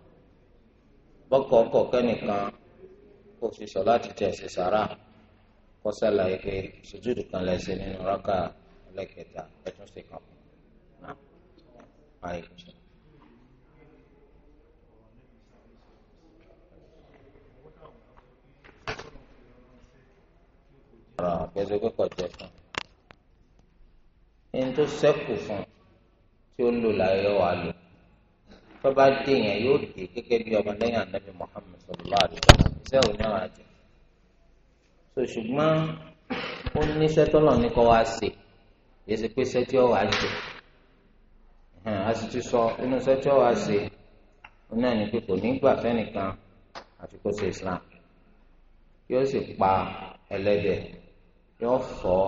ẹlẹ́kẹta ẹtún ṣe kàn náà ayé kìí. ọ̀rọ̀ àgbẹ̀sẹ̀ kọ́kọ́ jẹ fún un. ní tó sẹ́kù fún un tí ó lò láyé wa lò tó bá dé yẹn yóò dé gẹ́gẹ́ bí ọmọlẹ́yìn anabi Muhammad sallallahu alaihi wasallam iṣẹ́ òní ọ̀rọ̀ àjẹ. so ṣùgbọ́n ó níṣẹ́ tọ́lọ̀ ní kọ́ wá sí i. èsì pé sẹ́tí ọ̀ wá ṣe a sì ti sọ inú sẹ́tí onye wá ṣe náà ni pé kò ní àti kó ṣe Islam yóò sì pa ẹlẹ́dẹ̀ yóò fọ́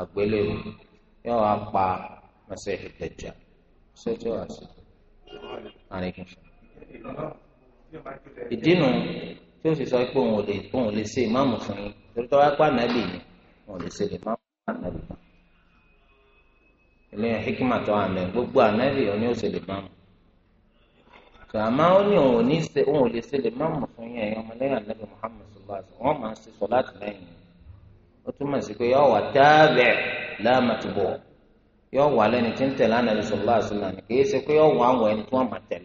àgbélébù yóò wá pa Masiihu Dajjal sẹ́tí ọ̀ wá ṣe ìdínú tí ó sì sọ pé òun ò lè òun ò lè ṣe ìmáàmù fún yín torí tọ́wọ́ pa ni òun ò lè ṣe eléyìí hikima tó na gbogbo ànábì òní ó ṣe lè máa mú kàmá ó ní ò lè fún yẹn ẹyọ Muhammad sallallahu alaihi wasallam wọn máa ń ṣe sọ láti lẹ́yìn ó túmọ̀ sí pé yóò wà táàbẹ̀ wà tí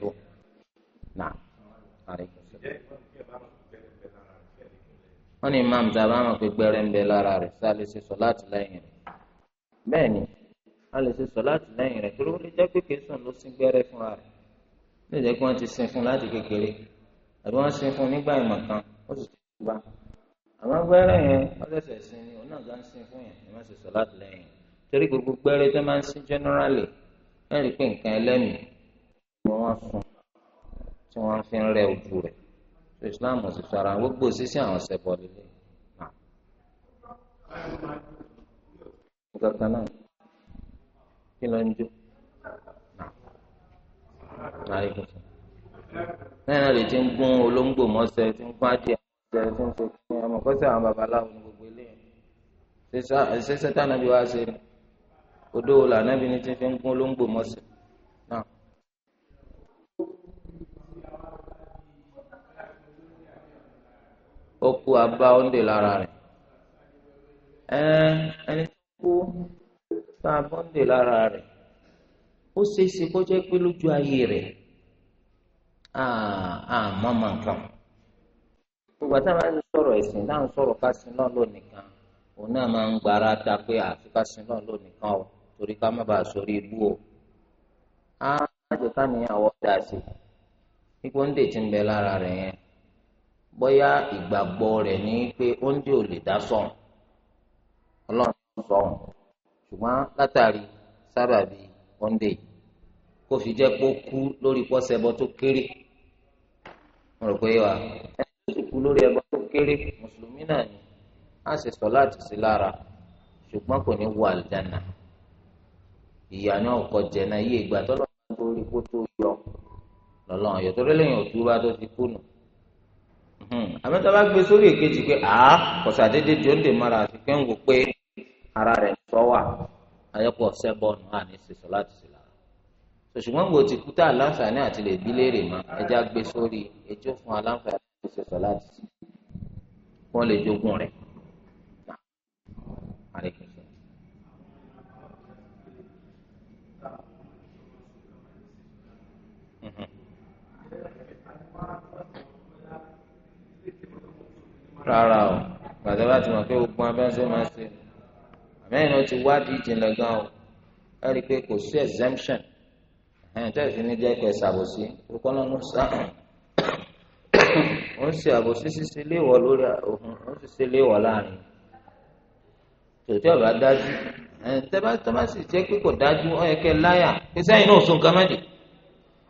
ń imam a bá gbẹrẹ ń bẹ lára a lè ṣe sọ láti lẹ́yìn rẹ̀ torí ó lè jẹ́ pé kẹsàn-án ló sín gbẹ́rẹ́ fúnra rẹ̀ lè jẹ́ pé wọ́n ti sin fún láti kékeré àbí wọ́n sin fún nígbà ìmọ̀ kan ó sì ti gbà àmọ́ gbẹ́rẹ́ yẹn wọ́n lẹ́sẹ̀ sin ni òun gan gán sin fún yẹn ni wọ́n ṣe sọ láti lẹ́yìn torí gbogbo gbẹ́rẹ́ tó máa ń sin generally wọ́n rí pé nǹkan ẹlẹ́mìí ni wọ́n fún tí wọ́n fi ń rẹ ojú rẹ̀ so Islam ò sì sọ ara gbogbo sísí àwọn ṣẹ̀bọ̀ lílé náà kí ló ń jó lẹ́yìn náà lè ti ń gún olóńgbò mọ́sẹ̀ ti ń gún adìẹ mọ́sẹ̀ ti ń ṣe kí ọmọ kọ́sẹ̀ àwọn babaláwo ní gbogbo eléyìí ṣẹṣẹ tá nàbí wá ṣe odó wo lànàbí ni ti fi ń gún olóńgbò mọ́sẹ̀ ó kú abá òǹdè lára rẹ̀ ẹni tó kú. san abọ́ndè lára rẹ̀ ó ṣeéṣe kó jẹ́ pé lójú ayé rẹ̀ àmọ́ mọ̀ nǹkan gbogbo àtàwọn àti sọ̀rọ̀ ẹ̀sìn náà ń sọ̀rọ̀ kásin náà lónìí kan òun náà máa ń gbára ta pé àfi náà lónìí kan o torí ká má bàa sórí ibú o á jẹ́ ká ní àwọ̀ dà sí ipò ń dè tí ń bẹ lára rẹ̀ yẹn bóyá ìgbàgbọ́ rẹ̀ ní pé ó ò lè dá sọ̀rọ̀ ọlọ́run sọ̀rọ̀ ṣùgbọ́n látàrí sábàbí ọ̀ndẹ̀ kó fi jẹ́ pé ó kú lórí pọ́sẹ̀bọ tó kéré mo rò pé wà ẹni tó sì kú lórí ẹbọ tó kéré mùsùlùmí náà ni á sì sọ láti sí lára ṣùgbọ́n kò ní wọ àlùjáná ìyá náà kọ jẹ náà yí ìgbà tó lọ́wọ́ tó rí kó tó yọ lọ́lọ́ ọ̀yọ́ tó lẹ́yìn òtún bá tó ti kú nù. Hmm. àmọ́tá bá gbé sórí èkejì pé àá kọ̀sà déédéé jòǹdè mara àti pé ń wò pé ara rẹ̀ sọ wà ayọ́pọ̀ sẹ́bọ̀nù hàn ní sísọ láti sí lára ṣùgbọ́n gbòò ti kú tá a láǹfààní àti lè bí léèrè mọ́ ẹja gbé sórí ẹjọ́ fún aláǹfààní àti sísọ láti sí wọ́n lè jogún rẹ̀. Mhm. rárá o gbàdúrà tí wọn pé gbogbo abẹ́ńsẹ́ máa ń ṣe àmẹ́yìn náà ti wádìí ìjìnlẹ̀ gan o ẹ rí i pé kò sí exemption ẹ̀yìn tẹ́ fi ní jẹ́ pé ṣàbòsí orúkọ náà ló sá ó ń ṣe àbòsí ṣíṣe léèwọ̀ lórí òhun ó sì ṣe léèwọ̀ láàrin tòtí ọ̀rọ̀ adájú ẹ̀yìn tẹ́ bá tọ́ bá sì jẹ́ pé kò dájú ó yẹ kẹ́ láyà pé sẹ́yìn náà sún nǹkan mẹ́jì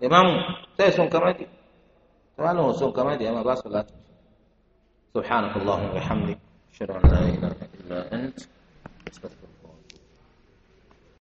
ìmáàmù sẹ́yìn sún nǹkan mẹ́jì tẹ́ bá lóun sún nǹkan mẹ́jì ẹ̀ máa bá sọ láti subhanahu wa rahmatulahi wa rahmatulahi. Let's